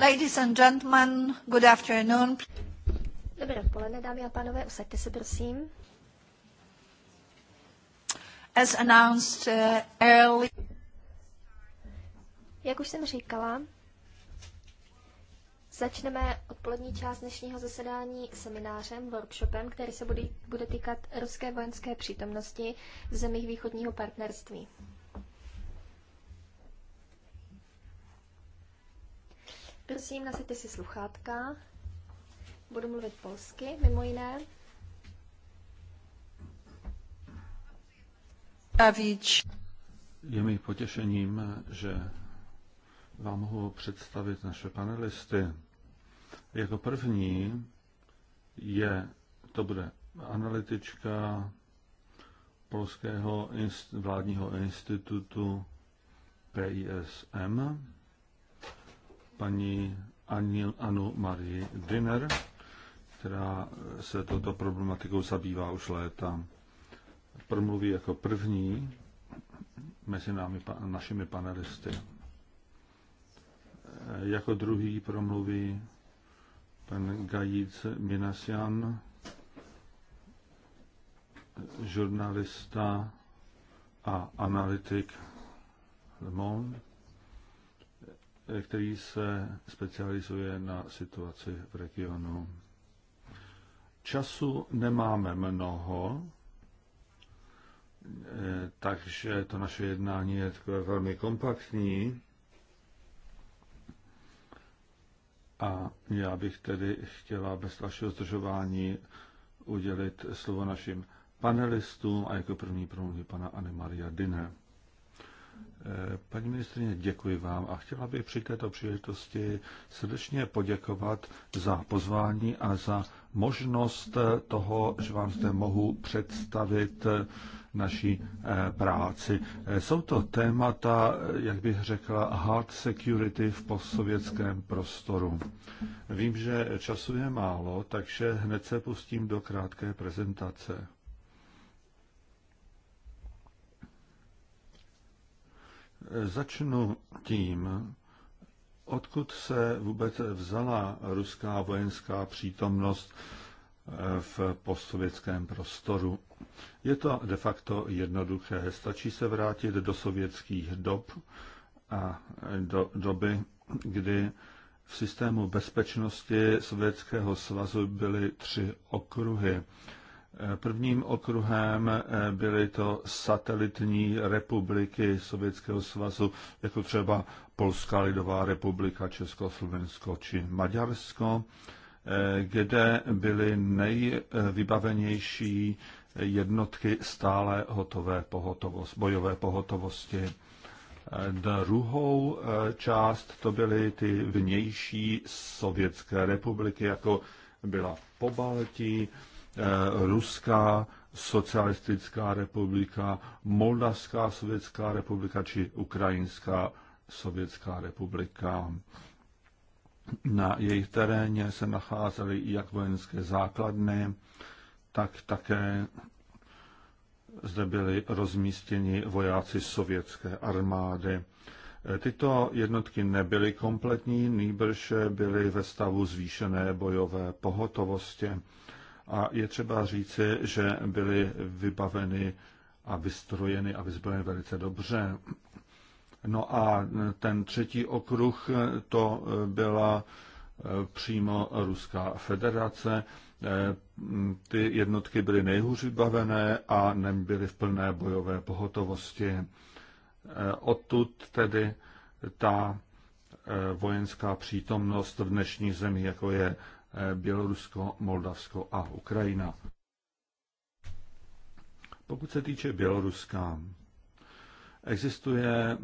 Ladies and gentlemen, good afternoon. Dobré odpoledne, dámy a pánové, usaďte se, prosím. As announced uh, early... Jak už jsem říkala, začneme odpolední část dnešního zasedání seminářem, workshopem, který se bude, bude týkat ruské vojenské přítomnosti v zemích východního partnerství. Prosím, nasaďte si sluchátka. Budu mluvit polsky, mimo jiné. Davíč. Je mi potěšením, že vám mohu představit naše panelisty. Jako první je, to bude analytička Polského vládního institutu PISM, paní Anil, Anu Marie Dinner, která se touto problematikou zabývá už léta. Promluví jako první mezi námi, našimi panelisty. Jako druhý promluví pan Gajíc Minasian, žurnalista a analytik Le Monde který se specializuje na situaci v regionu. Času nemáme mnoho, eh, takže to naše jednání je takové velmi kompaktní. A já bych tedy chtěla bez dalšího zdržování udělit slovo našim panelistům a jako první promluví pana Anne Maria Dine. Eh, paní ministrině, děkuji vám a chtěla bych při této příležitosti srdečně poděkovat za pozvání a za možnost toho, že vám zde mohu představit eh, naší eh, práci. Jsou to témata, jak bych řekla, hard security v postsovětském prostoru. Vím, že času je málo, takže hned se pustím do krátké prezentace. Začnu tím, odkud se vůbec vzala ruská vojenská přítomnost eh, v postsovětském prostoru. Je to de facto jednoduché. Stačí se vrátit do sovětských dob a do doby, kdy v systému bezpečnosti Sovětského svazu byly tři okruhy. Prvním okruhem eh, byly to satelitní republiky Sovětského svazu, jako třeba Polská lidová republika, Československo či Maďarsko, eh, kde byly nejvybavenější jednotky stále hotové pohotovost, bojové pohotovosti. Eh, druhou část to byly ty vnější sovětské republiky, jako byla Pobaltí, Eh, Ruská socialistická republika, Moldavská sovětská republika či Ukrajinská sovětská republika. Na jejich teréně se nacházely jak vojenské základny, tak také zde byli rozmístěni vojáci sovětské armády. Eh, tyto jednotky nebyly kompletní, nýbrž byly ve stavu zvýšené bojové pohotovosti a je třeba říci, že byly vybaveny a vystrojeny a vyzbrojeny velice dobře. No a ten třetí okruh to byla eh, přímo Ruská federace. Eh, ty jednotky byly nejhůř vybavené a nebyly v plné bojové pohotovosti. Eh, odtud tedy ta vojenská přítomnost v dnešní zemi, jako je Bělorusko, Moldavsko a Ukrajina. Pokud se týče Běloruska, existuje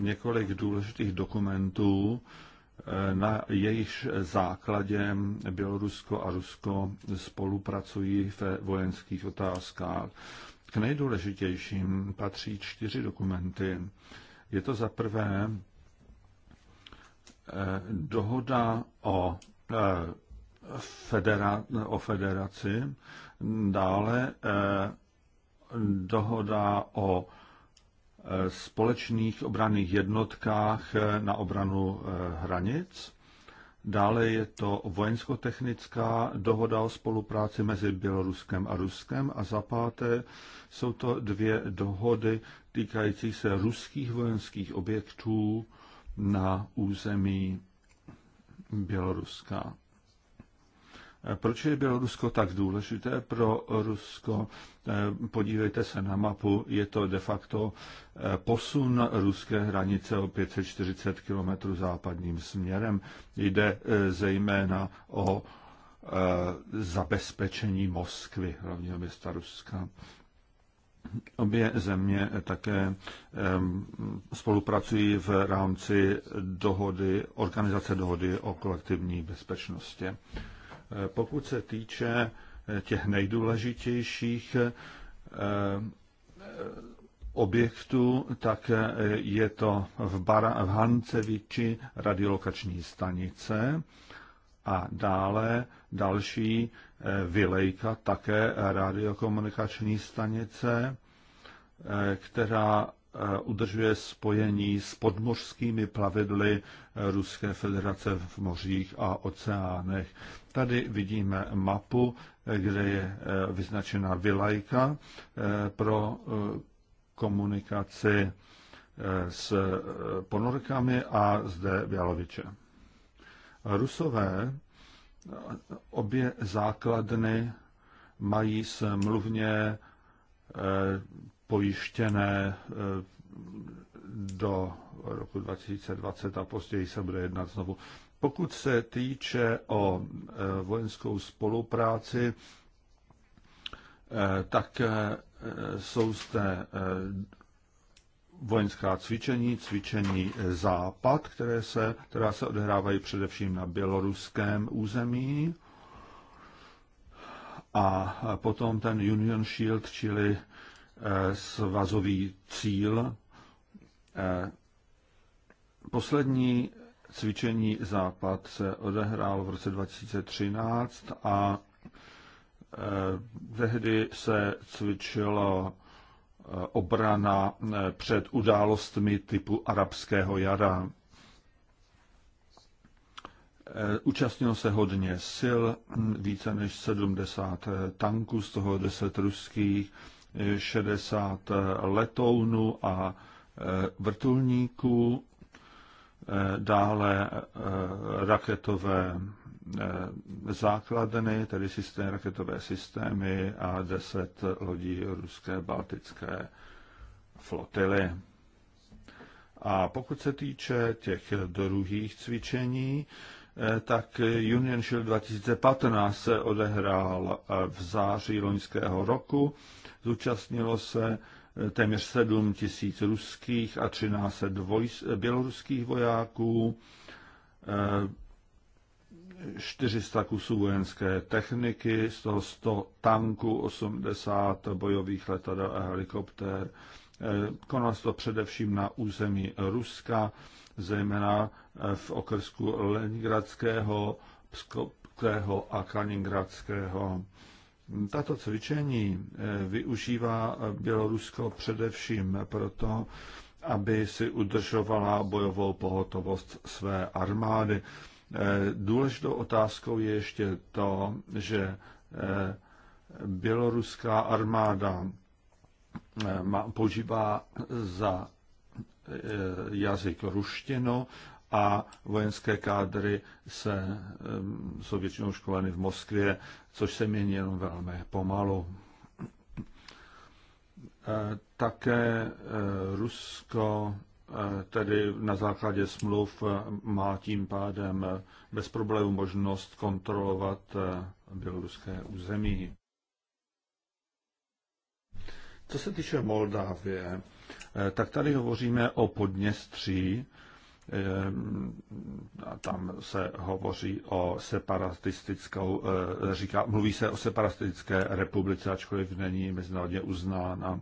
několik důležitých dokumentů, eh, na jejich základě Bělorusko a Rusko spolupracují ve vojenských otázkách. K nejdůležitějším patří čtyři dokumenty. Je to za prvé eh, dohoda o eh, federa- o federaci, dále eh, dohoda o eh, společných obranných jednotkách eh, na obranu hranic. Dále je to vojenskotechnická dohoda o spolupráci mezi Běloruskem a Ruskem a za páté jsou to dvě dohody týkající se ruských vojenských objektů na území Běloruska. Proč je Bělorusko tak důležité pro Rusko? Eh, podívejte se na mapu, je to de facto eh, posun ruské hranice o 540 km západním směrem. Jde eh, zejména o zabezpečení Moskvy, hlavního města Ruska. Obě země také spolupracují v rámci dohody, organizace dohody o kolektivní bezpečnosti. Pokud se týče eh, těch nejdůležitějších eh, eh, objektů, tak je to v, Bara, v Hanceviči radiolokační stanice a dále další Vilejka, také radiokomunikační stanice, která udržuje spojení s podmořskými plavidly Ruské federace v mořích a oceánech. Tady vidíme mapu, kde je eh, vyznačena vilajka eh, pro eh, komunikaci s ponorkami a zde Běloviče. Rusové obě základny mají smluvně pojištěné do roku 2020 a později se bude jednat znovu. Pokud se týče o e, vojenskou spolupráci, e, tak e, jsou zde vojenská cvičení, cvičení Západ, které se, která se odehrávají především na běloruském území. A potom ten Union Shield, čili svazový cíl. Poslední cvičení Západ se odehrál v roce 2013 a eh, tehdy se cvičila eh, obrana eh, před událostmi typu arabského jara. Účastnilo se hodně sil, více než 70 tanků, z toho 10 ruských, 60 letounů a vrtulníků dále eh, raketové eh, základny, tedy systém, raketové systémy a 10 lodí ruské baltické flotily. A pokud se týče těch druhých cvičení, eh, tak Union Shield 2015 se odehrál v září loňského roku. Zúčastnilo se téměř 7 tisíc ruských a 13 běloruských vojáků, 400 eh, kusů vojenské techniky, z toho 100 tanků, 80 bojových letadel a helikoptér. Eh, Konal se to především na území Ruska, zejména eh, v okrsku Leningradského, Pskovského a Kaliningradského. Tato cvičení eh, využívá Bělorusko především proto, aby si udržovala bojovou pohotovost své armády. Eh, důležitou otázkou je ještě to, že eh, běloruská armáda používá za jazyk ruštinu a vojenské kádry se, jsou většinou školeny v Moskvě, což se mění jenom velmi pomalu. E, také e, Rusko e, tedy na základě smluv má tím pádem bez problémů možnost kontrolovat běloruské území. Co se týče Moldávie, tak tady hovoříme o Podněstří, Ehm, tam se hovoří o separatistickou, eh, říká, mluví se o separatistické republice, ačkoliv není mezinárodně uznána.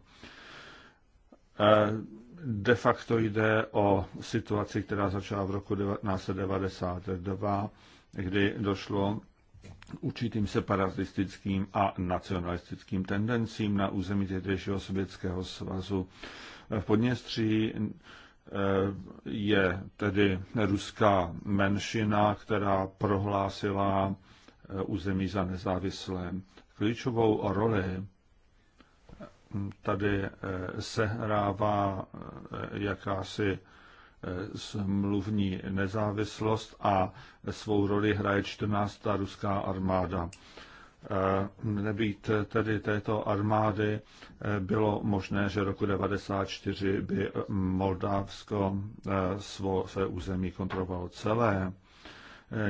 Ehm, de facto jde o situaci, která začala v roku 1992, kdy došlo určitým separatistickým a nacionalistickým tendencím na území tehdejšího Sovětského svazu. V Podněstří Eh, je tedy ruská menšina, která prohlásila eh, území za nezávislé. Klíčovou roli hm, tady eh, sehrává jakási smluvní nezávislost a svou roli hraje 14. ruská armáda. Eh, nebýt tedy této armády, eh, bylo možné, že roku 1994 by Moldávsko eh, svo, své území kontrolovalo celé.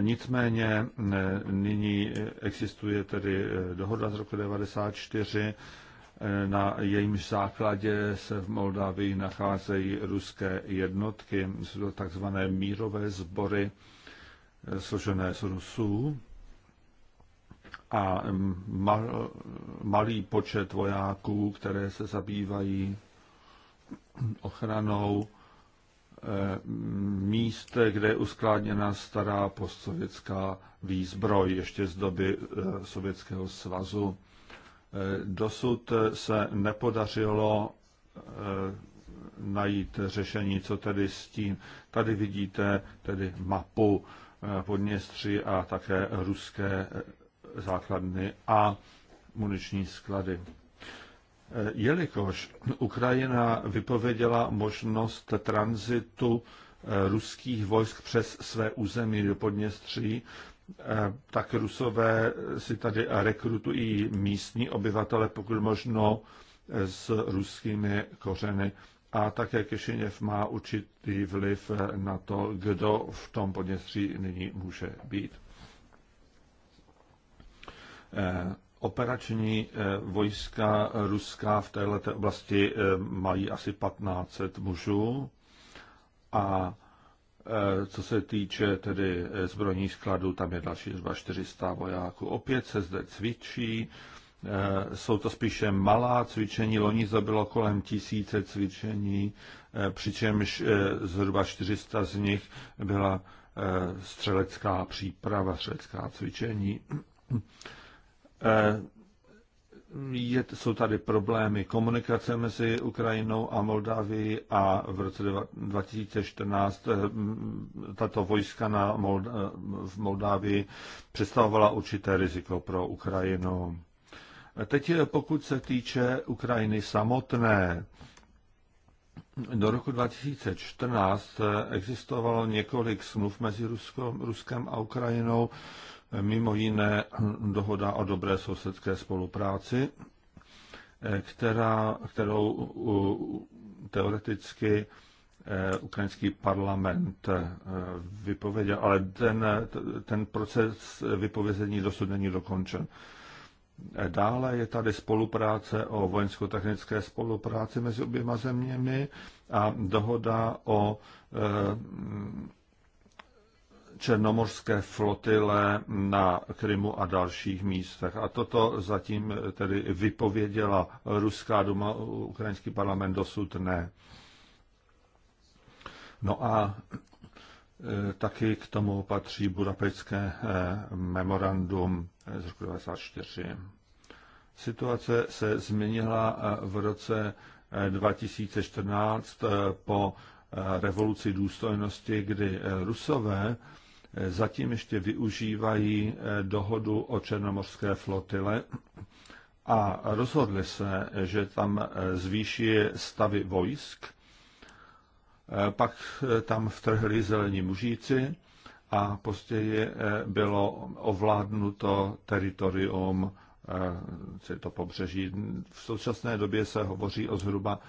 Nicméně nyní existuje tedy dohoda z roku 1994, na jejímž základě se v Moldávii nacházejí ruské jednotky, jsou to takzvané mírové sbory složené z Rusů a mm, mal, malý počet vojáků, které se zabývají ochranou eh, míst, kde je uskládněna stará postsovětská výzbroj ještě z doby eh, Sovětského svazu. Eh, dosud se nepodařilo najít řešení, co tedy s tím. Tady vidíte tedy mapu Podněstří a také ruské základny a muniční sklady. Eh, jelikož Ukrajina vypověděla možnost tranzitu eh, ruských vojsk přes své území do Podněstří, eh, tak Rusové si tady rekrutují místní obyvatele, pokud možno s ruskými kořeny. A také Kešiněv má určitý vliv na to, kdo v tom Podněstří nyní může být. Eh, operační eh, vojska ruská v této oblasti eh, mají asi 1500 mužů a co se týče tedy zbrojních skladů, tam je další zhruba 400 vojáků. Opět se zde cvičí, jsou to spíše malá cvičení, loni to bylo kolem tisíce cvičení, přičemž zhruba 400 z nich byla střelecká příprava, střelecká cvičení. Eh, je, jsou tady problémy komunikace mezi Ukrajinou a Moldavií a v roce 2014 eh, tato vojska na Molda, v Moldávii představovala určité riziko pro Ukrajinu. Eh, teď pokud se týče Ukrajiny samotné, do roku 2014 existovalo několik smluv mezi Rusko, Ruskem a Ukrajinou, mimo jiné dohoda o dobré sousedské spolupráci, která, kterou teoreticky eh, ukrajinský parlament eh, vypověděl, ale ten, ten proces vypovězení dosud není dokončen. Eh, dále je tady spolupráce o vojensko-technické spolupráci mezi oběma zeměmi a dohoda o černomorské flotile na Krymu a dalších místech. A toto zatím tedy vypověděla Ruská duma, ukrajinský parlament dosud ne. No a e, taky k tomu patří budapecké e, memorandum z roku 1994. Situace se změnila e, v roce 2014 po revoluci důstojnosti, kdy Rusové zatím ještě využívají eh, dohodu o černomorské flotile a rozhodli se, že tam eh, zvýší stavy vojsk. Eh, pak tam vtrhli zelení mužíci a později bylo ovládnuto teritorium, to pobřeží. V současné době se hovoří o zhruba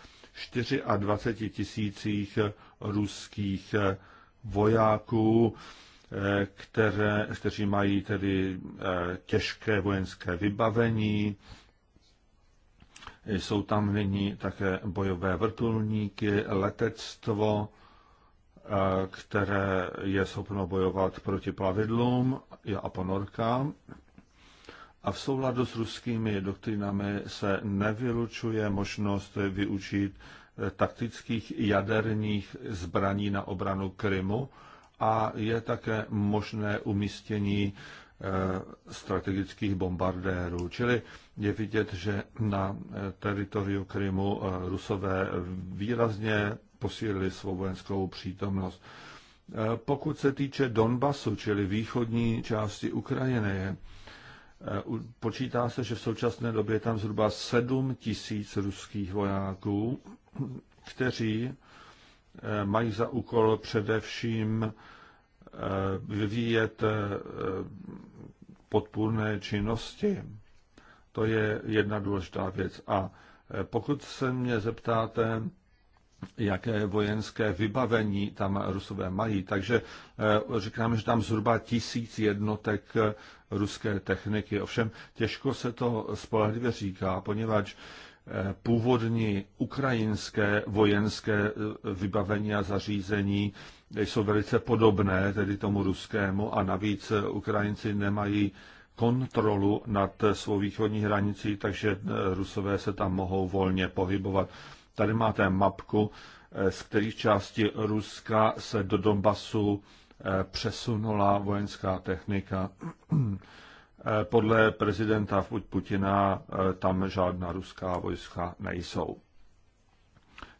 24 tisících ruských vojáků, které, kteří mají tedy eh, těžké vojenské vybavení. Jsou tam nyní také bojové vrtulníky, letectvo, eh, které je schopno bojovat proti plavidlům a ponorkám. A v souladu s ruskými doktrinami se nevylučuje možnost využít eh, taktických jaderních zbraní na obranu Krymu, a je také možné umístění eh, strategických bombardérů. Čili je vidět, že na eh, teritoriu Krymu eh, Rusové výrazně posílili svou vojenskou přítomnost. Pokud se týče Donbasu, čili východní části Ukrajiny, počítá se, že v současné době je tam zhruba 7 tisíc ruských vojáků, kteří Eh, mají za úkol především eh, vyvíjet eh, podpůrné činnosti. To je jedna důležitá věc. A pokud se mě zeptáte, jaké vojenské vybavení tam Rusové mají. Takže říkáme, že tam zhruba tisíc jednotek ruské techniky. Ovšem těžko se to spolehlivě říká, poněvadž původní ukrajinské vojenské e, vybavení a zařízení jsou velice podobné tedy tomu ruskému a navíc e, Ukrajinci nemají kontrolu nad e, svou východní hranicí, takže rusové se tam mohou volně pohybovat. Tady máte mapku, z kterých části Ruska se do Donbasu přesunula vojenská technika. Eh, podle prezidenta Putina eh, tam žádná ruská vojska nejsou.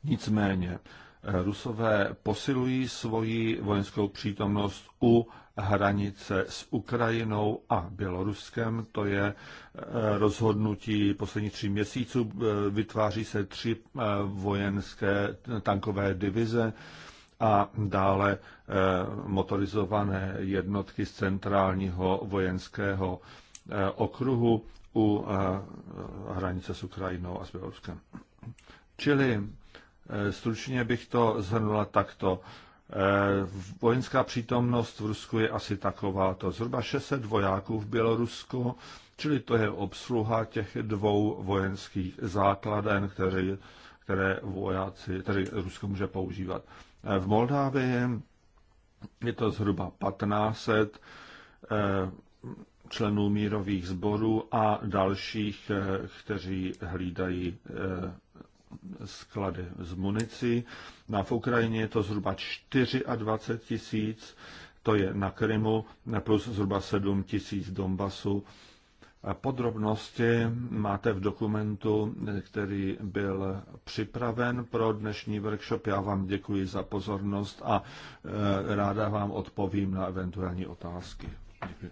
Nicméně eh, Rusové posilují svoji vojenskou přítomnost u hranice s Ukrajinou a Běloruskem. To je rozhodnutí posledních tří měsíců. Vytváří se tři vojenské tankové divize a dále eh, motorizované jednotky z centrálního vojenského eh, okruhu u eh, hranice s Ukrajinou a s Běloruskem. Čili stručně bych to zhrnula takto. Vojenská přítomnost v Rusku je asi taková, to Zhruba 600 vojáků v Bělorusku, čili to je obsluha těch dvou vojenských základen, které, které vojáci, tedy Rusko může používat. V Moldávii je to zhruba 1500 eh, členů mírových sborů a dalších, eh, kteří hlídají eh, sklady z municí. Na v Ukrajině je to zhruba 24 tisíc, to je na Krymu, plus zhruba 7 tisíc Donbasu Podrobnosti máte v dokumentu, který byl připraven pro dnešní workshop. Já vám děkuji za pozornost a eh, ráda vám odpovím na eventuální otázky. Děkuji.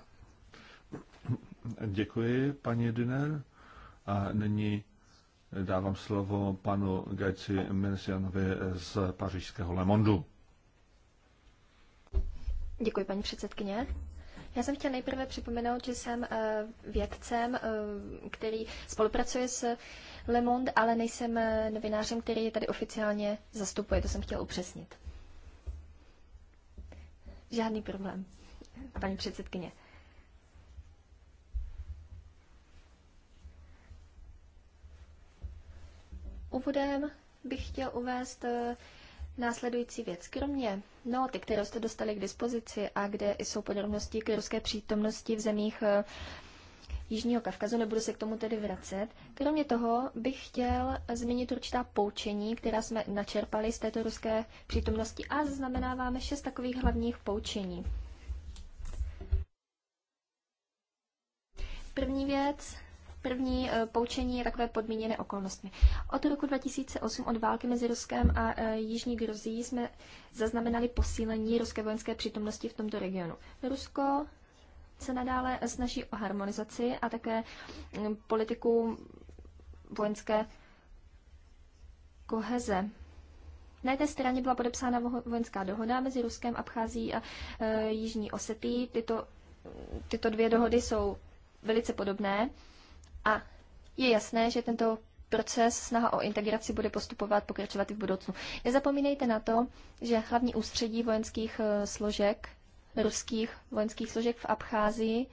Děkuji, paní Diner. A nyní dávám slovo panu Gajci Minesianovi z pařížského Lemondu. Děkuji, paní předsedkyně. Já jsem chtěla nejprve připomenout, že jsem eh, vědcem, eh, který spolupracuje s Le Monde, ale nejsem eh, novinářem, který je tady oficiálně zastupuje. To jsem chtěla upřesnit. Žádný problém, paní předsedkyně. Úvodem bych chtěl uvést následující věc. Kromě noty, které jste dostali k dispozici a kde jsou podrobnosti k ruské přítomnosti v zemích eh, Jižního Kavkazu, nebudu se k tomu tedy vracet. Kromě toho bych chtěl zmínit určitá poučení, která jsme načerpali z této ruské přítomnosti a zaznamenáváme šest takových hlavních poučení. První věc, První eh, poučení je takové podmíněné okolnostmi. Od roku 2008 od války mezi Ruskem a eh, Jižní Grozí jsme zaznamenali posílení ruské vojenské přítomnosti v tomto regionu. Rusko se nadále snaží o harmonizaci a také hm, politiku vojenské koheze. Na jedné straně byla podepsána vojenská dohoda mezi Ruskem, Abchází a e, Jižní Osetí. Tyto, tyto dvě dohody jsou velice podobné. A je jasné, že tento proces snaha o integraci bude postupovat, pokračovat i v budoucnu. Nezapomínejte na to, že hlavní ústředí vojenských eh, složek, ruských vojenských složek v Abcházii,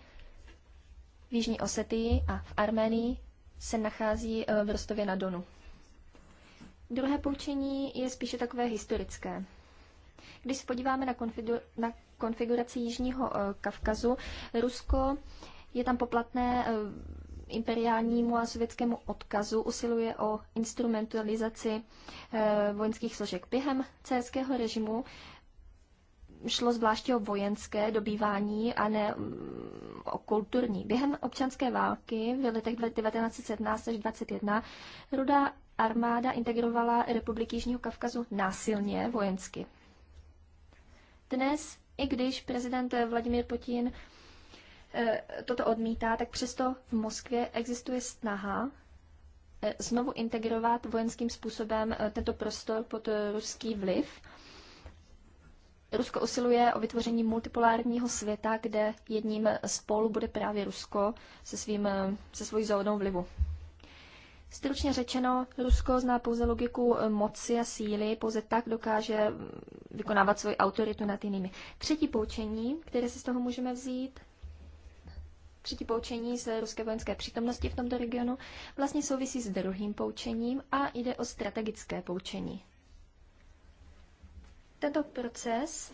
v Jižní Osetii a v Arménii se nachází eh, v Rostově na Donu. Druhé poučení je spíše takové historické. Když se podíváme na, konfigur- na konfiguraci Jižního eh, Kavkazu, Rusko je tam poplatné imperiálnímu a sovětskému odkazu usiluje o instrumentalizaci eh, vojenských složek. Během céského režimu šlo zvláště o vojenské dobývání a ne mm, o kulturní. Během občanské války v letech 1917 až 1921 rudá armáda integrovala republiky Jižního Kavkazu násilně vojensky. Dnes, i když prezident Vladimir Putin Eh, toto odmítá, tak přesto v Moskvě existuje snaha eh, znovu integrovat vojenským způsobem eh, tento prostor pod ruský vliv. Rusko usiluje o vytvoření multipolárního světa, kde jedním spolu bude právě Rusko se, svým, se svojí zónou vlivu. Stručně řečeno, Rusko zná pouze logiku moci a síly, pouze tak dokáže mm, vykonávat svoji autoritu nad jinými. Třetí poučení, které si z toho můžeme vzít, třetí poučení z ruské vojenské přítomnosti v tomto regionu vlastně souvisí s druhým poučením a jde o strategické poučení. Tento proces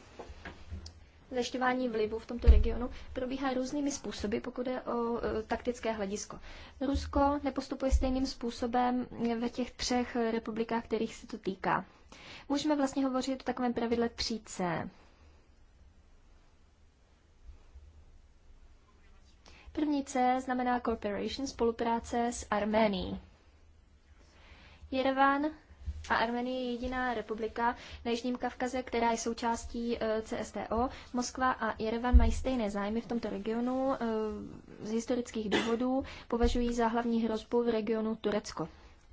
zajišťování vlivu v tomto regionu probíhá různými způsoby, pokud je o e, taktické hledisko. Rusko nepostupuje stejným způsobem ve těch třech republikách, kterých se to týká. Můžeme vlastně hovořit o takovém pravidle 3C. První C znamená cooperation, spolupráce s Arménií. Jerevan a Arménie je jediná republika na Jižním Kavkaze, která je součástí eh, CSTO. Moskva a Jerevan mají stejné zájmy v tomto regionu. Eh, z historických důvodů považují za hlavní hrozbu v regionu Turecko.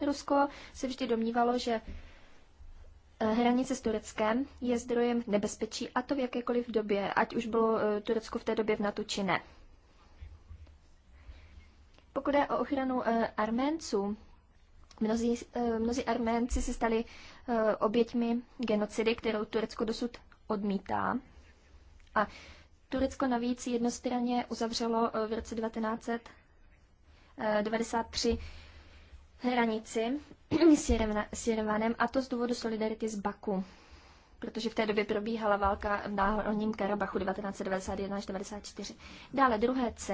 Rusko se vždy domnívalo, že eh, hranice s Tureckem je zdrojem nebezpečí, a to v jakékoliv době, ať už bylo Turecko v té době v NATO či ne. Pokud je o ochranu eh, Arménců, mnozí, eh, mnozí Arménci se stali eh, oběťmi genocidy, kterou Turecko dosud odmítá. A Turecko navíc jednostranně uzavřelo v roce 1993 hranici s Jerevanem a to z důvodu solidarity s Baku protože v té době probíhala válka v Náhorním Karabachu 1991 1994. Dále druhé C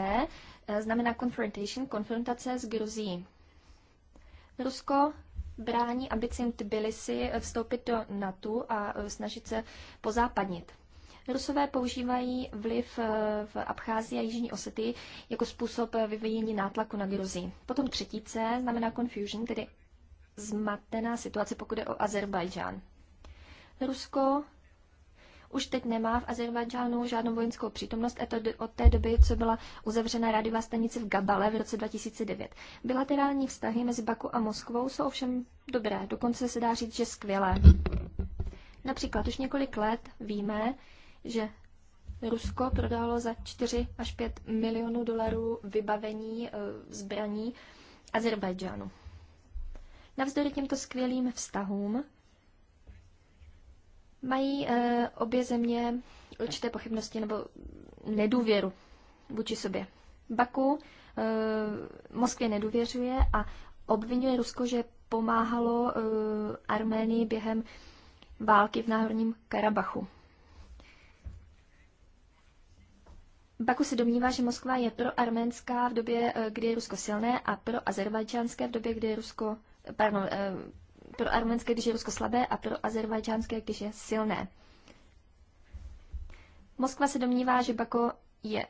eh, znamená confrontation, konfrontace s Gruzí. Rusko brání ambicím Tbilisi vstoupit do NATO a eh, snažit se pozápadnit. Rusové používají vliv eh, v Abcházii a Jižní Osety jako způsob vyvíjení nátlaku na Gruzii. Potom třetí C znamená confusion, tedy zmatená situace, pokud je o Azerbajdžán. Rusko už teď nemá v Azerbajdžánu žádnou vojenskou přítomnost a to od té doby, co byla uzavřena rádiová stanice v Gabale v roce 2009. Bilaterální vztahy mezi Baku a Moskvou jsou ovšem dobré, dokonce se dá říct, že skvělé. Například už několik let víme, že Rusko prodalo za 4 až 5 milionů dolarů vybavení e, zbraní Azerbajdžánu. Navzdory těmto skvělým vztahům Mají eh, obě země určité pochybnosti nebo nedůvěru vůči sobě. Baku eh, Moskvě nedůvěřuje a obvinuje Rusko, že pomáhalo eh, Arménii během války v Náhorním Karabachu. Baku se domnívá, že Moskva je pro arménská v době, kdy je Rusko silné a pro azerbajdžánské v době, kdy je Rusko, pardon, pro Arménské, když je Rusko slabé a pro Azerbajdžánské, když je silné. Moskva se domnívá, že Bako je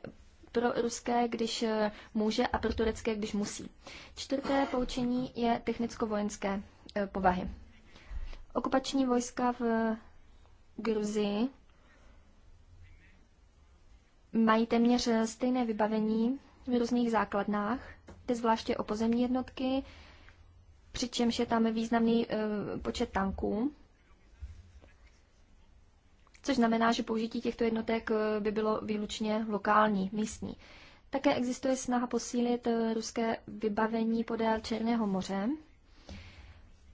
pro ruské, když eh, může a pro turecké, když musí. Čtvrté poučení je technicko-vojenské eh, povahy. Okupační vojska v Gruzii mají téměř eh, stejné vybavení v různých základnách, kde zvláště o pozemní jednotky, přičemž je tam významný eh, počet tanků, což znamená, že použití těchto jednotek eh, by bylo výlučně lokální, místní. Také existuje snaha posílit eh, ruské vybavení podél Černého moře.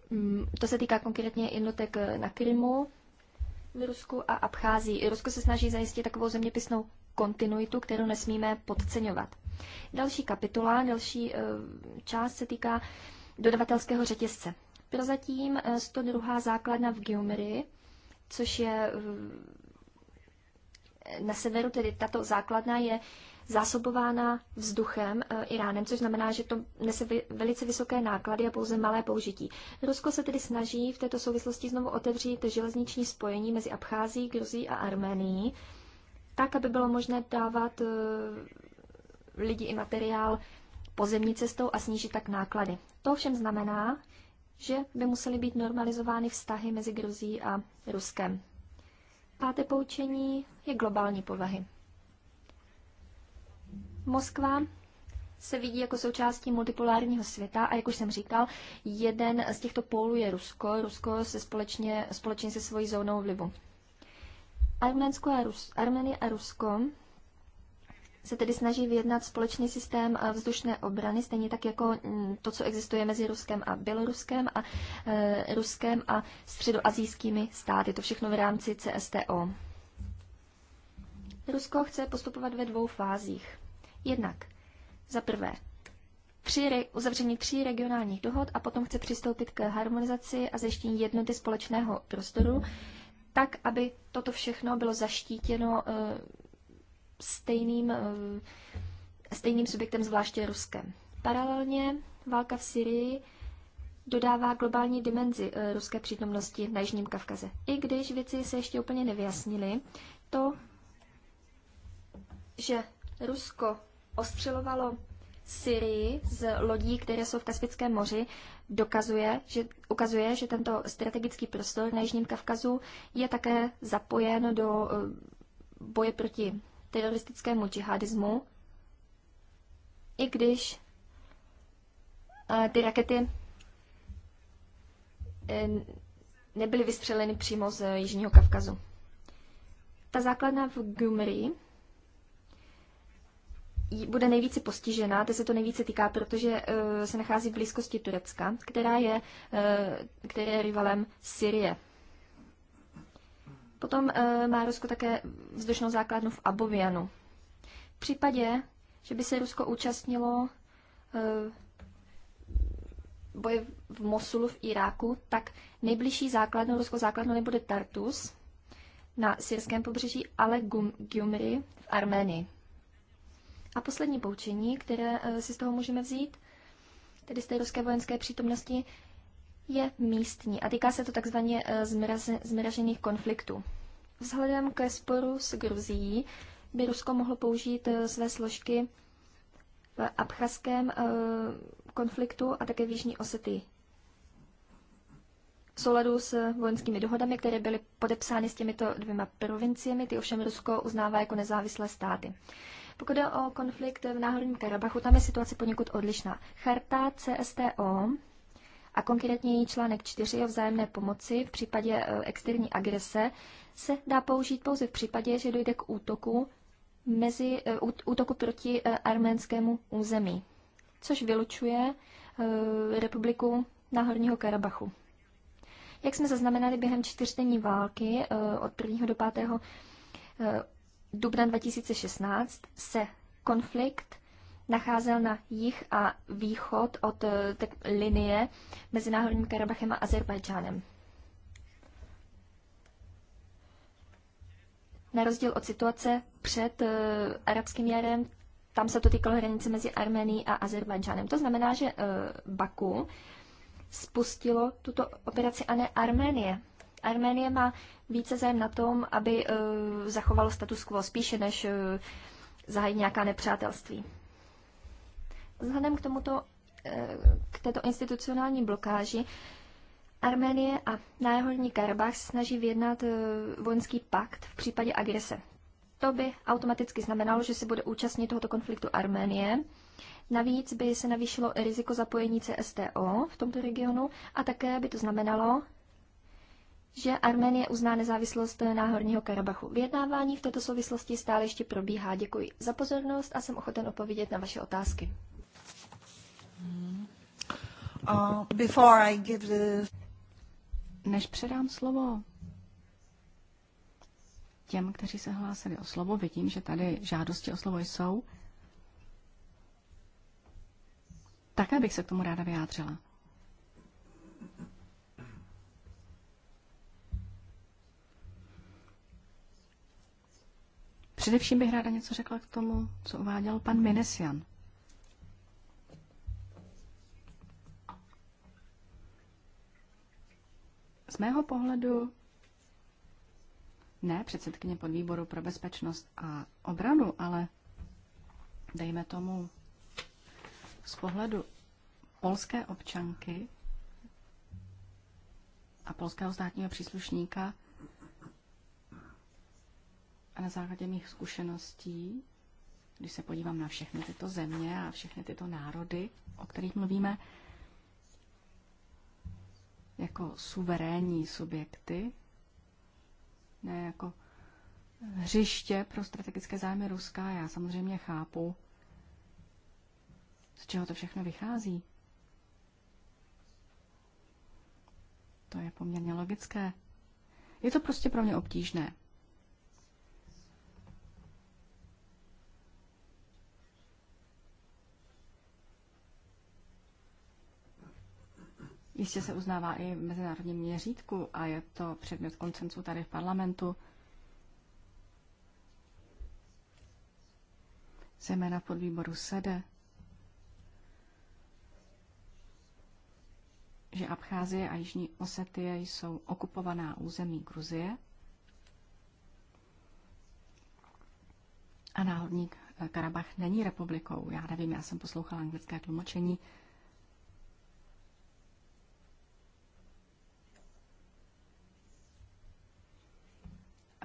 Mm, to se týká konkrétně jednotek na Krymu, v Rusku a Abchází. Rusko se snaží zajistit takovou zeměpisnou kontinuitu, kterou nesmíme podceňovat. Další kapitola, další část se týká dodavatelského řetězce. Prozatím 102. Eh, základna v Gyumri, což je eh, na severu, tedy tato základna je zásobována vzduchem e, Iránem, což znamená, že to nese vy, velice vysoké náklady a pouze malé použití. Rusko se tedy snaží v této souvislosti znovu otevřít železniční spojení mezi Abchází, Gruzí a Arménií, tak, aby bylo možné dávat e, lidi i materiál pozemní cestou a snížit tak náklady. To ovšem znamená, že by musely být normalizovány vztahy mezi Gruzí a Ruskem. Páté poučení je globální povahy. Moskva se vidí jako součástí multipolárního světa a jak už jsem říkal, jeden z těchto pólů je Rusko. Rusko se společně, společně se svojí zónou vlivu. Arménsko a Rus, Armenie a Rusko se tedy snaží vyjednat společný systém eh, vzdušné obrany, stejně tak jako mm, to, co existuje mezi Ruskem a Běloruskem a eh, Ruskem a středoazijskými státy. To všechno v rámci CSTO. Rusko chce postupovat ve dvou fázích. Jednak za prvé tři uzavření tří regionálních dohod a potom chce přistoupit k harmonizaci a zajištění jednoty společného prostoru, tak, aby toto všechno bylo zaštítěno eh, stejným, eh, stejným subjektem, zvláště Ruskem. Paralelně válka v Syrii dodává globální dimenzi eh, ruské přítomnosti na Jižním Kavkaze. I když věci se ještě úplně nevyjasnily, to, že Rusko ostřelovalo Syrii z lodí, které jsou v Kaspickém moři, dokazuje, že, ukazuje, že tento strategický prostor na Jižním Kavkazu je také zapojen do eh, boje proti teroristickému džihadismu, i když eh, ty rakety eh, nebyly vystřeleny přímo z Jižního Kavkazu. Ta základna v Gumri bude nejvíce postižená, to se to nejvíce týká, protože eh, se nachází v blízkosti Turecka, která je, které je rivalem Syrie. Potom eh, má Rusko také vzdušnou základnu v Abovianu. V případě, že by se Rusko účastnilo eh, boje v Mosulu v Iráku, tak nejbližší základnu ruskou základnu nebude Tartus na syrském pobřeží, ale Gum, Gyumri v Arménii. A poslední poučení, které eh, si z toho můžeme vzít, tedy z té ruské vojenské přítomnosti, je místní a týká se to takzvaně eh, zmražených konfliktů. Vzhledem ke sporu s Gruzií by Rusko mohlo použít eh, své složky v abchazském eh, konfliktu a také v Jižní Osety. V souladu s vojenskými dohodami, které byly podepsány s těmito dvěma provinciemi, ty ovšem Rusko uznává jako nezávislé státy. Pokud jde o konflikt v Náhorním Karabachu, tam je situace poněkud odlišná. Charta CSTO a konkrétně její článek 4 o vzájemné pomoci v případě e, externí agrese se dá použít pouze v případě, že dojde k útoku, mezi, e, útoku proti e, arménskému území, což vylučuje republiku Náhorního Karabachu. Jak jsme zaznamenali během čtyřdenní války od 1. do 5. dubna 2016, se konflikt nacházel na jih a východ od eh, té linie mezi Náhorním Karabachem a Azerbajdžánem. Na rozdíl od situace před uh, arabským jarem, tam se to týkalo hranice mezi Armenií a Azerbajdžánem. To znamená, že uh, Baku spustilo tuto operaci a ne Arménie. Arménie má více zájem na tom, aby uh, zachovalo status quo spíše než uh, zahájit nějaká nepřátelství. Vzhledem k tomuto, eh, k této institucionální blokáži, Arménie a Náhorní Karabach snaží vyjednat eh, vojenský pakt v případě agrese. To by automaticky znamenalo, že se bude účastnit tohoto konfliktu Arménie. Navíc by se navýšilo riziko zapojení CSTO v tomto regionu a také by to znamenalo, že Arménie uzná nezávislost Náhorního Karabachu. Vyjednávání v této souvislosti stále ještě probíhá. Děkuji za pozornost a jsem ochoten odpovědět na vaše otázky before I give the... Než předám slovo těm, kteří se hlásili o slovo, vidím, že tady žádosti o slovo jsou. Také bych se k tomu ráda vyjádřila. Především bych ráda něco řekla k tomu, co uváděl pan Minesian. Z mého pohledu ne předsedkyně podvýboru pro bezpečnost a obranu, ale dejme tomu z pohledu polské občanky a polského státního příslušníka a na základě mých zkušeností, když se podívám na všechny tyto země a všechny tyto národy, o kterých mluvíme, jako suverénní subjekty, ne jako hřiště pro strategické zájmy Ruska. Já samozřejmě chápu, z čeho to všechno vychází. To je poměrně logické. Je to prostě pro mě obtížné. jistě se uznává i v mezinárodním měřítku a je to předmět koncensu tady v parlamentu. Zejména pod výboru SEDE, že Abcházie a Jižní Osetie jsou okupovaná území Gruzie a náhodník Karabach není republikou. Já nevím, já jsem poslouchala anglické tlumočení,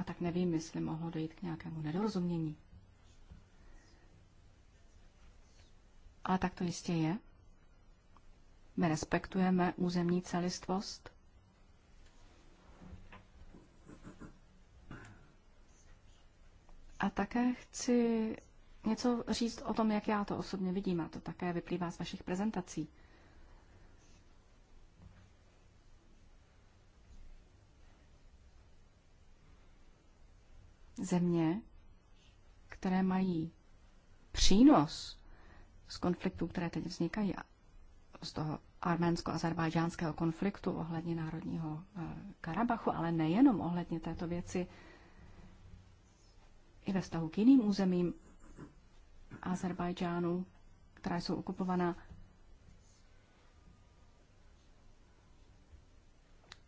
A tak nevím, jestli mohlo dojít k nějakému nedorozumění. Ale tak to jistě je. My respektujeme územní celistvost. A také chci něco říct o tom, jak já to osobně vidím, a to také vyplývá z vašich prezentací. země, které mají přínos z konfliktů, které teď vznikají, z toho arménsko-azerbajdžánského konfliktu ohledně Národního eh, Karabachu, ale nejenom ohledně této věci, i ve vztahu k jiným územím Azerbajdžánu, která jsou okupovaná,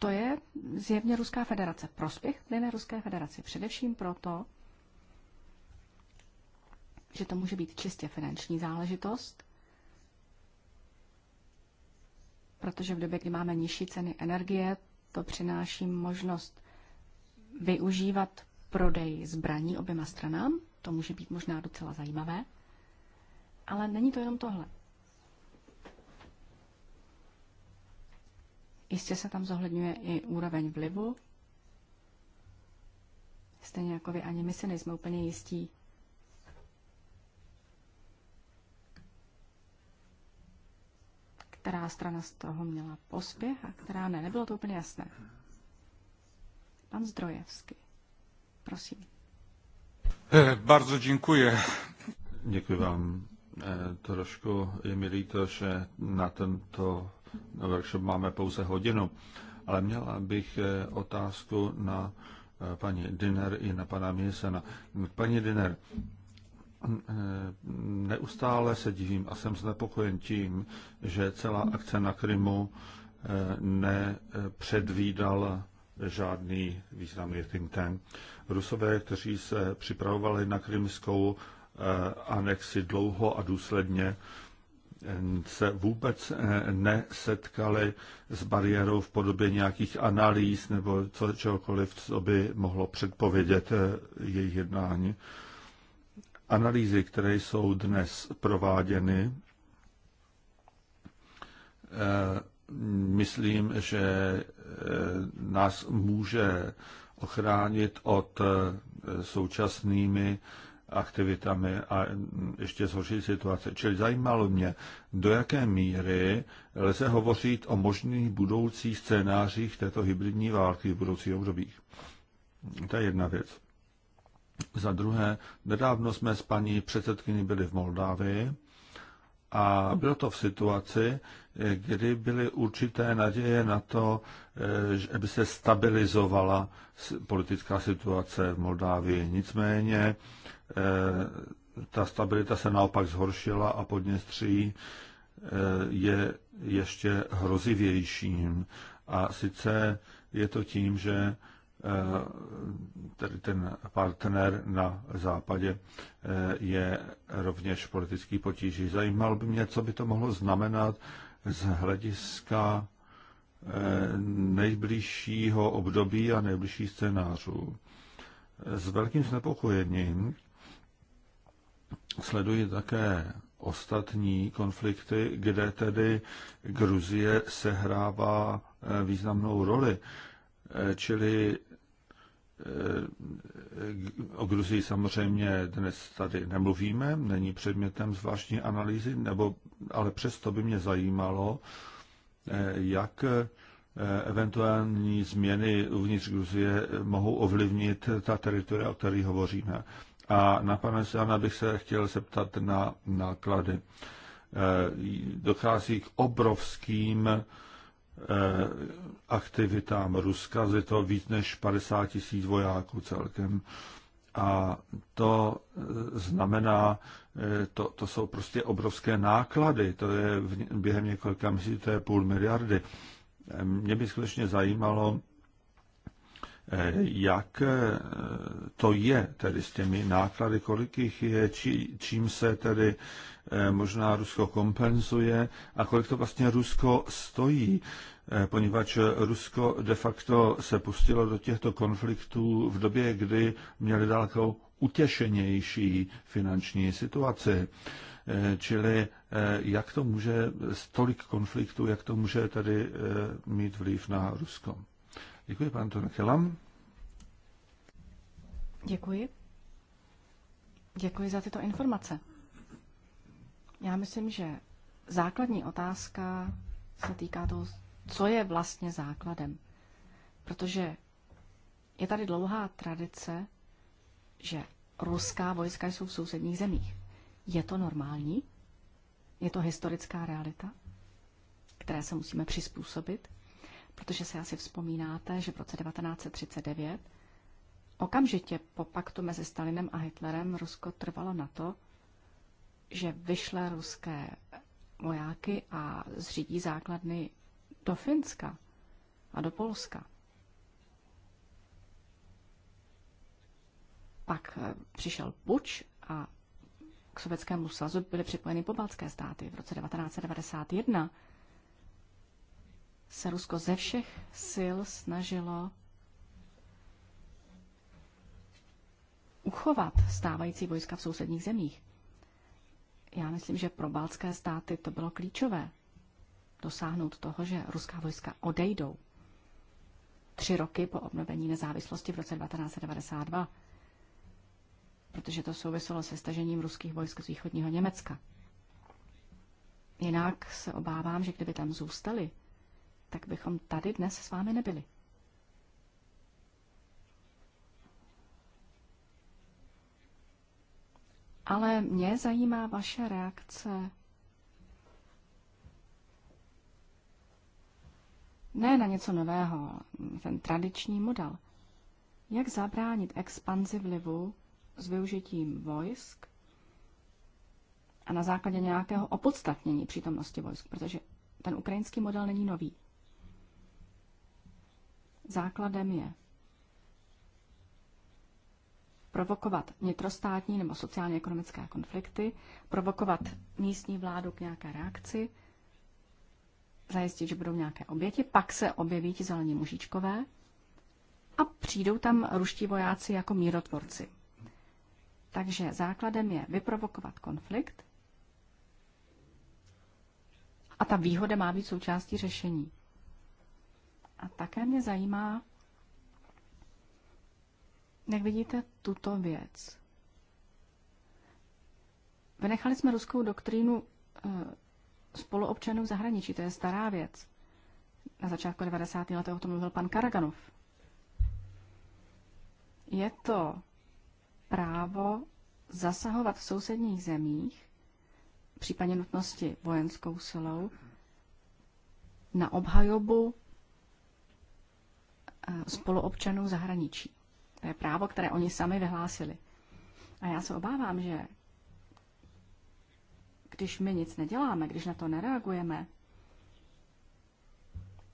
to je zjevně Ruská federace. Prospěch plyne Ruské federaci především proto, že to může být čistě finanční záležitost, protože v době, kdy máme nižší ceny energie, to přináší možnost využívat prodej zbraní oběma stranám. To může být možná docela zajímavé. Ale není to jenom tohle. Jistě se tam zohledňuje i úroveň vlivu. Stejně jako vy, ani my se nejsme úplně jistí, která strana z toho měla pospěch a která ne. Nebylo to úplně jasné. Pan Zdrojevský, prosím. Eh, bardzo děkuji. Děkuji vám. Eh, trošku je mi líto, že na tento na workshop máme pouze hodinu. Ale měla bych eh, otázku na eh, paní Diner i na pana Miesena. Paní Diner, eh, neustále se divím a jsem znepokojen tím, že celá akce na Krymu nepředvídal žádný významný think tank. Rusové, kteří se připravovali na krymskou anexi dlouho a důsledně, se vůbec eh, nesetkali s bariérou v podobě nějakých analýz nebo co, čehokoliv, co by mohlo předpovědět eh, jejich jednání. Analýzy, které jsou dnes prováděny, eh, myslím, že nás může ochránit od současnými aktivitami a ještě zhorší situace. Čili zajímalo mě, do jaké míry lze hovořit o možných budoucích scénářích této hybridní války v budoucích obdobích. To je jedna věc. Za druhé, nedávno jsme s paní předsedkyní byli v Moldávii a bylo to v situaci, kdy byly určité naděje na to, eh, že by se stabilizovala politická situace v Moldávii. Nicméně Eh, ta stabilita se naopak zhoršila a Podněstří eh, je ještě hrozivějším. A sice je to tím, že eh, tedy ten partner na západě je rovněž politický potíží. Zajímal by mě, co by to mohlo znamenat z hlediska nejbližšího období a nejbližších scénářů. S velkým znepokojením sleduji také ostatní konflikty, kde tedy Gruzie sehrává eh, významnou roli. Eh, čili eh, o Gruzii samozřejmě dnes tady nemluvíme, není předmětem zvláštní analýzy, nebo, ale přesto by mě zajímalo, jak eventuální změny uvnitř Gruzie mohou ovlivnit ta teritoria, o kterých hovoříme. A na pana Sána bych se chtěl zeptat na náklady. Eh, dochází k obrovským eh, aktivitám Ruska, je to víc než 50 tisíc vojáků celkem. A to eh, znamená, to, to jsou prostě obrovské náklady, to je v, během několika měsíců, to je půl miliardy. Mě by skutečně zajímalo, jak eh, to je tedy s těmi náklady, kolik jich je, či, čím se tedy eh, možná Rusko kompenzuje a kolik to vlastně Rusko stojí, eh, poněvadž Rusko de facto se pustilo do těchto konfliktů v době, kdy měli daleko utěšenější finanční situaci. Čili jak to může, tolik konfliktů, jak to může tedy mít vliv na Rusko? Děkuji, pan Torkelam. Děkuji. Děkuji za tyto informace. Já myslím, že základní otázka se týká toho, co je vlastně základem. Protože je tady dlouhá tradice, že ruská vojska jsou v sousedních zemích. Je to normální? Je to historická realita, které se musíme přizpůsobit? protože si asi vzpomínáte, že v roce 1939 Okamžitě po paktu mezi Stalinem a Hitlerem Rusko trvalo na to, že vyšle ruské vojáky a zřídí základny do Finska a do Polska. Pak eh, přišel Puč a k Sovětskému svazu byly připojeny pobaltské státy. V roce 1991 se Rusko ze všech sil snažilo uchovat stávající vojska v sousedních zemích. Já myslím, že pro baltské státy to bylo klíčové dosáhnout toho, že ruská vojska odejdou. Tři roky po obnovení nezávislosti v roce 1992, protože to souviselo se stažením ruských vojsk z východního Německa. Jinak se obávám, že kdyby tam zůstali, tak bychom tady dnes s vámi nebyli. Ale mě zajímá vaše reakce ne na něco nového, ten tradiční model. Jak zabránit expanzi vlivu s využitím vojsk a na základě nějakého opodstatnění přítomnosti vojsk, protože ten ukrajinský model není nový. Základem je provokovat vnitrostátní nebo sociálně-ekonomické konflikty, provokovat místní vládu k nějaké reakci, zajistit, že budou nějaké oběti, pak se objeví ti zelení mužičkové a přijdou tam ruští vojáci jako mírotvorci. Takže základem je vyprovokovat konflikt a ta výhoda má být součástí řešení. A také mě zajímá, jak vidíte tuto věc. Vynechali jsme ruskou doktrínu eh, spoluobčanů v zahraničí, to je stará věc. Na začátku 90. let o tom mluvil pan Karaganov. Je to právo zasahovat v sousedních zemích, případně nutnosti vojenskou silou, na obhajobu Eh, spoluobčanů zahraničí. To je právo, které oni sami vyhlásili. A já se obávám, že když my nic neděláme, když na to nereagujeme,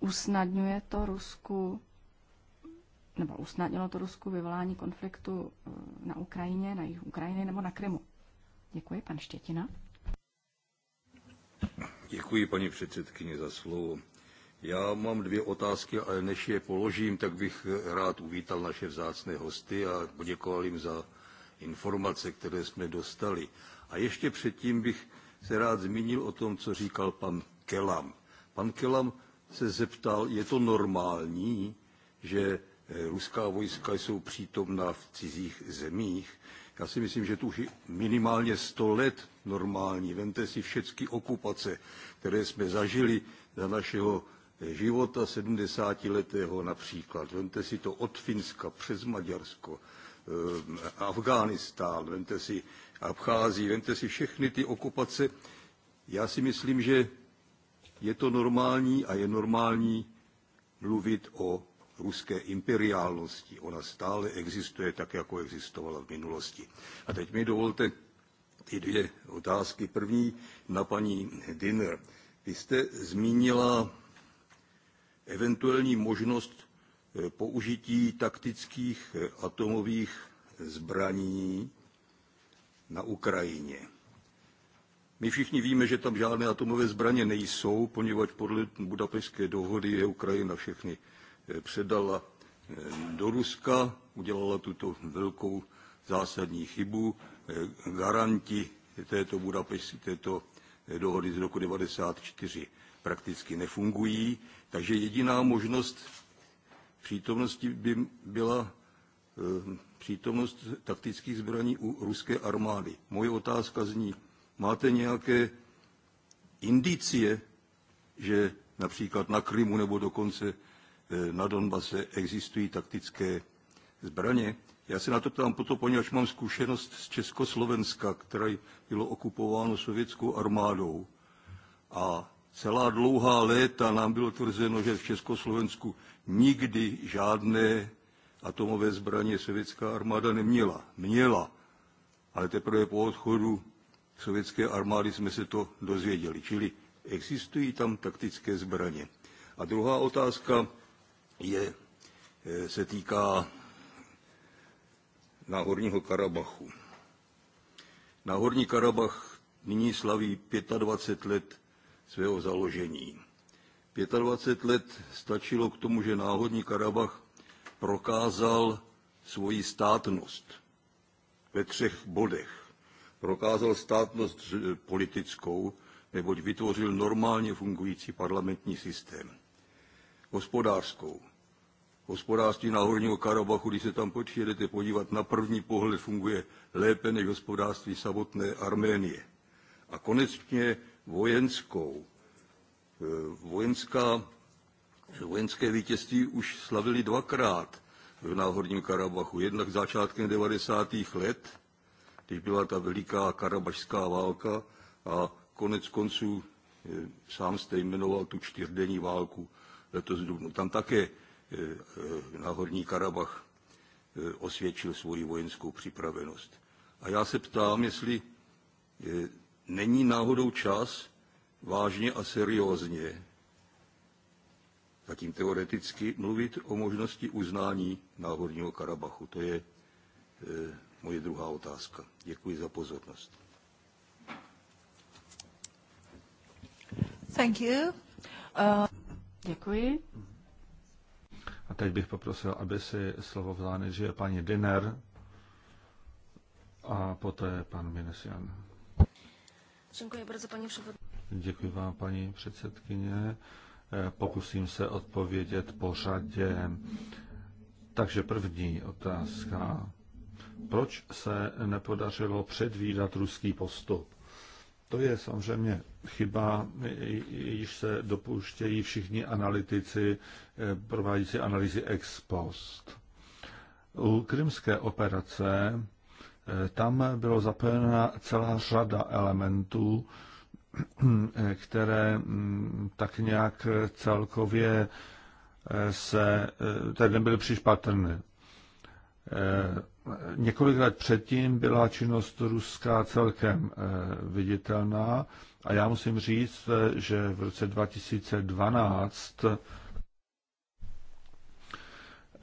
usnadňuje to Rusku, nebo usnadnilo to Rusku vyvolání konfliktu eh, na Ukrajině, na jihu Ukrajiny nebo na Krymu. Děkuji, pan Štětina. Děkuji, paní předsedkyně, za slovo. Já mám dvě otázky, ale než je položím, tak bych rád uvítal naše vzácné hosty a poděkoval jim za informace, které jsme dostali. A ještě předtím bych se rád zmínil o tom, co říkal pan Kelam. Pan Kelam se zeptal, je to normální, že eh, ruská vojska jsou přítomna v cizích zemích. Já si myslím, že to už je minimálně 100 let normální. Vente si všechny okupace, které jsme zažili za našeho života 70-letého například. Vemte si to od Finska přes Maďarsko, eh, Afghánistán, vemte si Abcházii, vemte si všechny ty okupace. Já si myslím, že je to normální a je normální mluvit o ruské imperiálnosti. Ona stále existuje tak, jako existovala v minulosti. A teď mi dovolte ty dvě otázky. První na paní Dinner. Vy jste zmínila eventuální možnost eh, použití taktických eh, atomových zbraní na Ukrajině. My všichni víme, že tam žádné atomové zbraně nejsou, poněvadž podle Budapešské dohody je Ukrajina všechny eh, předala do Ruska, udělala tuto velkou zásadní chybu. Garanti této, Budapešť, této dohody z roku 1994 prakticky nefungují. Takže jediná možnost přítomnosti by byla eh, přítomnost taktických zbraní u ruské armády. Moje otázka zní, máte nějaké indicie, že například na Krymu nebo dokonce eh, na Donbase existují taktické zbraně? Já se na to ptám proto, poněvadž mám zkušenost z Československa, které bylo okupováno sovětskou armádou. A Celá dlouhá léta nám bylo tvrzeno, že v Československu nikdy žádné atomové zbraně sovětská armáda neměla. Měla, ale teprve po odchodu sovětské armády jsme se to dozvěděli. Čili existují tam taktické zbraně. A druhá otázka je, eh, se týká Náhorního Karabachu. Náhorní Karabach nyní slaví 25 let svého založení. 25 let stačilo k tomu, že náhodní Karabach prokázal svoji státnost ve třech bodech. Prokázal státnost politickou, neboť vytvořil normálně fungující parlamentní systém. Hospodářskou. Hospodářství Náhorního Karabachu, když se tam přijedete podívat, na první pohled funguje lépe než hospodářství samotné Arménie. A konečně vojenskou. Eh, vojenská, vojenské vítězství už slavili dvakrát v Náhorním Karabachu. Jednak začátkem 90. let, když byla ta veliká karabašská válka a konec konců eh, sám jste jmenoval tu čtyřdenní válku letos dubnu. Tam také eh, Náhorní Karabach osvědčil svoji vojenskou připravenost. A já se ptám, jestli Není náhodou čas vážně a seriózně, zatím teoreticky, mluvit o možnosti uznání náhodního Karabachu? To je e, moje druhá otázka. Děkuji za pozornost. Thank you. Uh... Děkuji. A teď bych poprosil, aby si slovo že je paní Diner a poté pan Minesian. Děkuji bardzo, vám, paní předsedkyně. Pokusím se odpovědět po řadě. Takže první otázka. Proč se nepodařilo předvídat ruský postup? To je samozřejmě chyba, již se dopouštějí všichni analytici e, provádějící analýzy ex post. U krymské operace tam bylo zapojena celá řada elementů, které mm, tak nějak celkově eh, se, eh, tedy nebyly příliš patrné. Eh, několik let předtím byla činnost ruská celkem viditelná a já musím říct, že v roce 2012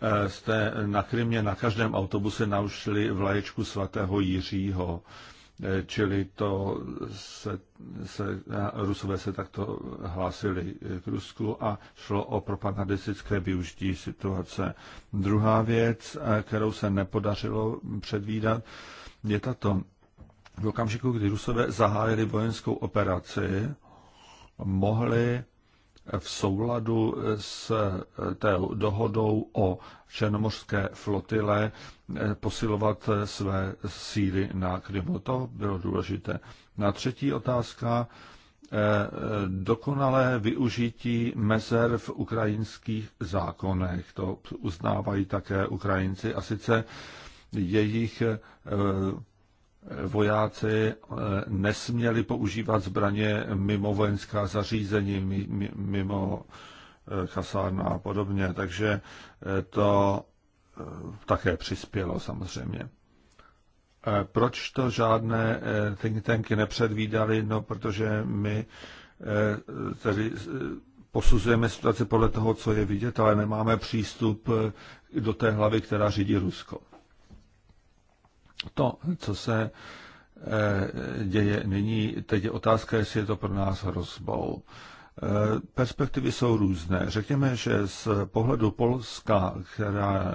Eh, jste na Krymě na každém autobuse naušili vlaječku svatého Jiřího, eh, čili to se, se, eh, Rusové se takto hlásili k Rusku a šlo o propagandistické využití situace. Druhá věc, kterou se nepodařilo předvídat, je tato. V okamžiku, kdy Rusové zahájili vojenskou operaci, mohli v souladu s eh, té dohodou o černomořské flotile eh, posilovat své síly na Krymu. To bylo důležité. Na třetí otázka eh, dokonalé využití mezer v ukrajinských zákonech. To uznávají také Ukrajinci a sice jejich vojáci eh, nesměli používat zbraně mimo vojenská zařízení, mimo eh, kasárna a podobně, takže eh, to také přispělo samozřejmě. Proč to žádné think tanky nepředvídali? No, protože my tedy posuzujeme situaci podle toho, co je vidět, ale nemáme přístup do té hlavy, která řídí Rusko. To, co se eh, děje nyní, teď je otázka, jestli je to pro nás hrozbou. Eh, perspektivy jsou různé. Řekněme, že z pohledu Polska, která,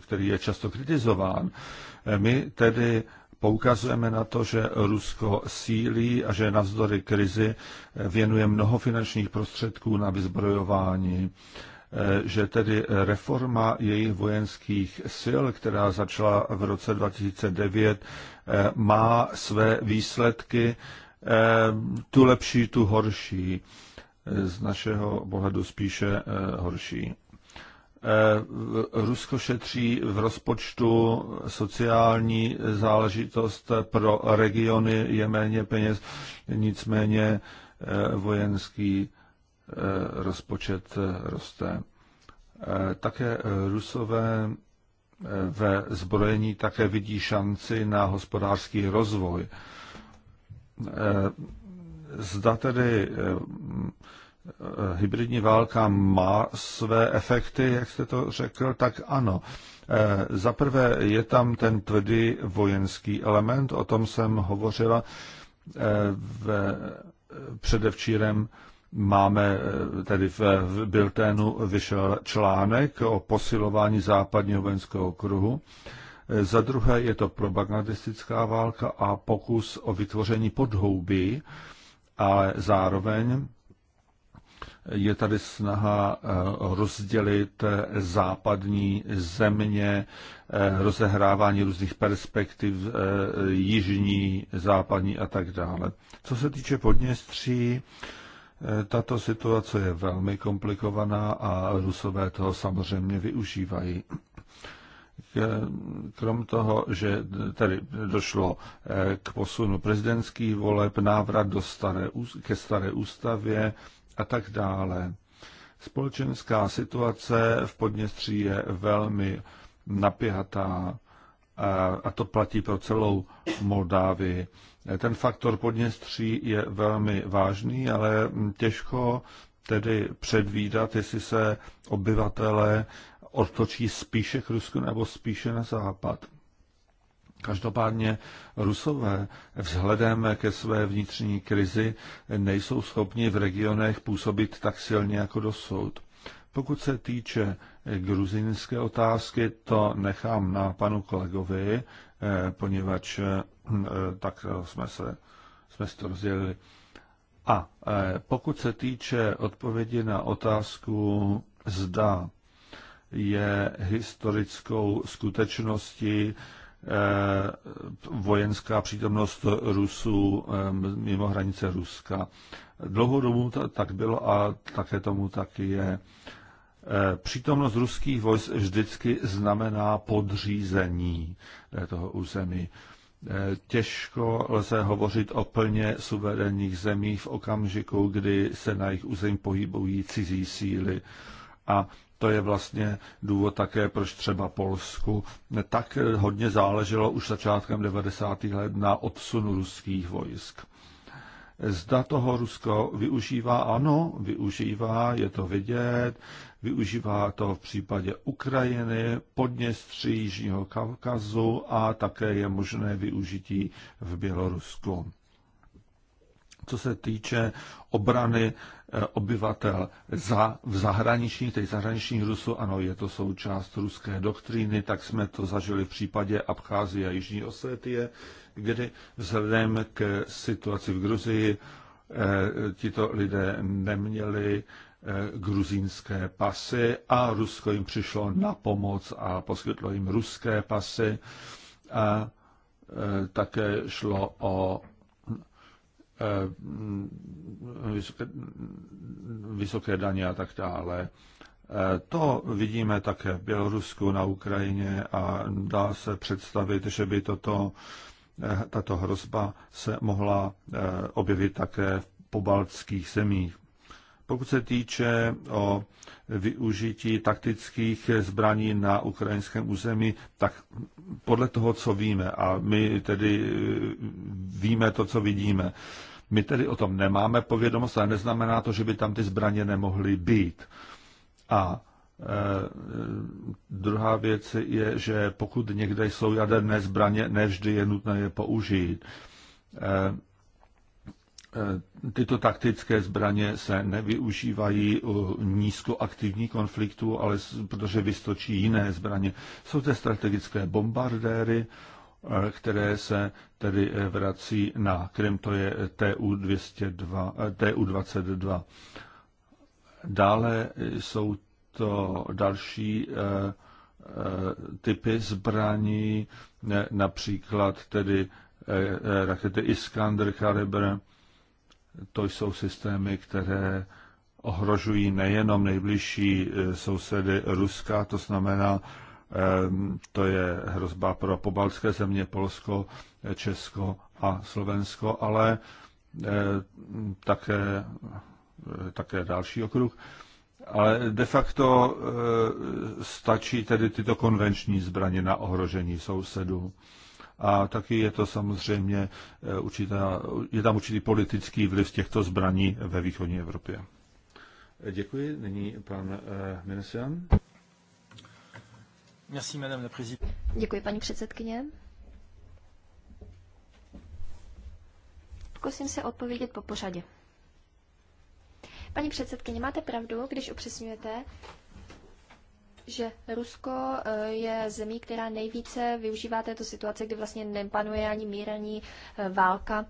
který je často kritizován, eh, my tedy poukazujeme na to, že Rusko sílí a že navzdory krizi věnuje mnoho finančních prostředků na vyzbrojování Eh, že tedy reforma jejich vojenských sil, která začala v roce 2009, eh, má své výsledky, eh, tu lepší, tu horší. Z našeho pohledu spíše horší. Rusko šetří v rozpočtu sociální záležitost pro regiony, je méně peněz, nicméně vojenský Eh, rozpočet eh, roste. Eh, také Rusové ve zbrojení také vidí šanci na hospodářský rozvoj. Zda tedy hybridní válka má své efekty, jak jste to řekl, tak ano. Za prvé je tam ten tvrdý vojenský element, o tom jsem hovořila v předevčírem Máme eh, tedy v, biltenu Bilténu vyšel článek o posilování západního vojenského kruhu. Eh, za druhé je to propagandistická válka a pokus o vytvoření podhoubí, ale zároveň je tady snaha eh, rozdělit západní země, rozehrávání různých perspektiv, jižní, západní a tak dále. Co se týče Podněstří, Eh, tato situace je velmi komplikovaná a Rusové toho samozřejmě využívají. Eh, krom toho, že tady došlo eh, k posunu prezidentských voleb, návrat do staré, ke staré ústavě a tak dále. Společenská situace v Podněstří je velmi napěhatá a to platí pro celou Moldávii. Ten faktor Podněstří je velmi vážný, ale těžko tedy předvídat, jestli se obyvatele odtočí spíše k Rusku nebo spíše na západ. Každopádně Rusové vzhledem ke své vnitřní krizi nejsou schopni v regionech působit tak silně jako dosud. Pokud se týče gruzinské otázky, to nechám na panu kolegovi, Eh, poněvadž eh, eh, tak jsme se jsme si to rozdělili. A pokud se týče odpovědi na otázku, zda je historickou skutečností vojenská přítomnost Rusů mimo hranice Ruska. Dlouhou dobu tak bylo a také tomu taky je. Eh, přítomnost ruských vojsk vždycky znamená podřízení eh, toho území. Eh, těžko lze hovořit o plně suverénních zemích v okamžiku, kdy se na jejich území pohybují cizí síly. A to je vlastně důvod také, proč třeba Polsku tak hodně záleželo už začátkem 90. let na odsunu ruských vojsk. Zda toho Rusko využívá? Ano, využívá, je to vidět. Využívá to v případě Ukrajiny, Podněstří, Jižního Kavkazu a také je možné využití v Bělorusku. Co se týče obrany eh, obyvatel za, v zahraničí, tedy zahraničních Rusu, ano, je to součást ruské doktríny, tak jsme to zažili v případě Abcházie a Jižní Osetie, kdy vzhledem k situaci v Gruzii eh, tito lidé neměli Eh, gruzínské pasy a Rusko jim přišlo na pomoc a poskytlo jim ruské pasy. A eh, také šlo o eh, vysoké, vysoké daně a tak dále. To vidíme také v Bělorusku, na Ukrajině a dá se představit, že by toto, tato hrozba se mohla objevit také v pobaltských zemích. Pokud se týče o využití taktických zbraní na ukrajinském území, tak podle toho, co víme, a my tedy e, víme to, co vidíme, my tedy o tom nemáme povědomost, ale neznamená to, že by tam ty zbraně nemohly být. A e, druhá věc je, že pokud někde jsou jaderné zbraně, nevždy je nutné je použít. E, Eh, tyto taktické zbraně se nevyužívají u nízkoaktivní konfliktu, ale protože vystočí jiné zbraně. Jsou to strategické bombardéry, eh, které se tedy eh, vrací na Krym, to je tu 22 tu Dále jsou to další typy zbraní, například tedy rakety Iskander, Kaliber, to jsou systémy, které ohrožují nejenom nejbližší eh, sousedy Ruska, to znamená, ehm, to je hrozba pro pobaltské země Polsko, eh, Česko a Slovensko, ale eh, také, také další okruh. Ale de facto stačí tedy tyto konvenční zbraně na ohrožení sousedů a taky je to samozřejmě eh, určitá, je tam určitý politický vliv těchto zbraní ve východní Evropě. Eh, děkuji. Nyní pan eh, Minesian. Merci, madame la Děkuji, paní předsedkyně. Pokusím se odpovědět po pořadě. Paní předsedkyně, máte pravdu, když upřesňujete, že Rusko eh, je zemí, která nejvíce využívá této situace, kdy vlastně nepanuje ani mír, ani eh, válka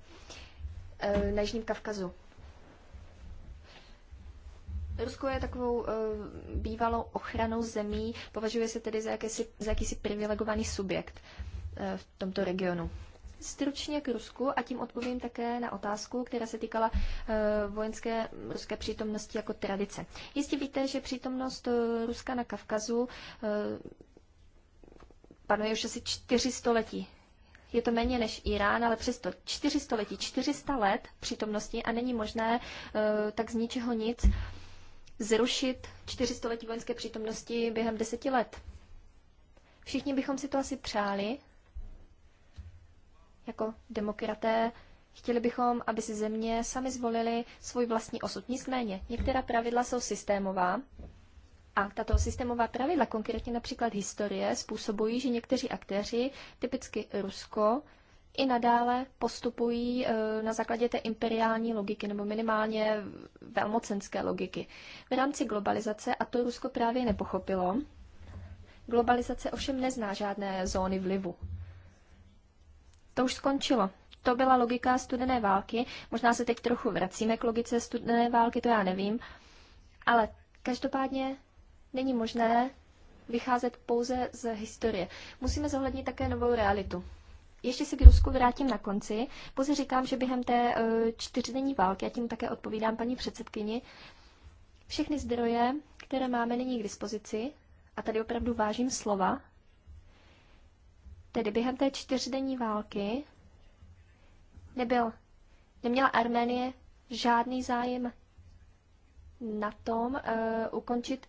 eh, na Jižním Kavkazu. Rusko je takovou bývalou ochranou zemí, považuje se tedy za, jakýsi, za jakýsi privilegovaný subjekt v tomto regionu. Stručně k Rusku a tím odpovím také na otázku, která se týkala eh, vojenské ruské přítomnosti jako tradice. Jistě víte, že přítomnost eh, Ruska na Kavkazu eh, panuje už asi čtyři století. Je to méně než Irán, ale přesto čtyři století, 400 let přítomnosti a není možné tak z ničeho nic zrušit čtyři století vojenské přítomnosti během deseti let. Všichni bychom si to asi přáli, jako demokraté Chtěli bychom, aby si země sami zvolili svůj vlastní osud. Nicméně, některá pravidla jsou systémová a tato systémová pravidla, konkrétně například historie, způsobují, že někteří aktéři, typicky Rusko, i nadále postupují eh, na základě té imperiální logiky nebo minimálně velmocenské logiky. V rámci globalizace, a to Rusko právě nepochopilo, globalizace ovšem nezná žádné zóny vlivu. To už skončilo. To byla logika studené války. Možná se teď trochu vracíme k logice studené války, to já nevím. Ale každopádně není možné vycházet pouze z historie. Musíme zohlednit také novou realitu. Ještě se k Rusku vrátím na konci. Pouze říkám, že během té eh, čtyřdenní války, a tím také odpovídám paní předsedkyni, všechny zdroje, které máme nyní k dispozici, a tady opravdu vážím slova, Tedy během té čtyřdenní války nebyl, neměla Arménie žádný zájem na tom uh, ukončit,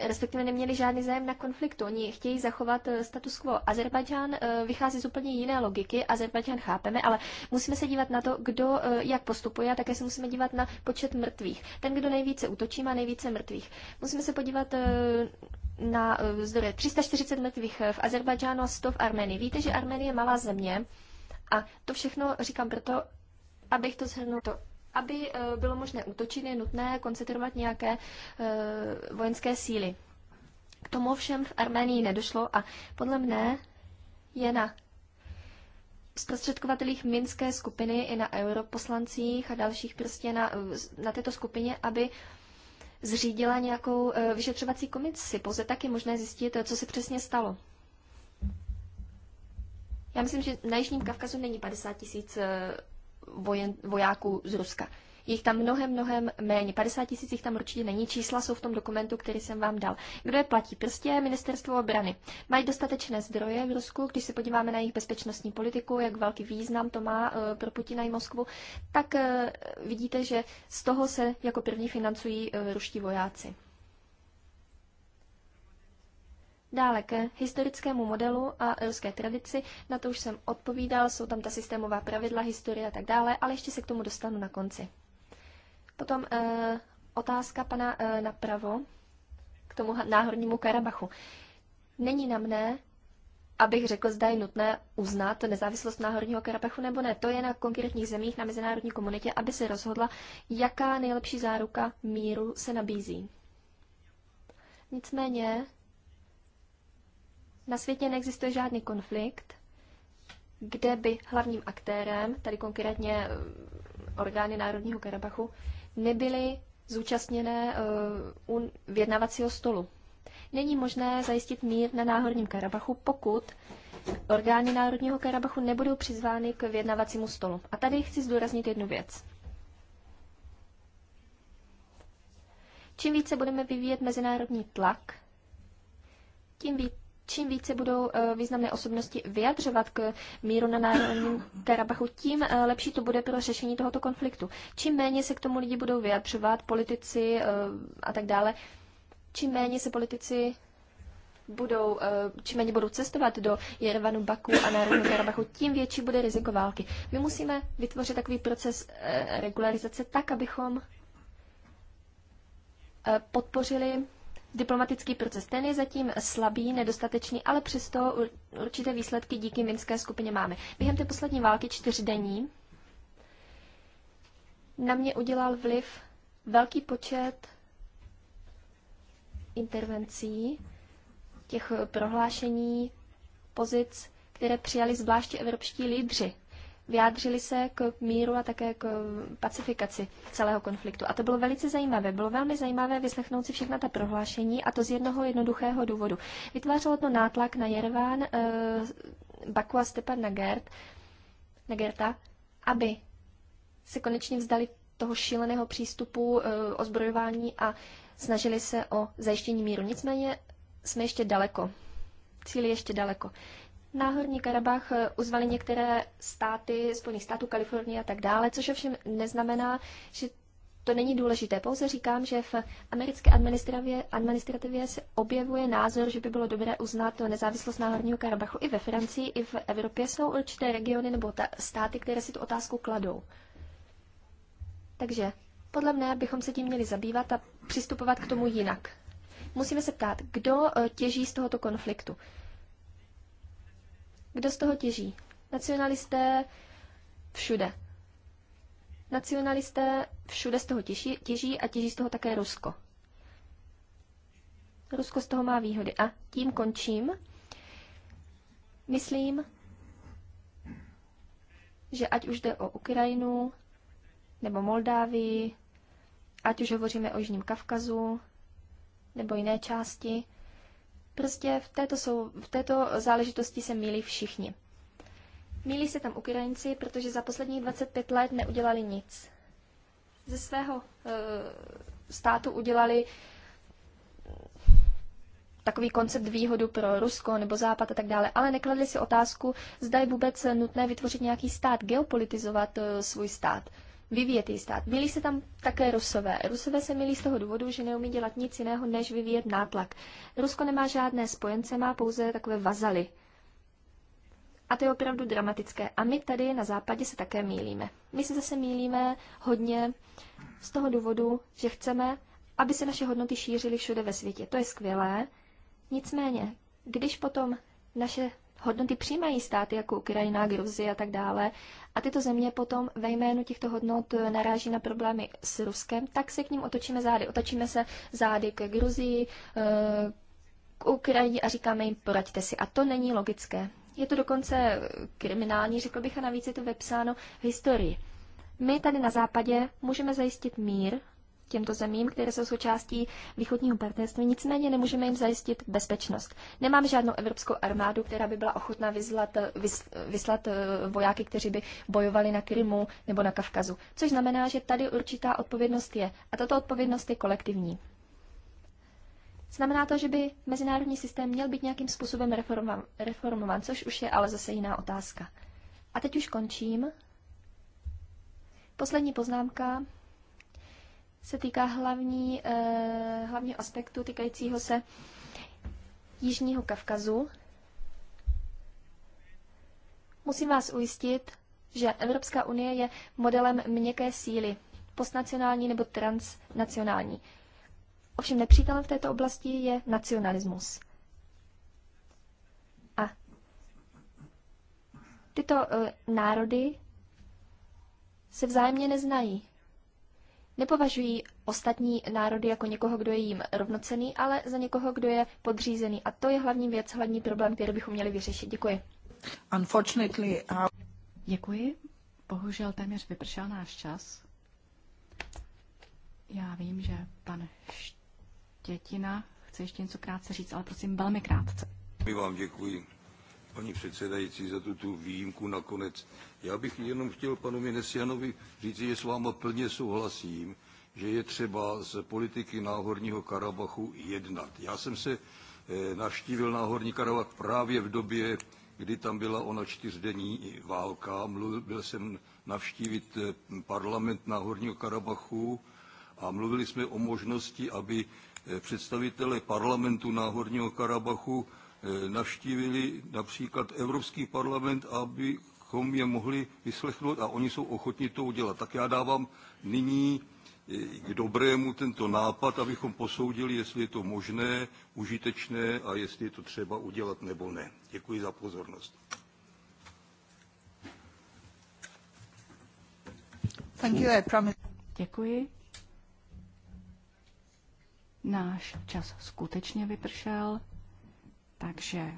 respektive neměli žádný zájem na konfliktu. Oni chtějí zachovat eh, status quo. Azerbajdžán uh, vychází z úplně jiné logiky, Azerbajdžán chápeme, ale musíme se dívat na to, kdo uh, jak postupuje a také se musíme dívat na počet mrtvých. Ten, kdo nejvíce útočí, má nejvíce mrtvých. Musíme se podívat uh, na vzdory eh, 340 mrtvých eh, v Azerbajdžánu a 100 v Armenii. Víte, že Armenie je malá země a to všechno říkám proto, abych to zhrnul. to. Aby eh, bylo možné útočit, je nutné koncentrovat nějaké vojenské síly. K tomu všem v Armenii nedošlo a podle mne je na zprostředkovatelích Minské skupiny i na europoslancích a dalších prostě na, na této skupině, aby uh, zřídila nějakou eh, vyšetřovací komisi. Pouze tak je možné zjistit, eh, co se přesně stalo. Já myslím, že na Jižním Kavkazu není 50 tisíc eh, vojáků z Ruska jich tam mnohem, mnohem méně. 50 tisíc jich tam určitě není. Čísla jsou v tom dokumentu, který jsem vám dal. Kdo je platí? Prostě ministerstvo obrany. Mají dostatečné zdroje v Rusku, když se podíváme na jejich bezpečnostní politiku, jak velký význam to má eh, pro Putina i Moskvu, tak eh, vidíte, že z toho se jako první financují eh, ruští vojáci. Dále k historickému modelu a ruské tradici, na to už jsem odpovídal, jsou tam ta systémová pravidla, historie a tak dále, ale ještě se k tomu dostanu na konci. Potom uh, otázka pana uh, napravo k tomu náhornímu Karabachu. Není na mne, abych řekl, zda je nutné uznat nezávislost Náhorního Karabachu nebo ne. To je na konkrétních zemích, na mezinárodní komunitě, aby se rozhodla, jaká nejlepší záruka míru se nabízí. Nicméně na světě neexistuje žádný konflikt, kde by hlavním aktérem, tady konkrétně eh, orgány Národního Karabachu, nebyly zúčastněné eh, u vědnavacího stolu. Není možné zajistit mír na Náhorním Karabachu, pokud orgány Národního Karabachu nebudou přizvány k vědnavacímu stolu. A tady chci zdůraznit jednu věc. Čím více budeme vyvíjet mezinárodní tlak, tím více čím více budou eh, významné osobnosti vyjadřovat k míru na Národním Karabachu, tím eh, lepší to bude pro řešení tohoto konfliktu. Čím méně se k tomu lidi budou vyjadřovat, politici eh, a tak dále, čím méně se politici budou, čím méně budou cestovat do Jerevanu, Baku a Národního Karabachu, tím větší bude riziko války. My musíme vytvořit takový proces regularizace tak, abychom podpořili Diplomatický proces ten je zatím slabý, nedostatečný, ale přesto určité výsledky díky Minské skupině máme. Během té poslední války čtyřdení na mě udělal vliv velký počet intervencí, těch prohlášení, pozic, které přijali zvláště evropští lídři vyjádřili se k míru a také k pacifikaci celého konfliktu. A to bylo velice zajímavé. Bylo velmi zajímavé vyslechnout si všechna ta prohlášení a to z jednoho jednoduchého důvodu. Vytvářelo to nátlak na Jerván, eh, Baku a Stepan Nagert, Nagerta, aby se konečně vzdali toho šíleného přístupu eh, ozbrojování a snažili se o zajištění míru. Nicméně jsme ještě daleko. Cíl je ještě daleko. Náhorní Karabach eh, uzvali některé státy, Spojených států, Kalifornie a tak dále, což ovšem neznamená, že to není důležité. Pouze říkám, že v americké administrativě, administrativě se objevuje názor, že by bylo dobré uznat nezávislost Náhorního Karabachu. I ve Francii, i v Evropě jsou určité regiony nebo ta, státy, které si tu otázku kladou. Takže podle mne bychom se tím měli zabývat a přistupovat k tomu jinak. Musíme se ptát, kdo eh, těží z tohoto konfliktu. Kdo z toho těží? Nacionalisté všude. Nacionalisté všude z toho těží, těží a těží z toho také Rusko. Rusko z toho má výhody. A tím končím. Myslím, že ať už jde o Ukrajinu nebo Moldávii, ať už hovoříme o Jižním Kavkazu nebo jiné části, Prostě v této, sou, v této záležitosti se mílí všichni. Mílí se tam Ukrajinci, protože za posledních 25 let neudělali nic. Ze svého e, státu udělali takový koncept výhodu pro Rusko nebo Západ a tak dále, ale nekladli si otázku, zda je vůbec nutné vytvořit nějaký stát, geopolitizovat e, svůj stát vyvíjetý stát. Milí se tam také Rusové. Rusové se milí z toho důvodu, že neumí dělat nic jiného, než vyvíjet nátlak. Rusko nemá žádné spojence, má pouze takové vazaly. A to je opravdu dramatické. A my tady na západě se také mílíme. My se zase mílíme hodně z toho důvodu, že chceme, aby se naše hodnoty šířily všude ve světě. To je skvělé. Nicméně, když potom naše hodnoty přijímají státy jako Ukrajina, Gruzie a tak dále. A tyto země potom ve jménu těchto hodnot eh, naráží na problémy s Ruskem, tak se k ním otočíme zády. Otočíme se zády k Gruzii, eh, k Ukrajině a říkáme jim, poraďte si. A to není logické. Je to dokonce eh, kriminální, řekl bych, a navíc je to vepsáno v historii. My tady na západě můžeme zajistit mír těmto zemím, které jsou součástí východního partnerství, nicméně nemůžeme jim zajistit bezpečnost. Nemám žádnou evropskou armádu, která by byla ochotná vyslat, vys, vyslat eh, vojáky, kteří by bojovali na Krymu nebo na Kavkazu. Což znamená, že tady určitá odpovědnost je. A tato odpovědnost je kolektivní. Znamená to, že by mezinárodní systém měl být nějakým způsobem reformován, což už je ale zase jiná otázka. A teď už končím. Poslední poznámka se týká hlavní, eh, hlavního aspektu týkajícího se Jižního Kavkazu. Musím vás ujistit, že Evropská unie je modelem měkké síly, postnacionální nebo transnacionální. Ovšem nepřítelem v této oblasti je nacionalismus. A tyto uh, národy se vzájemně neznají. Nepovažují ostatní národy jako někoho, kdo je jim rovnocený, ale za někoho, kdo je podřízený. A to je hlavní věc, hlavní problém, který bychom měli vyřešit. Děkuji. Unfortunately, uh... Děkuji. Bohužel téměř vypršel náš čas. Já vím, že pan Štětina chce ještě něco krátce říct, ale prosím velmi krátce. My vám děkuji paní předsedající, za tuto výjimku nakonec. Já bych jenom chtěl panu Minesianovi říci, že s váma plně souhlasím, že je třeba z politiky Náhorního Karabachu jednat. Já jsem se eh, navštívil Náhorní Karabach právě v době, kdy tam byla ona čtyřdenní válka. Mluvil, byl jsem navštívit eh, parlament Náhorního Karabachu a mluvili jsme o možnosti, aby eh, představitelé parlamentu Náhorního Karabachu Eh, navštívili například Evropský parlament, abychom je mohli vyslechnout a oni jsou ochotni to udělat. Tak já dávám nyní eh, k dobrému tento nápad, abychom posoudili, jestli je to možné, užitečné a jestli je to třeba udělat nebo ne. Děkuji za pozornost. Thank you, I promise. Děkuji. Náš čas skutečně vypršel. Takže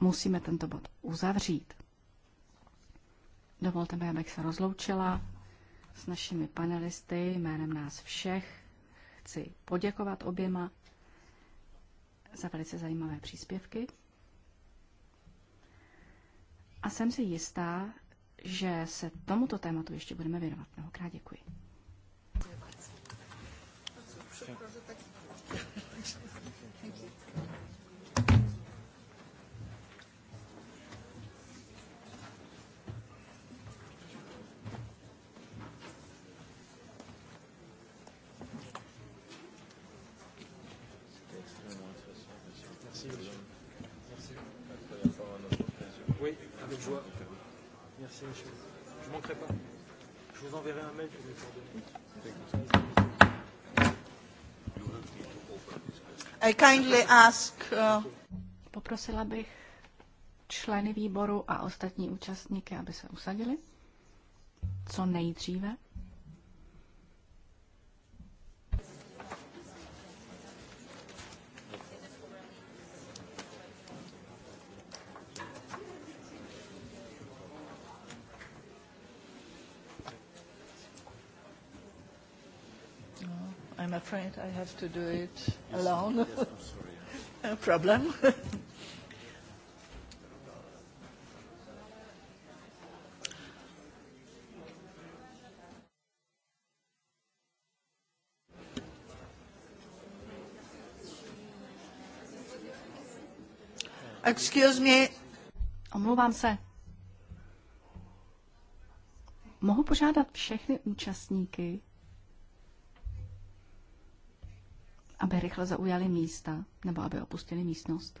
musíme tento bod uzavřít. Dovolte mi, abych se rozloučila s našimi panelisty jménem nás všech. Chci poděkovat oběma za velice zajímavé příspěvky. A jsem si jistá, že se tomuto tématu ještě budeme věnovat. Mnohokrát děkuji. Merci, Je ne manquerai pas. Je vous enverrai un mail pour coordonnées. I kindly ask, uh... Poprosila bych členy výboru a ostatní účastníky, aby se usadili co nejdříve. have to do it alone. Yes, sorry. no problem. Excuse me. Omlouvám se. Mohu požádat všechny účastníky, rychle zaujali místa nebo aby opustili místnost.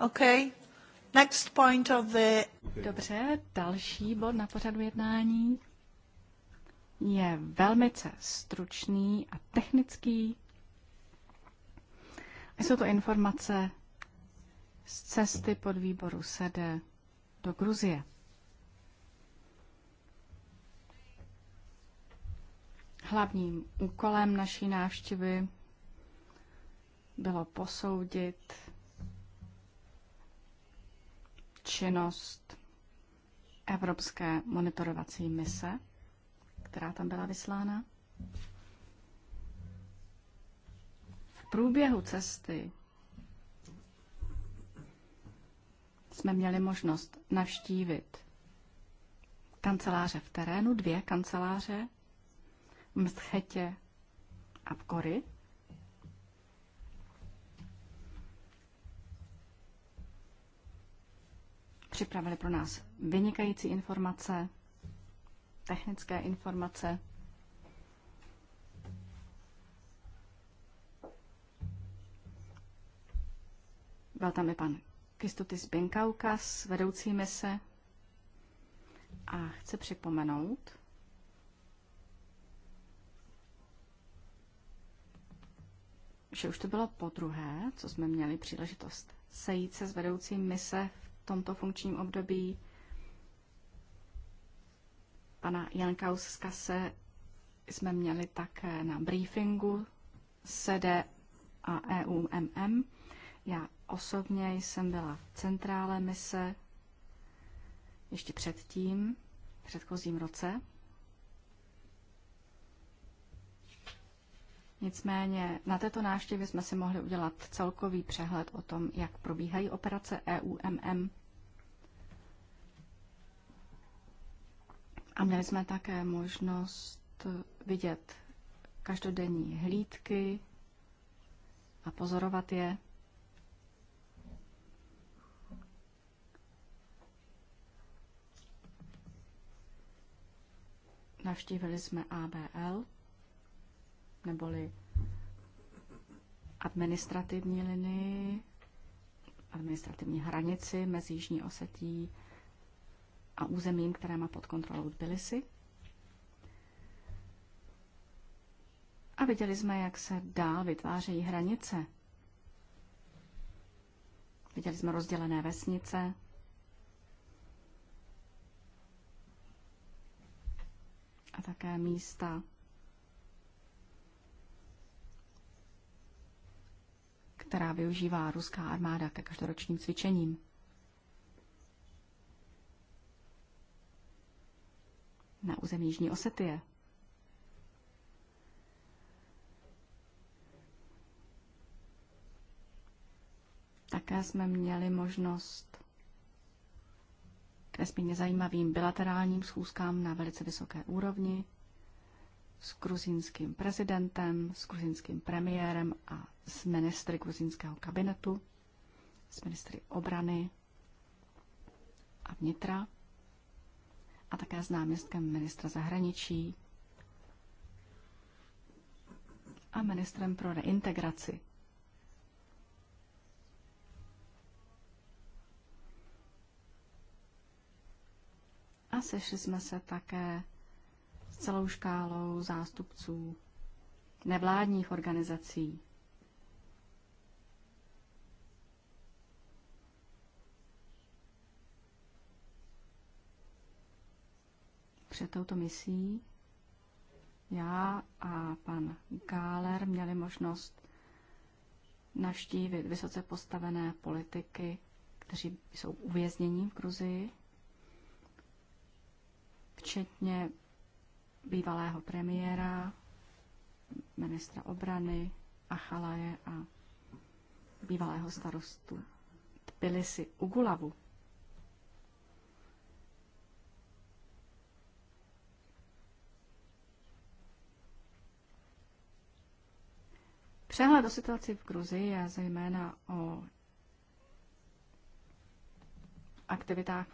Okay. Next point of the... Dobře, další bod na pořadu jednání je velmi stručný a technický. Jsou to informace z cesty pod výboru SEDE do Gruzie. Hlavním úkolem naší návštěvy bylo posoudit činnost Evropské monitorovací mise, která tam byla vyslána. V průběhu cesty jsme měli možnost navštívit kanceláře v terénu, dvě kanceláře v Mstchetě a v Kory. Připravili pro nás vynikající informace, technické informace. Byl tam i pan Kristutis Binkaukas, vedoucí mise. A chci připomenout, že už to bylo po druhé, co jsme měli příležitost sejít se s vedoucím mise v tomto funkčním období pana Jankaus se, jsme měli také na briefingu SEDE a EUMM. Já osobně jsem byla v centrále mise ještě předtím, v předchozím roce. Nicméně na této návštěvě jsme si mohli udělat celkový přehled o tom, jak probíhají operace EUMM A měli jsme také možnost vidět každodenní hlídky a pozorovat je. Navštívili jsme ABL, neboli administrativní linii, administrativní hranici mezi Jižní Osetí a územím, které má pod kontrolou Tbilisi. A viděli jsme, jak se dál vytvářejí hranice. Viděli jsme rozdělené vesnice, a také místa, která využívá ruská armáda ke každoročním cvičením. na území Jižní Osetie. Také jsme měli možnost k nesmírně zajímavým bilaterálním schůzkám na velice vysoké úrovni s gruzínským prezidentem, s gruzínským premiérem a s ministry gruzínského kabinetu, s ministry obrany a vnitra a také s náměstkem ministra zahraničí a ministrem pro reintegraci. A sešli jsme se také s celou škálou zástupců nevládních organizací, před touto misí já a pan Gáler měli možnost naštívit vysoce postavené politiky, kteří jsou uvězněni v Gruzii, včetně bývalého premiéra, ministra obrany Achalaje a bývalého starostu Tbilisi Ugulavu. Přehled o situaci v Gruzii je zejména o aktivitách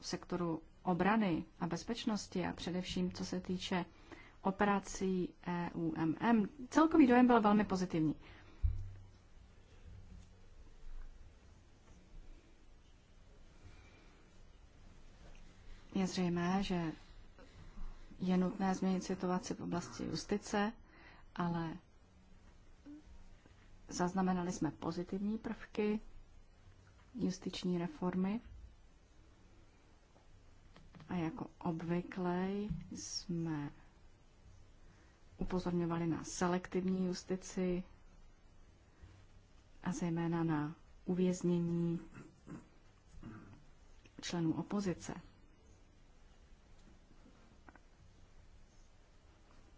v sektoru obrany a bezpečnosti a především co se týče operací EUMM, celkový dojem byl velmi pozitivní. Je zřejmé, že je nutné změnit situaci v oblasti justice, ale Zaznamenali jsme pozitivní prvky justiční reformy a jako obvykle jsme upozorňovali na selektivní justici a zejména na uvěznění členů opozice.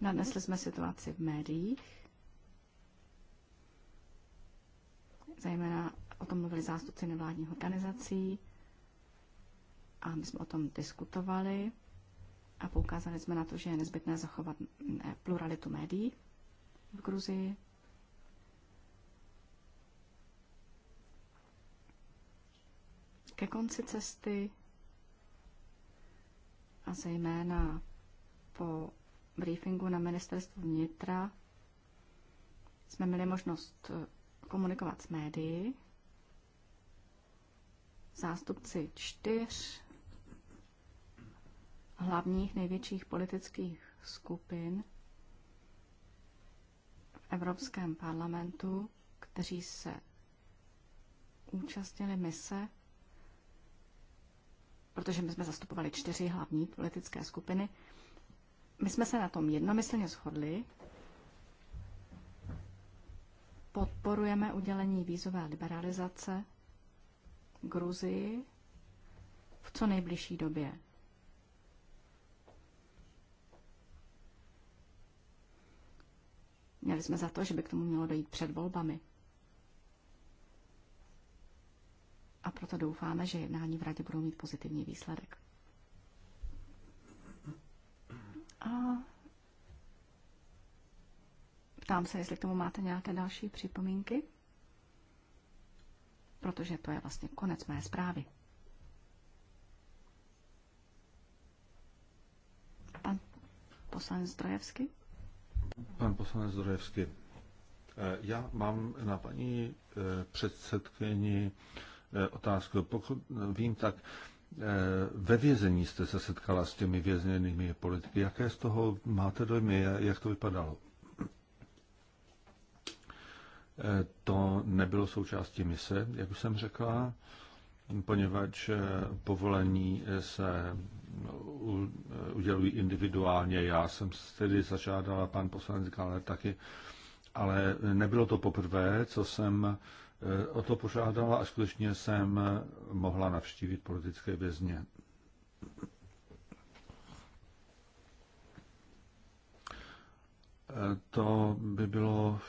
Nadnesli jsme situaci v médiích Zejména o tom mluvili zástupci nevládních organizací a my jsme o tom diskutovali a poukázali jsme na to, že je nezbytné zachovat pluralitu médií v Gruzii. Ke konci cesty a zejména po briefingu na ministerstvu vnitra jsme měli možnost komunikovat s médií. Zástupci čtyř hlavních největších politických skupin v Evropském parlamentu, kteří se účastnili mise, protože my jsme zastupovali čtyři hlavní politické skupiny. My jsme se na tom jednomyslně shodli, podporujeme udělení vízové liberalizace Gruzii v co nejbližší době. Měli jsme za to, že by k tomu mělo dojít před volbami. A proto doufáme, že jednání v radě budou mít pozitivní výsledek. A Ptám se, jestli k tomu máte nějaké další připomínky, protože to je vlastně konec mé zprávy. Pan poslanec Zdrojevský? Pan poslanec Zdrojevský. Eh, já mám na paní eh, předsedkyni eh, otázku. Pokud vím, tak ve vězení jste se setkala s těmi vězněnými politiky. Jaké z toho máte dojmy? Jak to vypadalo? Eh, to nebylo součástí mise, jak už jsem řekla, poněvadž eh, povolení eh, se no, udělují individuálně. Já jsem tedy zažádala pan poslanec Galer taky, ale nebylo to poprvé, co jsem o to požádala a skutečně jsem mohla navštívit politické vězně. to by bylo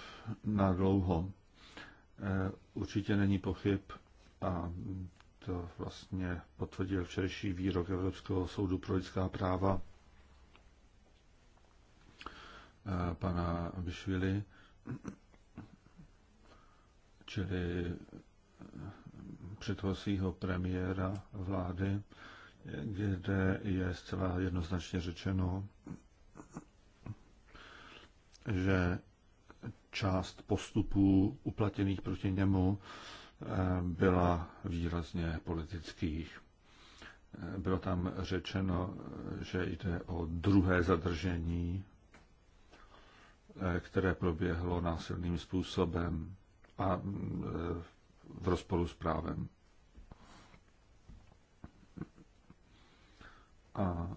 na dlouho. Eh, určitě není pochyb a to vlastně potvrdil včerejší výrok Evropského soudu pro lidská práva eh, pana Bišvili, čili eh, předchozího premiéra vlády, kde je zcela jednoznačně řečeno, že část postupů uplatněných proti němu eh, byla výrazně politických. Eh, bylo tam řečeno, že jde o druhé zadržení, eh, které proběhlo násilným způsobem a mm, v rozporu s právem. A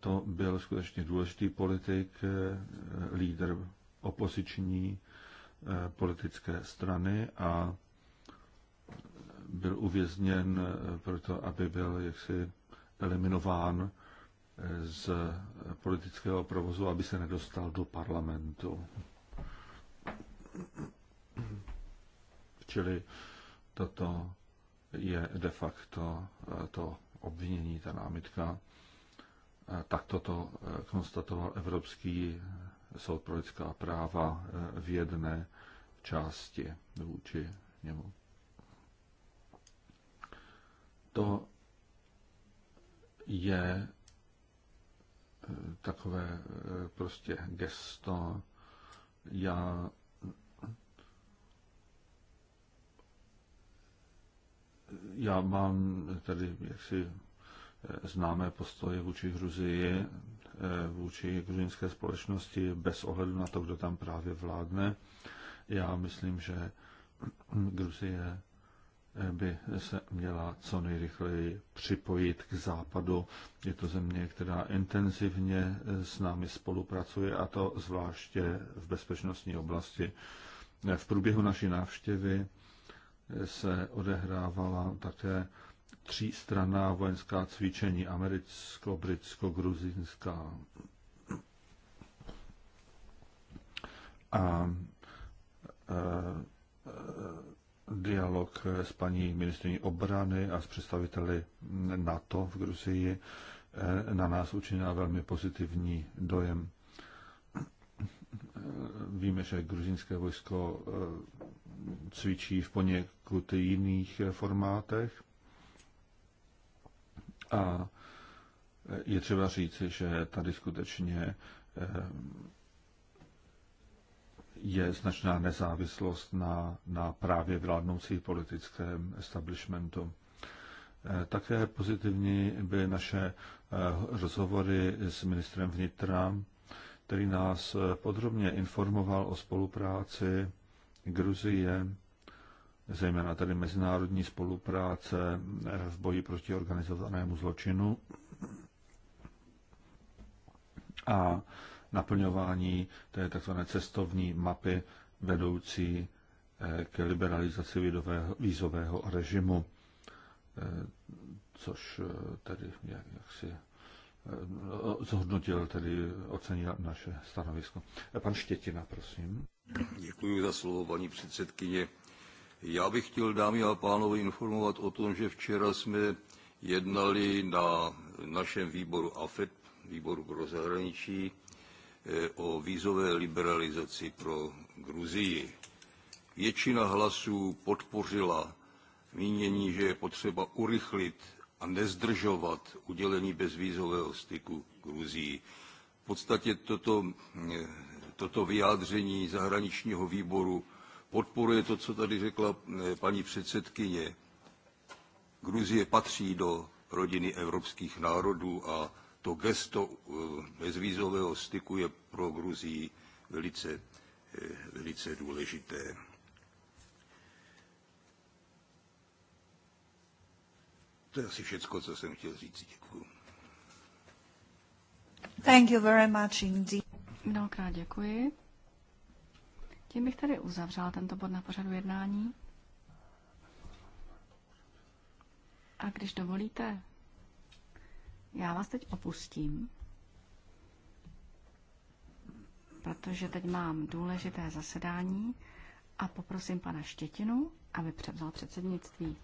to byl skutečně důležitý politik, eh, lídr opoziční eh, politické strany a byl uvězněn eh, proto, aby byl jaksi eliminován z politického provozu, aby se nedostal do parlamentu. Čili toto je de facto to obvinění, ta námitka, Takto to eh, konstatoval Evropský eh, soud pro lidská práva eh, v jedné části vůči němu. To je takové prostě gesto. Já já mám tady jaksi známé postoje vůči Gruzii, eh, vůči gruzinské společnosti, bez ohledu na to, kdo tam právě vládne. Já myslím, že Gruzie eh, by se měla co nejrychleji připojit k západu. Je to země, která intenzivně eh, s námi spolupracuje, a to zvláště v bezpečnostní oblasti. V průběhu naší návštěvy se odehrávala také třístranná vojenská cvičení americko-britsko-gruzinská. A e, e, dialog s paní ministriní obrany a s představiteli NATO v Gruzii e, na nás učinila velmi pozitivní dojem. Víme, že gruzinské vojsko cvičí v poněkud jiných formátech a je třeba říci, že tady skutečně eh, je značná nezávislost na, na právě vládnoucí politickém establishmentu. Eh, také pozitivní byly naše eh, rozhovory s ministrem vnitra, který nás podrobně informoval o spolupráci Gruzie zejména tedy mezinárodní spolupráce v boji proti organizovanému zločinu a naplňování té tzv. cestovní mapy vedoucí eh, k liberalizaci vízového režimu, eh, což eh, tedy jak, jak si zhodnotil, tedy ocenil naše stanovisko. Pan Štětina, prosím. Děkuji za slovo, paní předsedkyně. Já bych chtěl, dámy a pánové, informovat o tom, že včera jsme jednali na našem výboru AFET, výboru pro zahraničí, eh, o vízové liberalizaci pro Gruzii. Většina hlasů podpořila mínění, že je potřeba urychlit a nezdržovat udělení bezvízového styku Gruzii. V podstatě toto, eh, toto vyjádření zahraničního výboru podporuje to, co tady řekla eh, paní předsedkyně. Gruzie patří do rodiny evropských národů a to gesto eh, bezvízového styku je pro Gruzii velice, eh, velice důležité. To je asi všecko, co jsem chtěl říct. Děkuji. Thank you very much indeed. Mnohokrát děkuji. Tím bych tady uzavřela tento bod na pořadu jednání. A když dovolíte, já vás teď opustím, protože teď mám důležité zasedání a poprosím pana Štětinu, aby převzal předsednictví.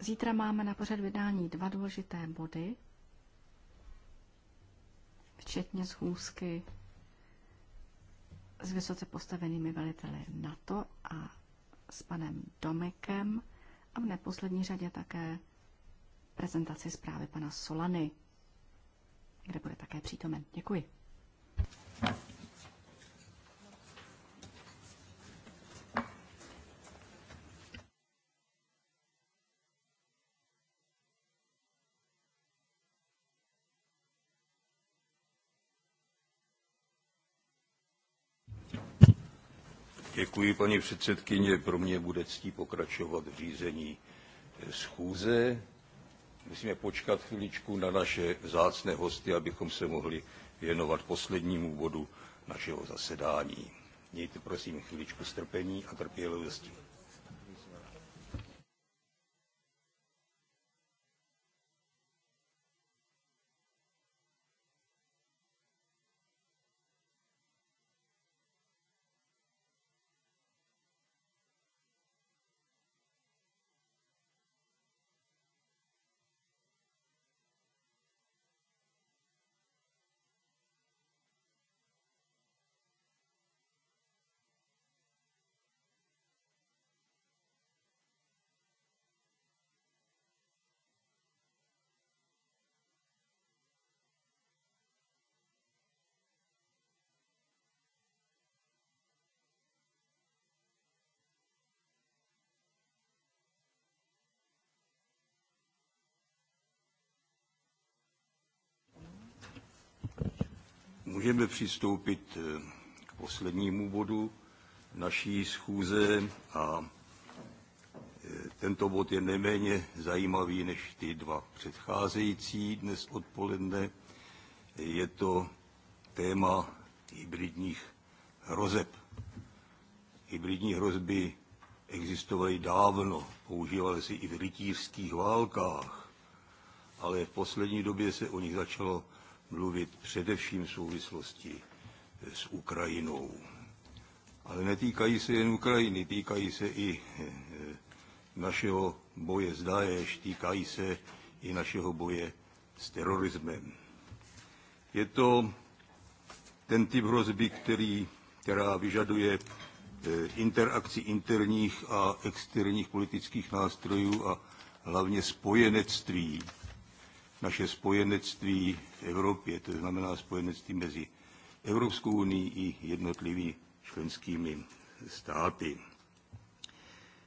Zítra máme na pořad vydání dva důležité body, včetně schůzky s vysoce postavenými veliteli NATO a s panem Domekem a v neposlední řadě také prezentaci zprávy pana Solany, kde bude také přítomen. Děkuji. Děkuji, paní předsedkyně. Pro mě bude ctí pokračovat v řízení eh, schůze. Musíme počkat chviličku na naše vzácné hosty, abychom se mohli věnovat poslednímu bodu našeho zasedání. Mějte prosím chviličku strpení a trpělivosti. můžeme přistoupit eh, k poslednímu bodu naší schůze a eh, tento bod je neméně zajímavý než ty dva předcházející dnes odpoledne. Je to téma hybridních hrozeb. Hybridní hrozby existovaly dávno, používaly se i v rytířských válkách, ale v poslední době se o nich začalo mluvit především v souvislosti s Ukrajinou. Ale netýkají se jen Ukrajiny, týkají se i eh, našeho boje s Daesh, týkají se i našeho boje s terorismem. Je to ten typ hrozby, který, která vyžaduje eh, interakci interních a externích politických nástrojů a hlavně spojenectví naše spojenectví v Evropě, to znamená spojenectví mezi Evropskou unii i jednotlivými členskými státy.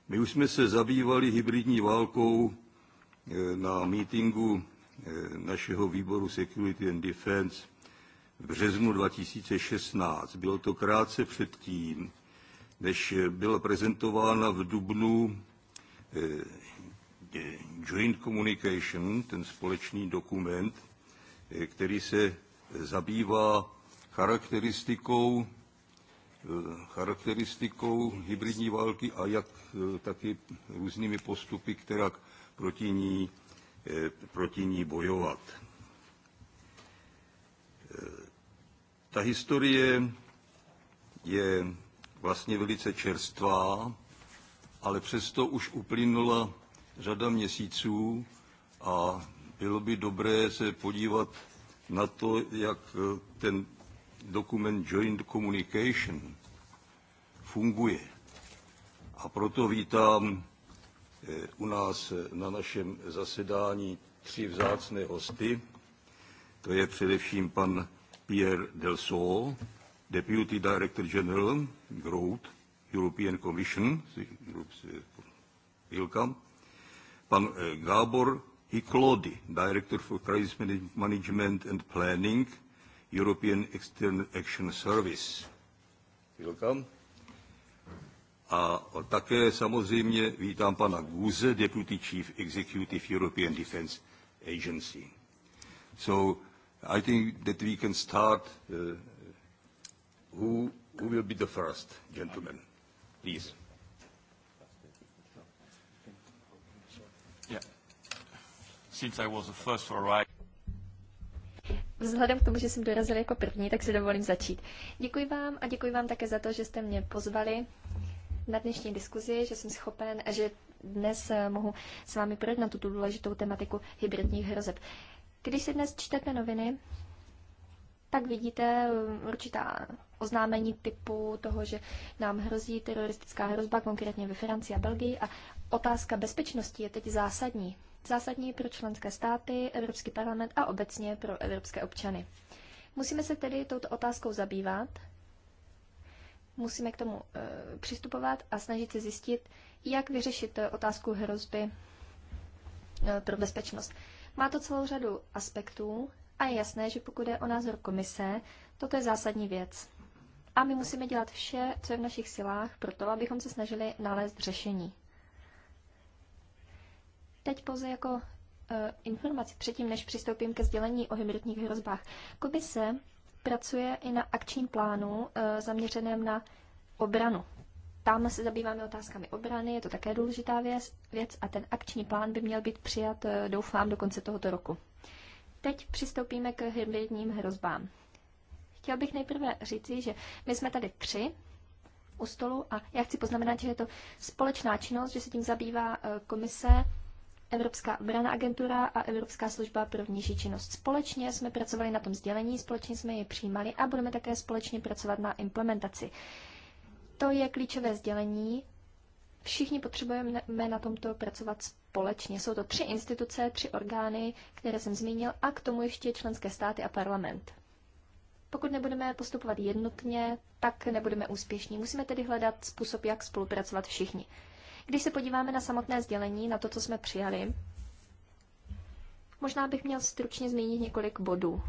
My už jsme se zabývali hybridní válkou eh, na mítingu eh, našeho výboru Security and Defense v březnu 2016. Bylo to krátce předtím, než byla prezentována v Dubnu eh, Eh, Joint Communication, ten společný dokument, eh, který se zabývá charakteristikou, eh, charakteristikou hybridní války a jak taky různými postupy, která proti ní, proti ní bojovat. Ta historie je vlastně velice čerstvá, ale přesto už uplynula řada měsíců a bylo by dobré se podívat na to, jak eh, ten dokument Joint Communication funguje. A proto vítám eh, u nás eh, na našem zasedání tři vzácné hosty. To je především pan Pierre Delso, Deputy Director General, Growth, European Commission. Welcome pan eh, Gábor Hiklody, Director for Crisis Management and Planning, European External Action Service. Welcome. A také samozřejmě vítám pana Guze, Deputy Chief Executive European Defence Agency. So I think that we can start. Uh, who, who will be the first gentleman? Please. Vzhledem k tomu, že jsem dorazil jako první, tak si dovolím začít. Děkuji vám a děkuji vám také za to, že jste mě pozvali na dnešní diskuzi, že jsem schopen, že dnes eh, mohu s vámi projednat tuto důležitou tematiku hybridních hrozeb. Když si dnes čtete noviny, tak vidíte eh, určitá oznámení typu toho, že nám hrozí teroristická hrozba, konkrétně ve Francii a Belgii. A otázka bezpečnosti je teď zásadní zásadní pro členské státy, Evropský parlament a obecně pro evropské občany. Musíme se tedy touto otázkou zabývat, musíme k tomu e, přistupovat a snažit se zjistit, jak vyřešit eh, otázku hrozby e, pro bezpečnost. Má to celou řadu aspektů a je jasné, že pokud je o názor komise, toto je zásadní věc. A my musíme dělat vše, co je v našich silách, proto abychom se snažili nalézt řešení teď pouze jako uh, informaci předtím, než přistoupím ke sdělení o hybridních hrozbách. Komise pracuje i na akčním plánu uh, zaměřeném na obranu. Tam se zabýváme otázkami obrany, je to také důležitá věc, věc a ten akční plán by měl být přijat, uh, doufám, do konce tohoto roku. Teď přistoupíme k hybridním hrozbám. Chtěl bych nejprve říci, že my jsme tady tři u stolu a já chci poznamenat, že je to společná činnost, že se tím zabývá komise, Evropská obrana agentura a Evropská služba pro vnější činnost. Společně jsme pracovali na tom sdělení, společně jsme je přijímali a budeme také společně pracovat na implementaci. To je klíčové sdělení. Všichni potřebujeme na tomto pracovat společně. Jsou to tři instituce, tři orgány, které jsem zmínil, a k tomu ještě členské státy a parlament. Pokud nebudeme postupovat jednotně, tak nebudeme úspěšní. Musíme tedy hledat způsob, jak spolupracovat všichni. Když se podíváme na samotné sdělení, na to, co jsme přijali, možná bych měl stručně zmínit několik bodů.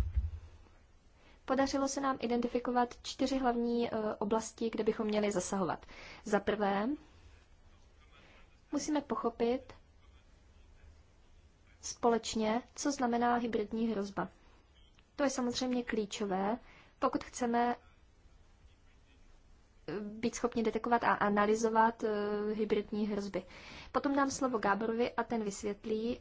Podařilo se nám identifikovat čtyři hlavní eh, oblasti, kde bychom měli zasahovat. Za prvé, musíme pochopit společně, co znamená hybridní hrozba. To je samozřejmě klíčové, pokud chceme být schopni detekovat a analyzovat eh, hybridní hrozby. Potom dám slovo Gáborovi a ten vysvětlí,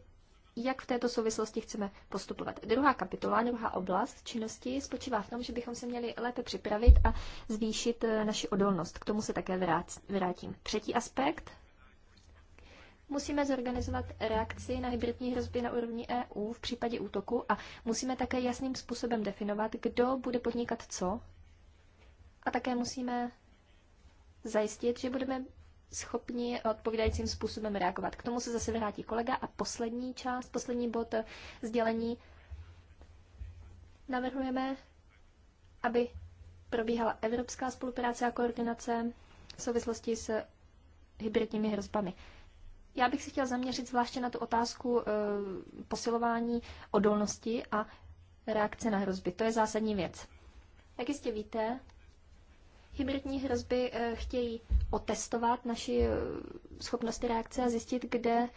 jak v této souvislosti chceme postupovat. Druhá kapitola, druhá oblast činnosti spočívá v tom, že bychom se měli lépe připravit a zvýšit eh, naši odolnost. K tomu se také vrátím. Třetí aspekt. Musíme zorganizovat reakci na hybridní hrozby na úrovni EU v případě útoku a musíme také jasným způsobem definovat, kdo bude podnikat co. A také musíme zajistit, že budeme schopni odpovídajícím způsobem reagovat. K tomu se zase vrátí kolega a poslední část, poslední bod sdělení. Navrhujeme, aby probíhala evropská spolupráce a koordinace v souvislosti s hybridními hrozbami. Já bych se chtěl zaměřit zvláště na tu otázku e, posilování odolnosti a reakce na hrozby. To je zásadní věc. Jak jistě víte, Hybridní hrozby eh, chtějí otestovat naši eh, schopnosti reakce a zjistit, kde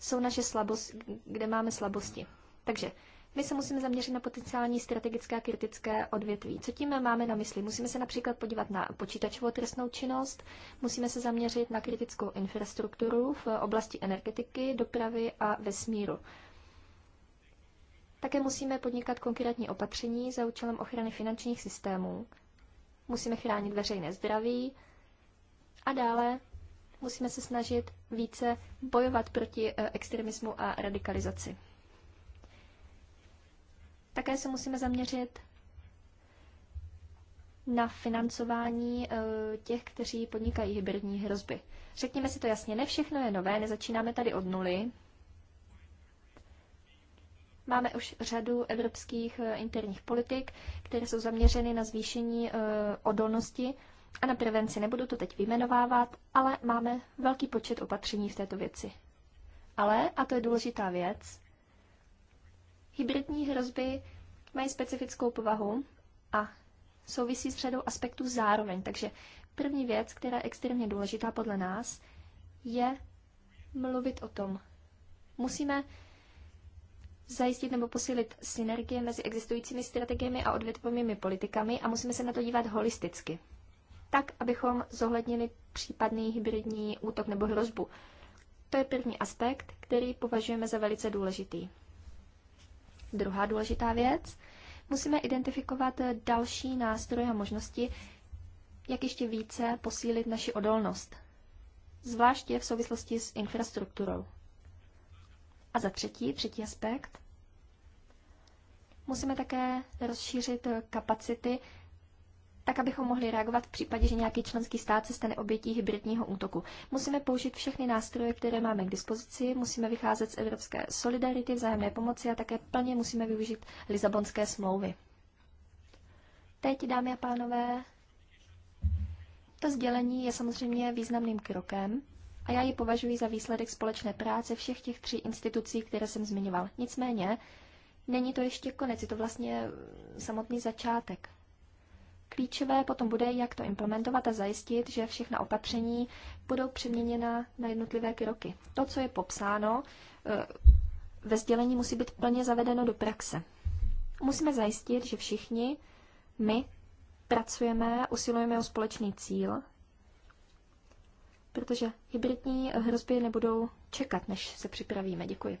jsou naše slabosti, kde máme slabosti. Takže my se musíme zaměřit na potenciální strategické a kritické odvětví. Co tím máme na mysli? Musíme se například podívat na počítačovou trestnou činnost, musíme se zaměřit na kritickou infrastrukturu v oblasti energetiky, dopravy a vesmíru. Také musíme podnikat konkrétní opatření za účelem ochrany finančních systémů, musíme chránit veřejné zdraví a dále musíme se snažit více bojovat proti eh, extremismu a radikalizaci. Také se musíme zaměřit na financování eh, těch, kteří podnikají hybridní hrozby. Řekněme si to jasně, ne všechno je nové, nezačínáme tady od nuly, Máme už řadu evropských eh, interních politik, které jsou zaměřeny na zvýšení eh, odolnosti a na prevenci. Nebudu to teď vyjmenovávat, ale máme velký počet opatření v této věci. Ale, a to je důležitá věc, hybridní hrozby mají specifickou povahu a souvisí s řadou aspektů zároveň. Takže první věc, která je extrémně důležitá podle nás, je mluvit o tom. Musíme zajistit nebo posílit synergie mezi existujícími strategiemi a odvětvovými politikami a musíme se na to dívat holisticky. Tak, abychom zohlednili případný hybridní útok nebo hrozbu. To je první aspekt, který považujeme za velice důležitý. Druhá důležitá věc. Musíme identifikovat další nástroje a možnosti, jak ještě více posílit naši odolnost. Zvláště v souvislosti s infrastrukturou. A za třetí, třetí aspekt, musíme také rozšířit kapacity, tak abychom mohli reagovat v případě, že nějaký členský stát se stane obětí hybridního útoku. Musíme použít všechny nástroje, které máme k dispozici, musíme vycházet z evropské solidarity, vzájemné pomoci a také plně musíme využít Lisabonské smlouvy. Teď, dámy a pánové, to sdělení je samozřejmě významným krokem, a já ji považuji za výsledek společné práce všech těch tří institucí, které jsem zmiňoval. Nicméně, není to ještě konec, je to vlastně eh, samotný začátek. Klíčové potom bude, jak to implementovat a zajistit, že všechna opatření budou přeměněna na jednotlivé kroky. To, co je popsáno eh, ve sdělení, musí být plně zavedeno do praxe. Musíme zajistit, že všichni my pracujeme, usilujeme o společný cíl, protože hybridní hrozby nebudou čekat, než se připravíme. Děkuji.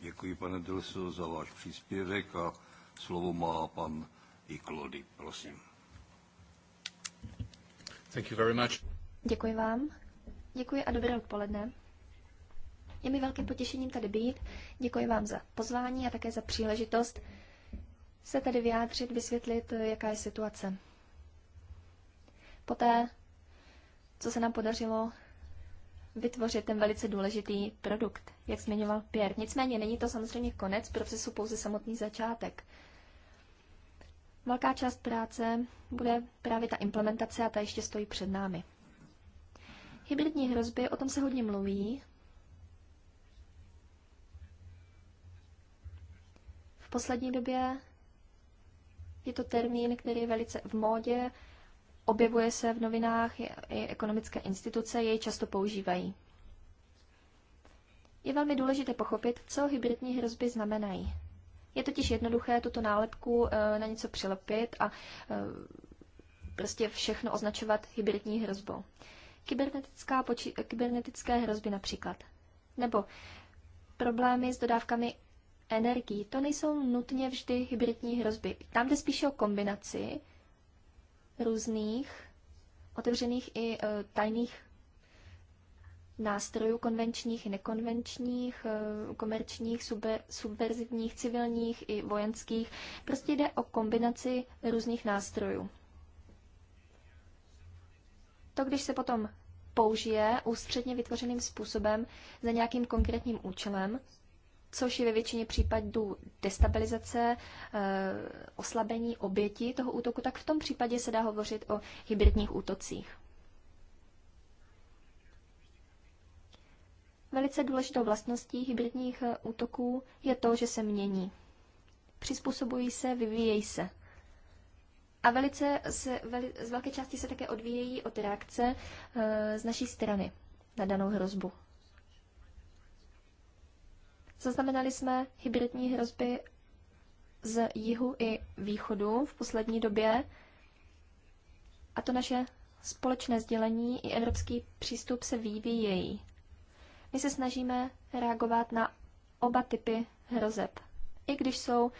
Děkuji, pane Delso, za váš příspěvek a slovo má pan Iklody. Prosím. Thank you very much. Děkuji vám. Děkuji a dobré odpoledne. Je mi velkým potěšením tady být. Děkuji vám za pozvání a také za příležitost se tady vyjádřit, vysvětlit, jaká je situace. Poté, co se nám podařilo vytvořit ten velice důležitý produkt, jak zmiňoval Pierre. Nicméně není to samozřejmě konec procesu, pouze samotný začátek. Velká část práce bude právě ta implementace a ta ještě stojí před námi. Hybridní hrozby, o tom se hodně mluví. V poslední době je to termín, který je velice v módě, objevuje se v novinách, i ekonomické instituce jej často používají. Je velmi důležité pochopit, co hybridní hrozby znamenají. Je totiž jednoduché tuto nálepku eh, na něco přilepit a eh, prostě všechno označovat hybridní hrozbou. Kybernetická poči- eh, kybernetické hrozby například. Nebo problémy s dodávkami energií. To nejsou nutně vždy hybridní hrozby. Tam jde spíše o kombinaci různých otevřených i e, tajných nástrojů konvenčních i nekonvenčních, e, komerčních, subverzivních, civilních i vojenských. Prostě jde o kombinaci různých nástrojů. To, když se potom použije ústředně vytvořeným způsobem za nějakým konkrétním účelem, což je ve většině případů destabilizace, eh, oslabení oběti toho útoku, tak v tom případě se dá hovořit o hybridních útocích. Velice důležitou vlastností hybridních eh, útoků je to, že se mění. Přizpůsobují se, vyvíjejí se. A velice se, veli, z velké části se také odvíjejí od reakce e, z naší strany na danou hrozbu. Zaznamenali jsme hybridní hrozby z jihu i východu v poslední době a to naše společné sdělení i evropský přístup se vyvíjejí. My se snažíme reagovat na oba typy hrozeb. I když jsou,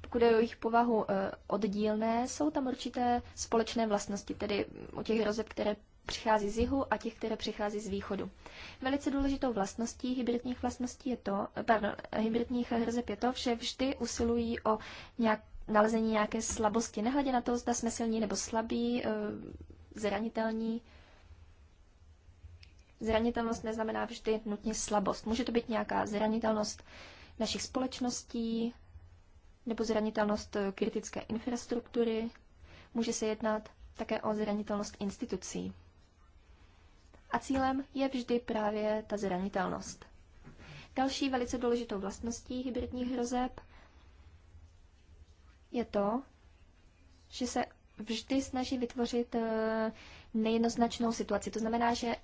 pokud je o jejich povahu, eh, oddílné, jsou tam určité společné vlastnosti, tedy u těch hrozeb, které přichází z jihu a těch, které přichází z východu. Velice důležitou vlastností hybridních vlastností je to, pardon, hybridních hrzeb je to, že vždy usilují o nějak, nalezení nějaké slabosti, nehledě na to, zda jsme silní nebo slabí, eh, zranitelní. Zranitelnost neznamená vždy nutně slabost. Může to být nějaká zranitelnost našich společností nebo zranitelnost eh, kritické infrastruktury. Může se jednat také o zranitelnost institucí. A cílem je vždy právě ta zranitelnost. Další velice důležitou vlastností hybridních hrozeb je to, že se vždy snaží vytvořit eh, nejednoznačnou situaci. To znamená, že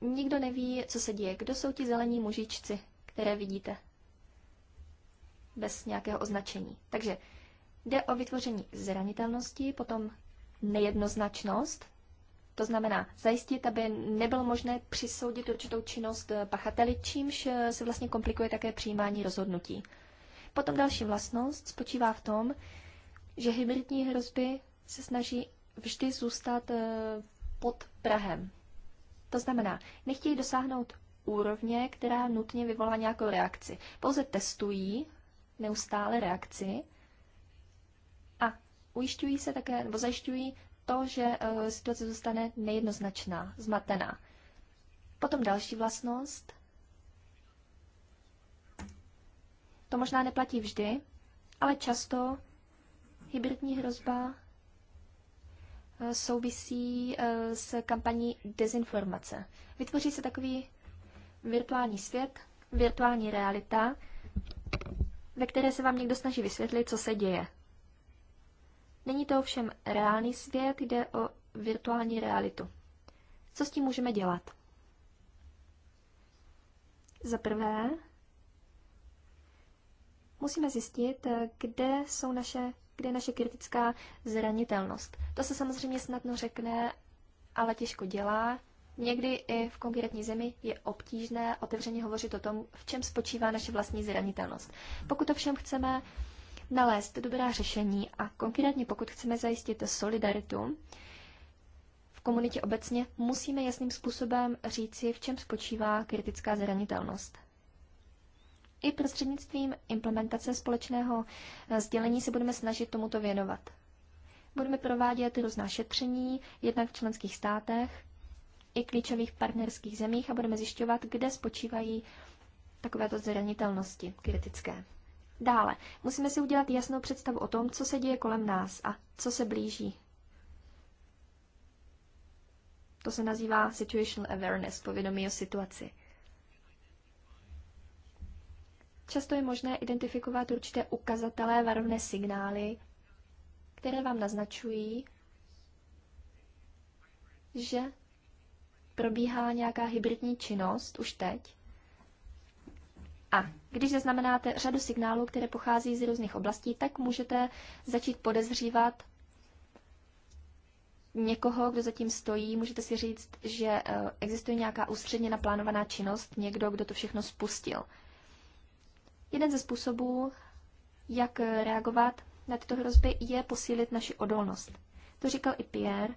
nikdo neví, co se děje. Kdo jsou ti zelení mužičci, které vidíte? Bez nějakého označení. Takže jde o vytvoření zranitelnosti, potom nejednoznačnost, to znamená zajistit, aby nebylo možné přisoudit určitou činnost pachateli, čímž se vlastně komplikuje také přijímání rozhodnutí. Potom další vlastnost spočívá v tom, že hybridní hrozby se snaží vždy zůstat eh, pod Prahem. To znamená, nechtějí dosáhnout úrovně, která nutně vyvolá nějakou reakci. Pouze testují neustále reakci a ujišťují se také, nebo zajišťují to, že eh, situace zůstane nejednoznačná, zmatená. Potom další vlastnost. To možná neplatí vždy, ale často hybridní hrozba eh, souvisí eh, s kampaní dezinformace. Vytvoří se takový virtuální svět, virtuální realita, ve které se vám někdo snaží vysvětlit, co se děje. Není to ovšem reálný svět, jde o virtuální realitu. Co s tím můžeme dělat? Za prvé, musíme zjistit, kde, jsou naše, kde je naše kritická zranitelnost. To se samozřejmě snadno řekne, ale těžko dělá. Někdy i v konkrétní zemi je obtížné otevřeně hovořit o tom, v čem spočívá naše vlastní zranitelnost. Pokud ovšem chceme nalézt dobrá řešení a konkrétně pokud chceme zajistit solidaritu, v komunitě obecně musíme jasným způsobem říci, v čem spočívá kritická zranitelnost. I prostřednictvím implementace společného eh, sdělení se budeme snažit tomuto věnovat. Budeme provádět různá šetření, jednak v členských státech i klíčových partnerských zemích a budeme zjišťovat, kde spočívají takovéto zranitelnosti kritické. Dále, musíme si udělat jasnou představu o tom, co se děje kolem nás a co se blíží. To se nazývá situational awareness, povědomí o situaci. Často je možné identifikovat určité ukazatelé, varovné signály, které vám naznačují, že probíhá nějaká hybridní činnost už teď a když zaznamenáte řadu signálů, které pochází z různých oblastí, tak můžete začít podezřívat někoho, kdo zatím stojí. Můžete si říct, že eh, existuje nějaká ústředně naplánovaná činnost, někdo, kdo to všechno spustil. Jeden ze způsobů, jak reagovat na tyto hrozby, je posílit naši odolnost. To říkal i Pierre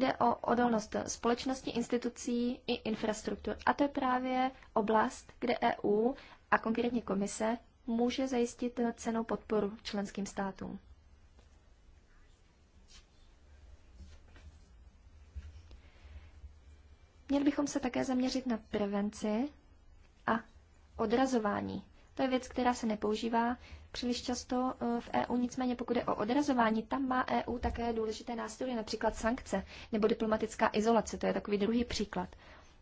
Jde o odolnost společnosti, institucí i infrastruktur. A to je právě oblast, kde EU a konkrétně komise může zajistit cenou podporu členským státům. Měli bychom se také zaměřit na prevenci a odrazování to je věc, která se nepoužívá příliš často eh, v EU, nicméně pokud je o odrazování, tam má EU také důležité nástroje, například sankce nebo diplomatická izolace, to je takový druhý příklad.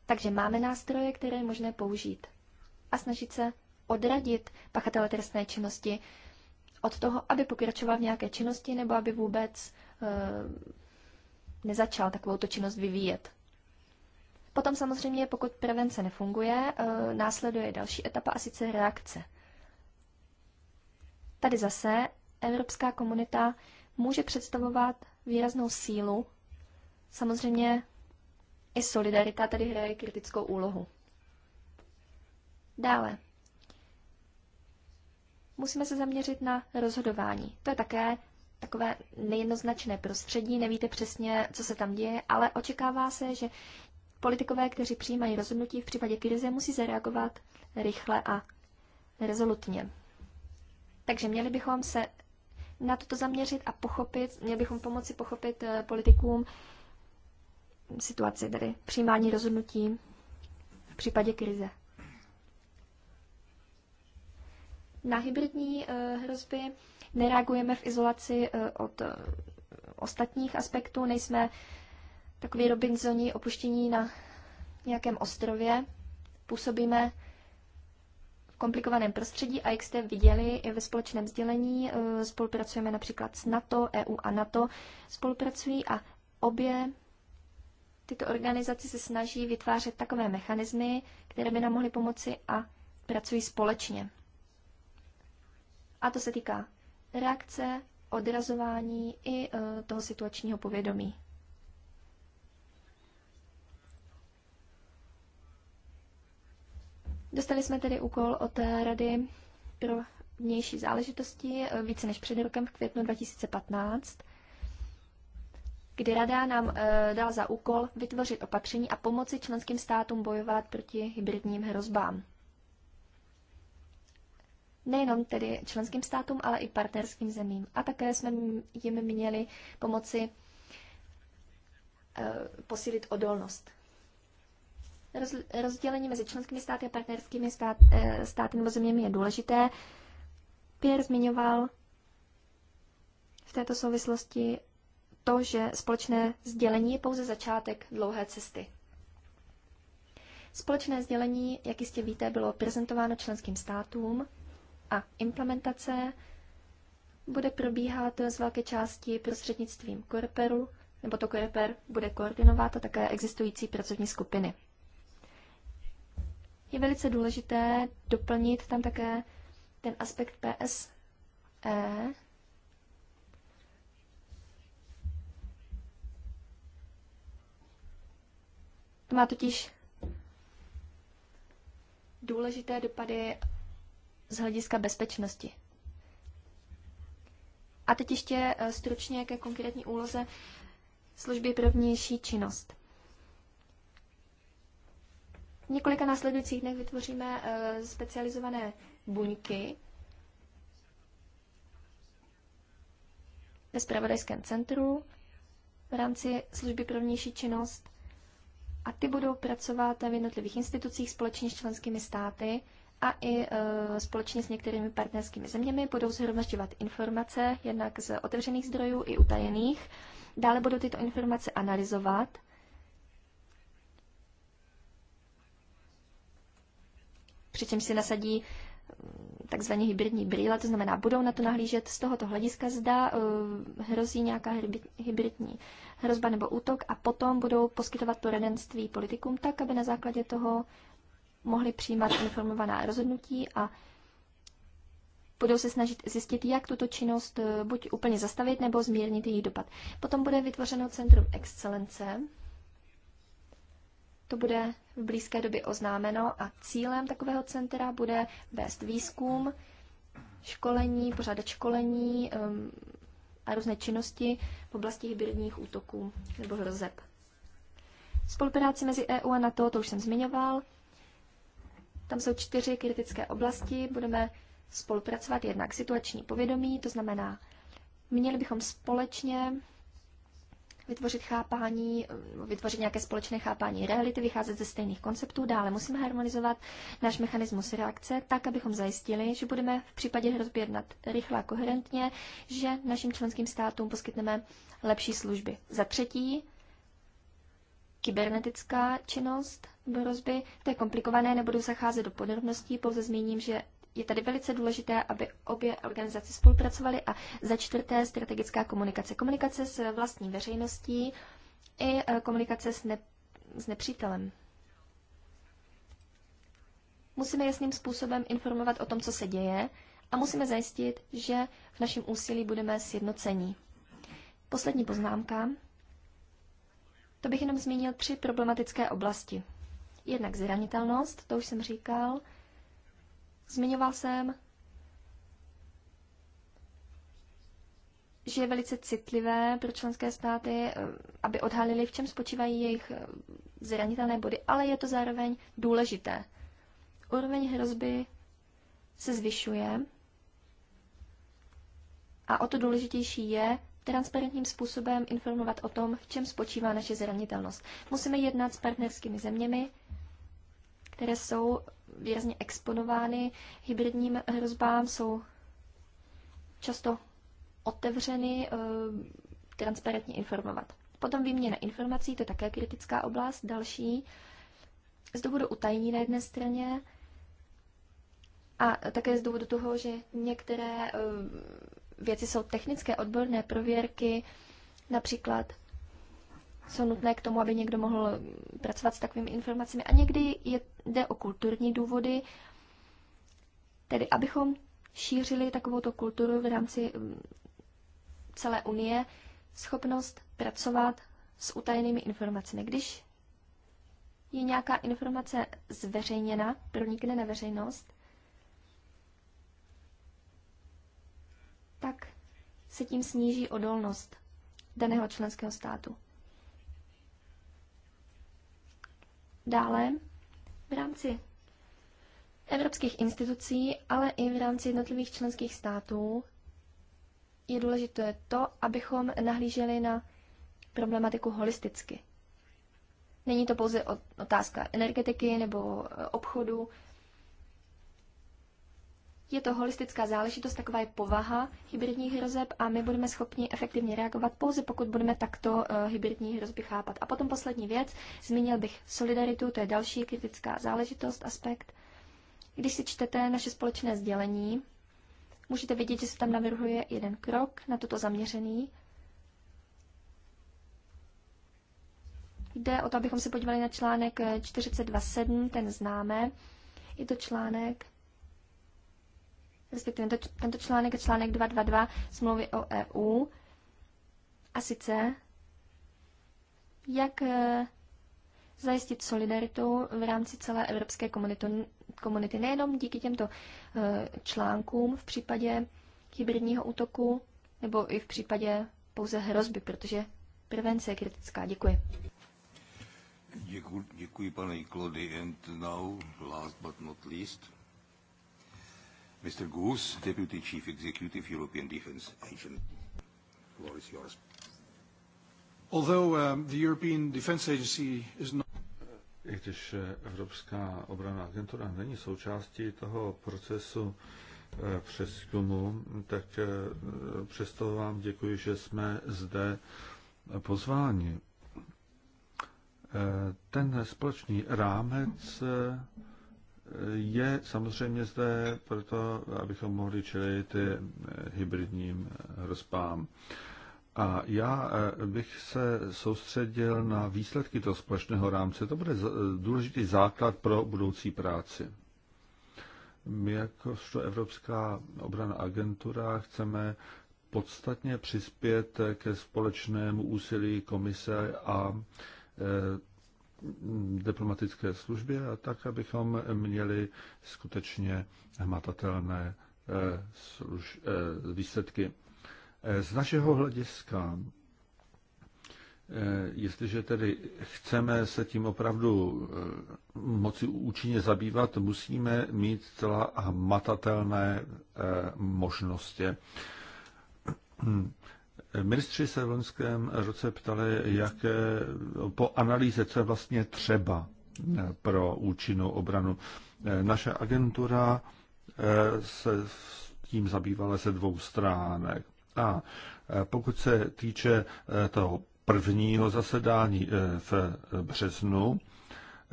Takže máme nástroje, které je možné použít a snažit se odradit pachatele trestné činnosti od toho, aby pokračoval v nějaké činnosti nebo aby vůbec e, nezačal takovouto činnost vyvíjet. Potom samozřejmě, pokud prevence nefunguje, eh, následuje další etapa a sice reakce. Tady zase evropská komunita může představovat výraznou sílu. Samozřejmě i solidarita tady hraje kritickou úlohu. Dále. Musíme se zaměřit na rozhodování. To je také takové nejednoznačné prostředí, nevíte přesně, co se tam děje, ale očekává se, že Politikové, kteří přijímají rozhodnutí v případě krize, musí zareagovat rychle a rezolutně. Takže měli bychom se na toto zaměřit a pochopit, měli bychom pomoci pochopit eh, politikům situaci, tedy přijímání rozhodnutí v případě krize. Na hybridní eh, hrozby nereagujeme v izolaci eh, od ostatních aspektů, nejsme takový Robinsoní opuštění na nějakém ostrově. Působíme v komplikovaném prostředí a jak jste viděli i ve společném sdělení, eh, spolupracujeme například s NATO, EU a NATO spolupracují a obě tyto organizace se snaží vytvářet takové mechanismy, které by nám mohly pomoci a pracují společně. A to se týká reakce, odrazování i eh, toho situačního povědomí. Dostali jsme tedy úkol od Rady pro vnější záležitosti eh, více než před rokem v květnu 2015, kdy Rada nám e, dala za úkol vytvořit opatření a pomoci členským státům bojovat proti hybridním hrozbám. Nejenom tedy členským státům, ale i partnerským zemím. A také jsme jim měli pomoci e, posílit odolnost rozdělení mezi členskými státy a partnerskými stát, eh, státy nebo zeměmi je důležité. Pierre zmiňoval v této souvislosti to, že společné sdělení je pouze začátek dlouhé cesty. Společné sdělení, jak jistě víte, bylo prezentováno členským státům a implementace bude probíhat z velké části prostřednictvím Korperu, nebo to Korper bude koordinovat a také existující pracovní skupiny je velice důležité doplnit tam také ten aspekt PSE, To má totiž důležité dopady z hlediska bezpečnosti. A teď ještě eh, stručně ke konkrétní úloze služby pro vnější činnost. V několika následujících dnech vytvoříme eh, specializované buňky ve spravodajském centru v rámci služby pro vnější činnost a ty budou pracovat v jednotlivých institucích společně s členskými státy a i e, společně s některými partnerskými zeměmi budou zhromažďovat informace, jednak z otevřených zdrojů i utajených. Dále budou tyto informace analyzovat přičemž si nasadí mm, takzvaně hybridní brýle, to znamená, budou na to nahlížet z tohoto hlediska, zda uh, hrozí nějaká hybridní hrozba nebo útok a potom budou poskytovat poradenství politikům tak, aby na základě toho mohli přijímat informovaná rozhodnutí a budou se snažit zjistit, jak tuto činnost eh, buď úplně zastavit nebo zmírnit její dopad. Potom bude vytvořeno Centrum excelence, to bude v blízké době oznámeno a cílem takového centra bude vést výzkum, školení, pořádat školení um, a různé činnosti v oblasti hybridních útoků nebo hrozeb. Spolupráci mezi EU a NATO, to už jsem zmiňoval. Tam jsou čtyři kritické oblasti. Budeme spolupracovat jednak situační povědomí, to znamená, měli bychom společně vytvořit chápání, vytvořit nějaké společné chápání reality, vycházet ze stejných konceptů. Dále musíme harmonizovat náš mechanismus reakce tak, abychom zajistili, že budeme v případě hrozby jednat rychle a koherentně, že našim členským státům poskytneme lepší služby. Za třetí, kybernetická činnost hrozby. To je komplikované, nebudu zacházet do podrobností, pouze zmíním, že je tady velice důležité, aby obě organizace spolupracovaly a za čtvrté strategická komunikace. Komunikace s vlastní veřejností i e, komunikace s, ne, s nepřítelem. Musíme jasným způsobem informovat o tom, co se děje a musíme zajistit, že v našem úsilí budeme sjednocení. Poslední poznámka. To bych jenom zmínil tři problematické oblasti. Jednak zranitelnost, to už jsem říkal, Zmiňoval jsem, že je velice citlivé pro členské státy, eh, aby odhalili, v čem spočívají jejich eh, zranitelné body, ale je to zároveň důležité. Úroveň hrozby se zvyšuje a o to důležitější je transparentním způsobem informovat o tom, v čem spočívá naše zranitelnost. Musíme jednat s partnerskými zeměmi, které jsou výrazně exponovány hybridním hrozbám, jsou často otevřeny, eh, transparentně informovat. Potom výměna informací, to je také kritická oblast, další. Z důvodu utajení na jedné straně a také z důvodu toho, že některé eh, věci jsou technické, odborné prověrky, například jsou nutné k tomu, aby někdo mohl pracovat s takovými informacemi. A někdy je, jde o kulturní důvody, tedy abychom šířili takovou kulturu v rámci mm, celé Unie, schopnost pracovat s utajenými informacemi. Když je nějaká informace zveřejněna, pronikne na veřejnost, tak se tím sníží odolnost daného členského státu. Dále v rámci evropských institucí, ale i v rámci jednotlivých členských států je důležité to, abychom nahlíželi na problematiku holisticky. Není to pouze otázka energetiky nebo obchodu je to holistická záležitost, taková je povaha hybridních hrozeb a my budeme schopni efektivně reagovat pouze, pokud budeme takto eh, hybridní hrozby chápat. A potom poslední věc, zmínil bych solidaritu, to je další kritická záležitost, aspekt. Když si čtete naše společné sdělení, můžete vidět, že se tam navrhuje jeden krok na toto zaměřený. Jde o to, abychom se podívali na článek 42.7, eh, ten známe. Je to článek respektive tento, tento článek je článek 222 smlouvy o EU. A sice, jak eh, zajistit solidaritu v rámci celé evropské komunity, komunity nejenom díky těmto eh, článkům v případě hybridního útoku, nebo i v případě pouze hrozby, protože prevence je kritická. Děkuji. Děkuji, děkuji pane Klody. and now, last but not least. Mr. Goose, Deputy Chief Executive, European Defence Agency. The floor is yours. Although um, the European Defence Agency is not i když eh, Evropská obranná agentura není součástí toho procesu eh, přeskumu, tak eh, přesto vám děkuji, že jsme zde pozváni. Ten společný rámec je samozřejmě zde proto, abychom mohli čelit eh, hybridním hrozbám. Eh, a já eh, bych se soustředil na výsledky toho společného rámce. To bude důležitý základ pro budoucí práci. My jako Evropská obrana agentura chceme podstatně přispět ke společnému úsilí komise a diplomatické službě a tak, abychom měli skutečně hmatatelné eh, služ, eh, výsledky. Eh, z našeho hlediska, jestliže tedy chceme se tím opravdu moci účinně zabývat, musíme mít celá hmatatelné možnosti. Ministři se v loňském roce ptali, jaké, po analýze, co je vlastně třeba eh, pro účinnou obranu. Eh, naše agentura eh, se tím zabývala ze dvou stránek. A pokud se týče toho prvního zasedání v březnu,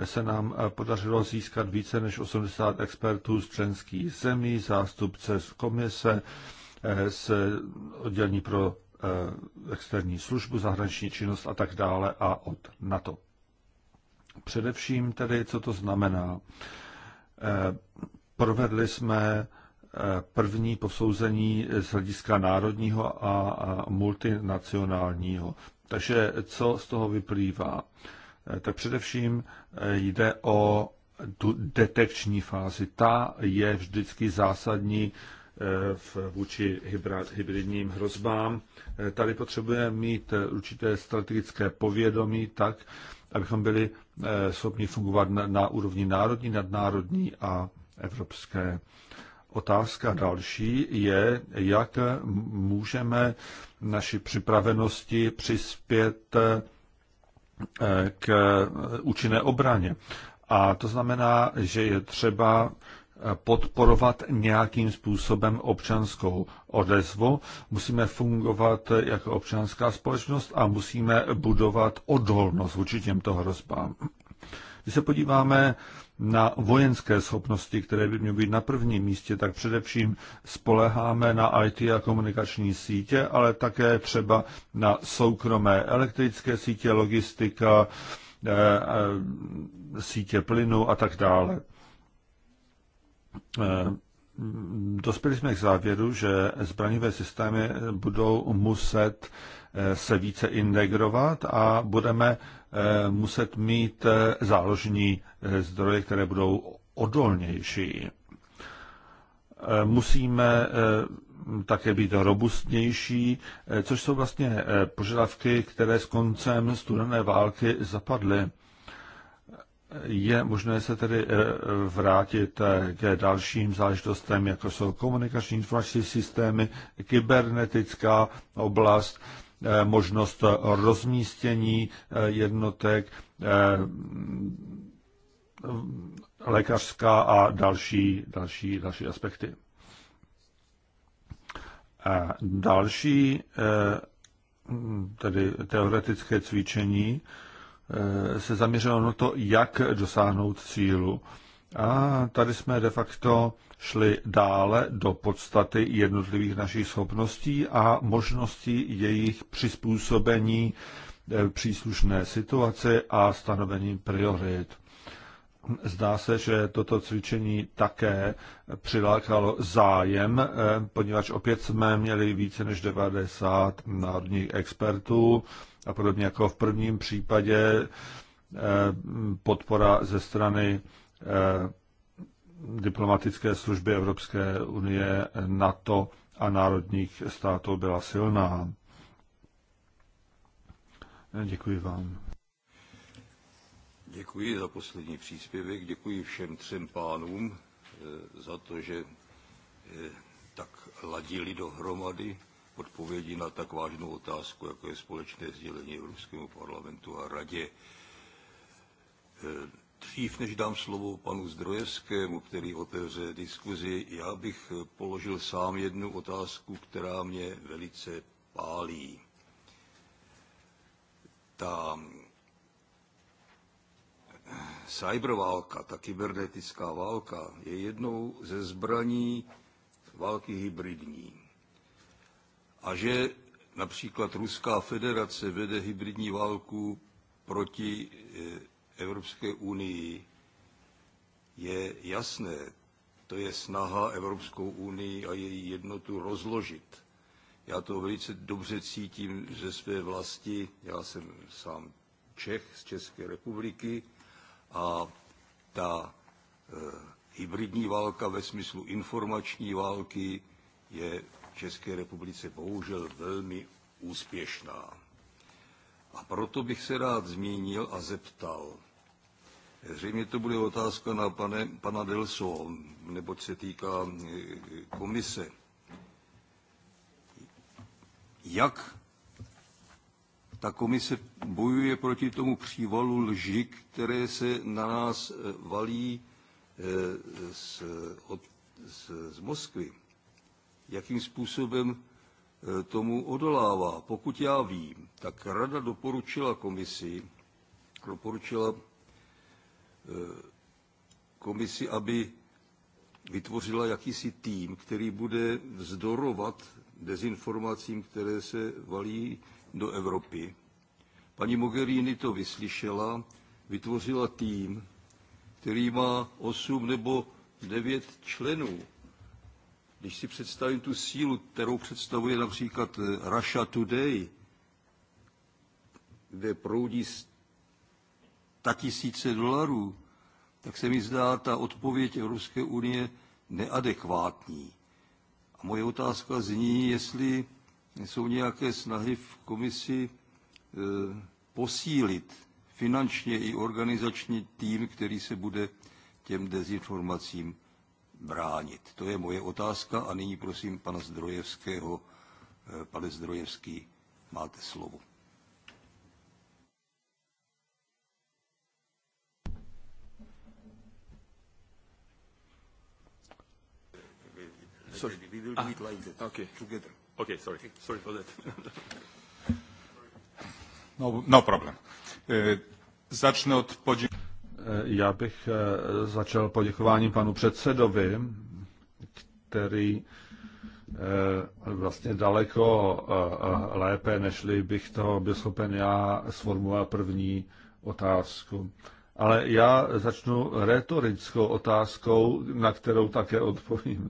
se nám podařilo získat více než 80 expertů z členských zemí, zástupce z komise, z oddělení pro Eh, externí službu, zahraniční činnost a tak dále a od NATO. Především tedy, co to znamená. Eh, provedli jsme eh, první posouzení z hlediska národního a multinacionálního. Takže co z toho vyplývá? Tak především jde o tu detekční fázi. Ta je vždycky zásadní Eh, v, vůči hybridním hrozbám. Eh, tady potřebujeme mít eh, určité strategické povědomí tak, abychom byli schopni fungovat na, na úrovni národní, nadnárodní a evropské. Otázka další je, jak můžeme naši připravenosti přispět k účinné obraně. A to znamená, že je třeba podporovat nějakým způsobem občanskou odezvu, musíme fungovat jako občanská společnost a musíme budovat odolnost vůči těmto hrozbám. Když se podíváme na vojenské schopnosti, které by měly být na prvním místě, tak především spoleháme na IT a komunikační sítě, ale také třeba na soukromé elektrické sítě, logistika, eh, eh, sítě plynu a tak dále. Eh, dospěli jsme k závěru, že zbraňové systémy budou muset eh, se více integrovat a budeme eh, muset mít záložní zdroje, které budou odolnější. Musíme také být robustnější, což jsou vlastně požadavky, které s koncem studené války zapadly. Je možné se tedy eh, vrátit eh, k dalším záležitostem, jako jsou komunikační informační systémy, kybernetická oblast, eh, možnost rozmístění jednotek, lékařská a další, další, další aspekty. další tedy teoretické cvičení Eh, se zaměřilo na to, jak dosáhnout cílu. A tady jsme de facto šli dále do podstaty jednotlivých našich schopností a možností jejich přizpůsobení eh, příslušné situaci a stanovení priorit. Zdá se, že toto cvičení také přilákalo zájem, eh, poněvadž opět jsme měli více než 90 národních expertů a podobně jako v prvním případě eh, podpora ze strany eh, diplomatické služby Evropské unie, NATO a národních států byla silná. Děkuji vám. Děkuji za poslední příspěvek, děkuji všem třem pánům eh, za to, že eh, tak ladili dohromady odpovědi na tak vážnou otázku, jako je společné sdělení Evropskému parlamentu a radě. Eh, dřív než dám slovo panu Zdrojevskému, který otevře diskuzi, já bych položil sám jednu otázku, která mě velice pálí. Ta cyberválka, ta kybernetická válka, je jednou ze zbraní války hybridní. A že například Ruská federace vede hybridní válku proti eh, Evropské unii, je jasné. To je snaha Evropskou unii a její jednotu rozložit. Já to velice dobře cítím ze své vlasti. Já jsem sám Čech z České republiky a ta e, hybridní válka ve smyslu informační války je v České republice bohužel velmi úspěšná. A proto bych se rád zmínil a zeptal. Zřejmě to bude otázka na pane, pana Delso, neboť se týká e, komise. Jak ta komise bojuje proti tomu přívalu lži, které se na nás eh, valí eh, z, od, z, z Moskvy. Jakým způsobem eh, tomu odolává? Pokud já vím, tak rada doporučila komisi, doporučila komisi, aby vytvořila jakýsi tým, který bude vzdorovat dezinformacím, které se valí do Evropy. Paní Mogherini to vyslyšela, vytvořila tým, který má 8 nebo 9 členů. Když si představím tu sílu, kterou představuje například eh, Russia Today, kde proudí ta tisíce dolarů, tak se mi zdá ta odpověď Evropské unie neadekvátní. A moje otázka zní, jestli jsou nějaké snahy v komisi e, posílit finančně i organizačně tým, který se bude těm dezinformacím bránit? To je moje otázka a nyní prosím pana Zdrojevského. E, pane Zdrojevský, máte slovo. So, ah, okay. Okay, sorry. Sorry for that. no, no problem. Eh, začnu od podí. Eh, já bych eh, začal poděkováním panu předsedovi, který vlastně daleko lépe, nežli bych to byl schopen já sformulovat první otázku. Ale já začnu retorickou otázkou, na kterou také odpovím.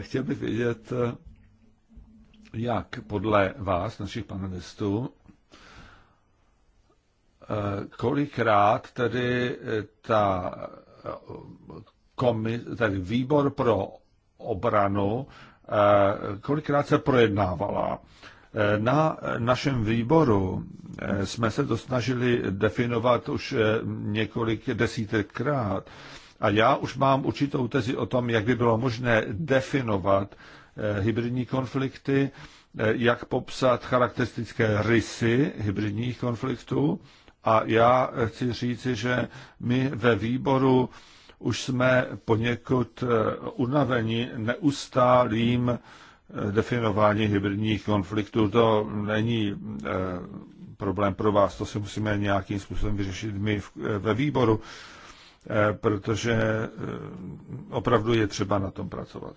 Chtěl bych vědět, jak podle vás, našich panelistů, eh, kolikrát tedy eh, ta eh, komis, tedy výbor pro obranu, kolikrát se projednávala. Na našem výboru jsme se to snažili definovat už několik desítekkrát a já už mám určitou tezi o tom, jak by bylo možné definovat Eh, hybridní konflikty, eh, jak popsat charakteristické rysy hybridních konfliktů. A já chci říci, že my ve výboru už jsme poněkud eh, unaveni neustálým definování hybridních konfliktů. To není problém pro vás, to si musíme nějakým způsobem vyřešit my ve výboru, protože opravdu je třeba na tom pracovat.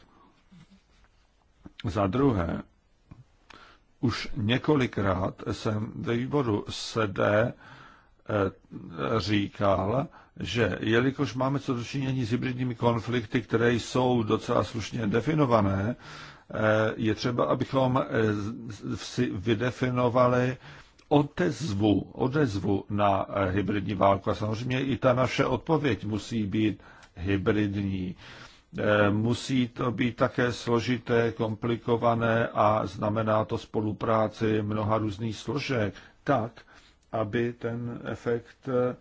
Za druhé, už několikrát jsem ve výboru SD eh, říkal, že jelikož máme co dočinění s hybridními konflikty, které jsou docela slušně definované, eh, je třeba, abychom eh, si vydefinovali odezvu, odezvu na hybridní válku. A samozřejmě i ta naše odpověď musí být hybridní. Eh, musí to být také složité, komplikované a znamená to spolupráci mnoha různých složek, tak, aby ten efekt eh,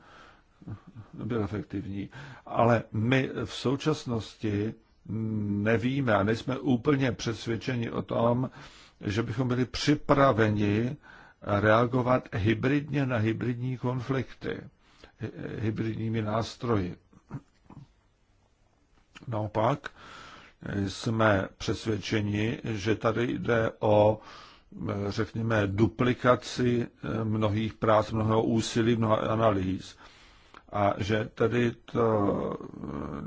byl efektivní. Ale my v současnosti nevíme a nejsme úplně přesvědčeni o tom, že bychom byli připraveni reagovat hybridně na hybridní konflikty, eh, hybridními nástroji. Naopak jsme přesvědčeni, že tady jde o řekněme, duplikaci eh, mnohých prác, mnoho úsilí, mnoha analýz. A že tedy to eh,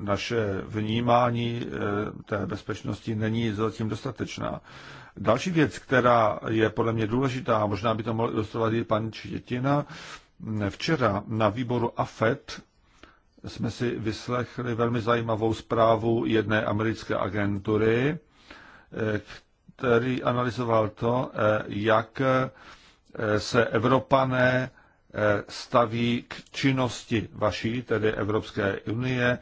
naše vnímání eh, té bezpečnosti není zatím dostatečná. Další věc, která je podle mě důležitá, možná by to mohl ilustrovat i pan Četina, včera na výboru AFET jsme si vyslechli velmi zajímavou zprávu jedné americké agentury, eh, který analyzoval to, eh, jak eh, se Evropané staví k činnosti vaší, tedy Evropské unie,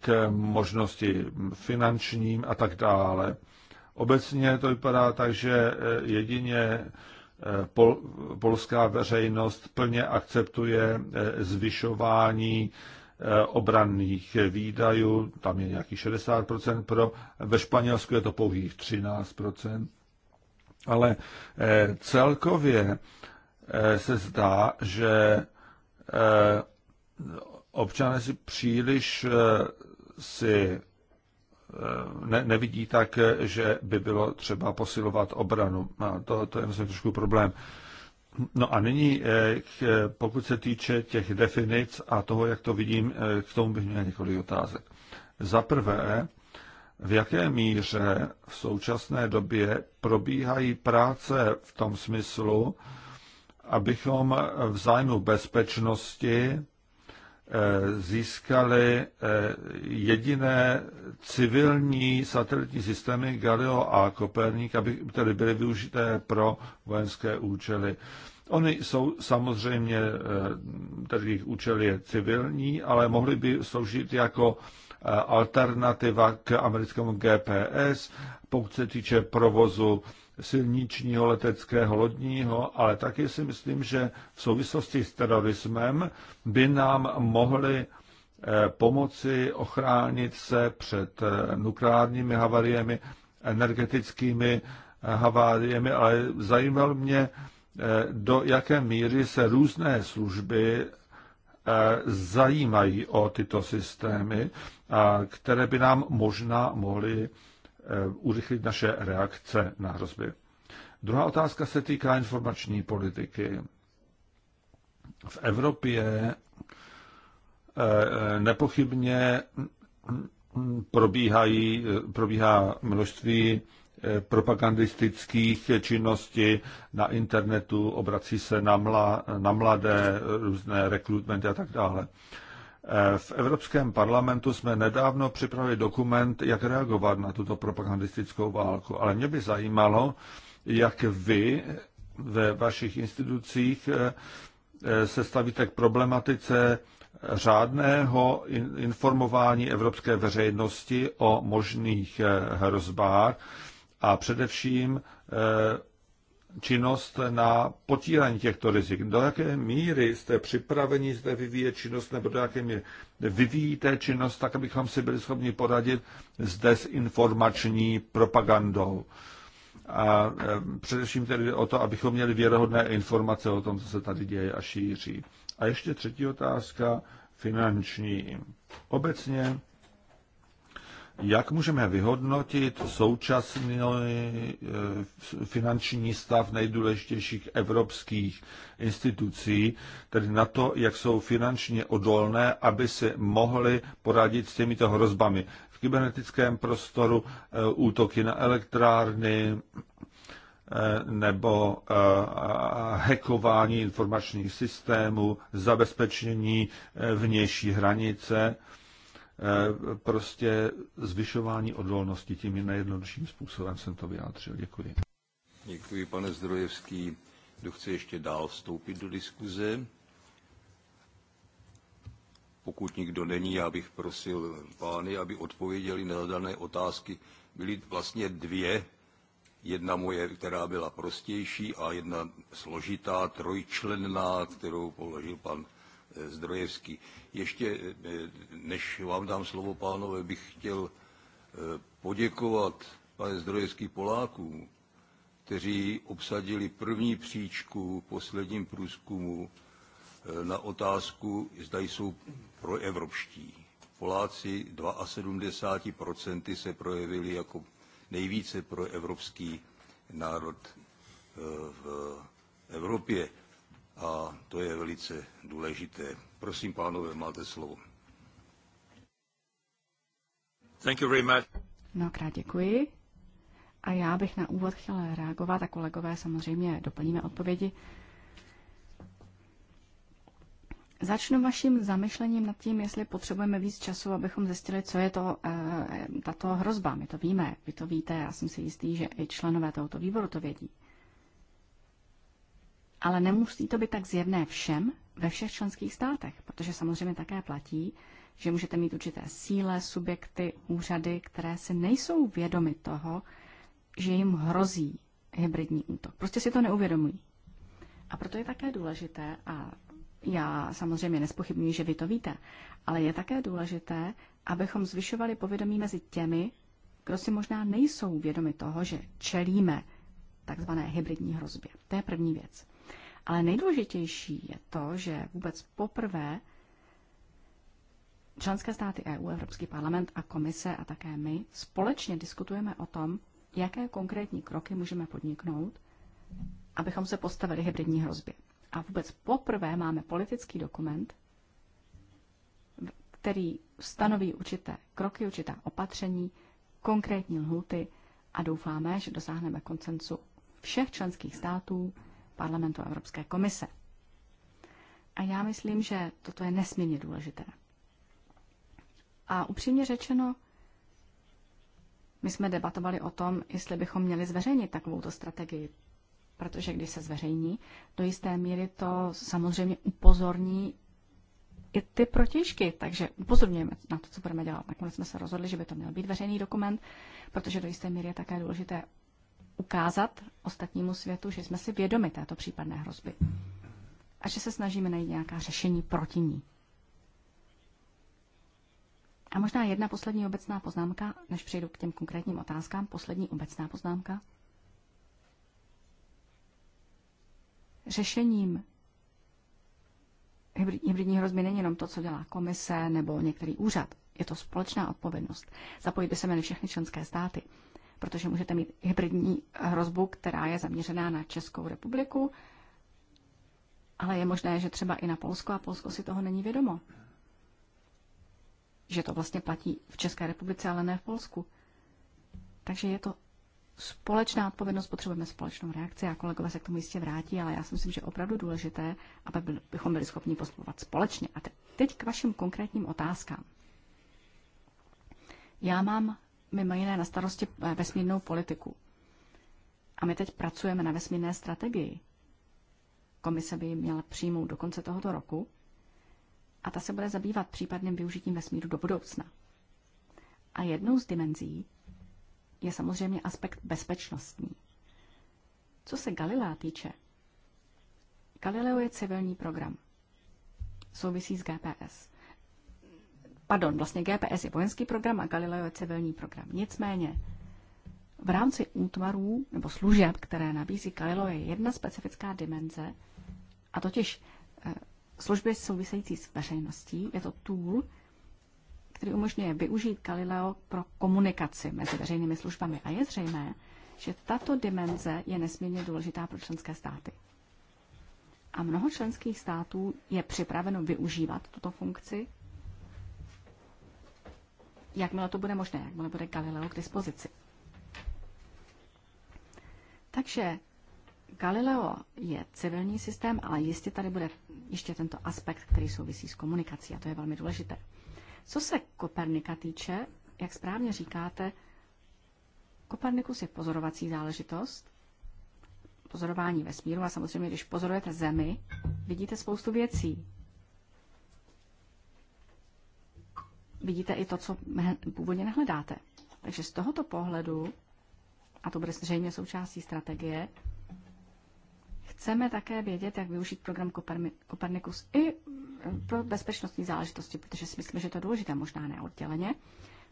k možnosti finančním a tak dále. Obecně to vypadá tak, že jedině pol, polská veřejnost plně akceptuje eh, zvyšování eh, obranných výdajů, tam je nějakých 60%, pro, ve Španělsku je to pouhých 13%. Ale eh, celkově se zdá, že občané si příliš si ne, nevidí tak, že by bylo třeba posilovat obranu. A to, to je myslím trošku problém. No a nyní, eh, pokud se týče těch definic a toho, jak to vidím, eh, k tomu bych měl několik otázek. Za prvé, v jaké míře v současné době probíhají práce v tom smyslu, abychom v zájmu bezpečnosti Eh, získali eh, jediné civilní satelitní systémy Galileo a Koperník, aby tedy byly využité pro vojenské účely. Oni jsou samozřejmě, eh, tedy jejich účel je civilní, ale mohly by sloužit jako alternativa k americkému GPS, pokud se týče provozu silničního, leteckého, lodního, ale taky si myslím, že v souvislosti s terorismem by nám mohly eh, pomoci ochránit se před eh, nukleárními havariemi, energetickými eh, haváriemi, ale zajímal mě, do jaké míry se různé služby zajímají o tyto systémy, které by nám možná mohly Eh, urychlit naše reakce na hrozby. Druhá otázka se týká informační politiky. V Evropě eh, nepochybně probíhají, probíhá množství eh, propagandistických činností na internetu, obrací se na, mla, na mladé, různé rekrutmenty a tak dále. Eh, v Evropském parlamentu jsme nedávno připravili dokument, jak reagovat na tuto propagandistickou válku, ale mě by zajímalo, jak vy ve vašich institucích eh, eh, se stavíte k problematice řádného informování evropské veřejnosti o možných hrozbách a především činnost na potírání těchto rizik. Do jaké míry jste připraveni zde vyvíjet činnost, nebo do jaké míry vyvíjíte činnost, tak abychom si byli schopni poradit s desinformační propagandou. A eh, především tedy o to, abychom měli věrohodné informace o tom, co se tady děje a šíří. A ještě třetí otázka, finanční. Obecně jak můžeme vyhodnotit současný eh, finanční stav nejdůležitějších evropských institucí, tedy na to, jak jsou finančně odolné, aby si mohly poradit s těmito hrozbami? V kybernetickém prostoru eh, útoky na elektrárny eh, nebo hackování informačních systémů, zabezpečení vnější hranice – Eh, prostě zvyšování odolnosti tím nejjednodušším způsobem jsem to vyjádřil. Děkuji. Děkuji, pane Zdrojevský. Kdo chce ještě dál vstoupit do diskuze? Pokud nikdo není, já bych prosil pány, aby odpověděli na zadané otázky. Byly vlastně dvě. Jedna moje, která byla prostější a jedna složitá, trojčlenná, kterou položil pan Eh, Zdrojevský. Ještě eh, než vám dám slovo, pánové, bych chtěl eh, poděkovat pane Zdrojevský Polákům, kteří obsadili první příčku v posledním průzkumu na otázku, zda jsou proevropští. Poláci 72% se projevili jako nejvíce proevropský národ v Evropě a to je velice důležité. Prosím, pánové, máte slovo. Thank you very much. Mnohokrát děkuji. A já bych na úvod chtěla reagovat a kolegové samozřejmě doplníme odpovědi. Začnu vaším zamyšlením nad tím, jestli potřebujeme víc času, abychom zjistili, co je to, eh, tato hrozba. My to víme, vy to víte, já jsem si jistý, že i členové tohoto výboru to vědí. Ale nemusí to být tak zjevné všem ve všech členských státech, protože samozřejmě také platí, že můžete mít určité síle, subjekty, úřady, které si nejsou vědomy toho, že jim hrozí hybridní útok. Prostě si to neuvědomují. A proto je také důležité, a já samozřejmě nespochybnuji, že vy to víte, ale je také důležité, abychom zvyšovali povědomí mezi těmi, kdo si možná nejsou vědomi toho, že čelíme takzvané hybridní hrozbě. To je první věc. Ale nejdůležitější je to, že vůbec poprvé členské státy EU, Evropský parlament a komise a také my společně diskutujeme o tom, jaké konkrétní kroky můžeme podniknout, abychom se postavili hybridní hrozbě. A vůbec poprvé máme politický dokument, který stanoví určité kroky, určitá opatření, konkrétní lhuty a doufáme, že dosáhneme koncensu všech členských států parlamentu a Evropské komise. A já myslím, že toto je nesmírně důležité. A upřímně řečeno, my jsme debatovali o tom, jestli bychom měli zveřejnit takovouto strategii, protože když se zveřejní, do jisté míry to samozřejmě upozorní i ty protižky, takže upozorňujeme na to, co budeme dělat. Nakonec jsme se rozhodli, že by to měl být veřejný dokument, protože do jisté míry je také důležité ukázat ostatnímu světu, že jsme si vědomi této případné hrozby a že se snažíme najít nějaká řešení proti ní. A možná jedna poslední obecná poznámka, než přejdu k těm konkrétním otázkám. Poslední obecná poznámka. Řešením hybridní hrozby není jenom to, co dělá komise nebo některý úřad. Je to společná odpovědnost. Zapojit by se měly všechny členské státy protože můžete mít hybridní hrozbu, která je zaměřená na Českou republiku, ale je možné, že třeba i na Polsko a Polsko si toho není vědomo. Že to vlastně platí v České republice, ale ne v Polsku. Takže je to společná odpovědnost, potřebujeme společnou reakci a kolegové se k tomu jistě vrátí, ale já si myslím, že je opravdu důležité, aby bychom byli schopni postupovat společně. A teď k vašim konkrétním otázkám. Já mám mimo jiné na starosti eh, vesmírnou politiku. A my teď pracujeme na vesmírné strategii. Komise by ji měla přijmout do konce tohoto roku a ta se bude zabývat případným využitím vesmíru do budoucna. A jednou z dimenzí je samozřejmě aspekt bezpečnostní. Co se Galilea týče, Galileo je civilní program. Souvisí s GPS. Pardon, vlastně GPS je vojenský program a Galileo je civilní program. Nicméně v rámci útvarů nebo služeb, které nabízí Galileo, je jedna specifická dimenze, a totiž eh, služby související s veřejností. Je to tool, který umožňuje využít Galileo pro komunikaci mezi veřejnými službami. A je zřejmé, že tato dimenze je nesmírně důležitá pro členské státy. A mnoho členských států je připraveno využívat tuto funkci jakmile to bude možné, jakmile bude Galileo k dispozici. Takže Galileo je civilní systém, ale jistě tady bude ještě tento aspekt, který souvisí s komunikací a to je velmi důležité. Co se Kopernika týče, jak správně říkáte, Kopernikus je pozorovací záležitost, pozorování vesmíru a samozřejmě, když pozorujete Zemi, vidíte spoustu věcí, vidíte i to, co původně nehledáte. Takže z tohoto pohledu, a to bude zřejmě součástí strategie, chceme také vědět, jak využít program Kopernikus i eh, pro bezpečnostní záležitosti, protože si myslíme, že to je důležité, možná neodděleně.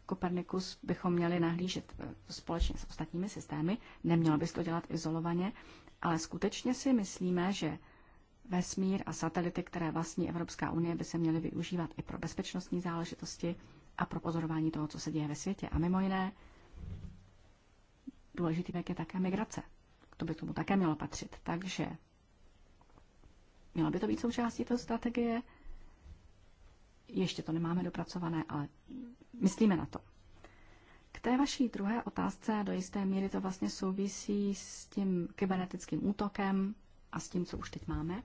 Kopernikus bychom měli nahlížet eh, společně s ostatními systémy, nemělo by se to dělat izolovaně, ale skutečně si myslíme, že Vesmír a satelity, které vlastní Evropská unie, by se měly využívat i pro bezpečnostní záležitosti a pro pozorování toho, co se děje ve světě. A mimo jiné, důležitý věk je také migrace. To by tomu také mělo patřit. Takže mělo by to být součástí toho strategie. Ještě to nemáme dopracované, ale myslíme na to. K té vaší druhé otázce do jisté míry to vlastně souvisí s tím kybernetickým útokem a s tím, co už teď máme.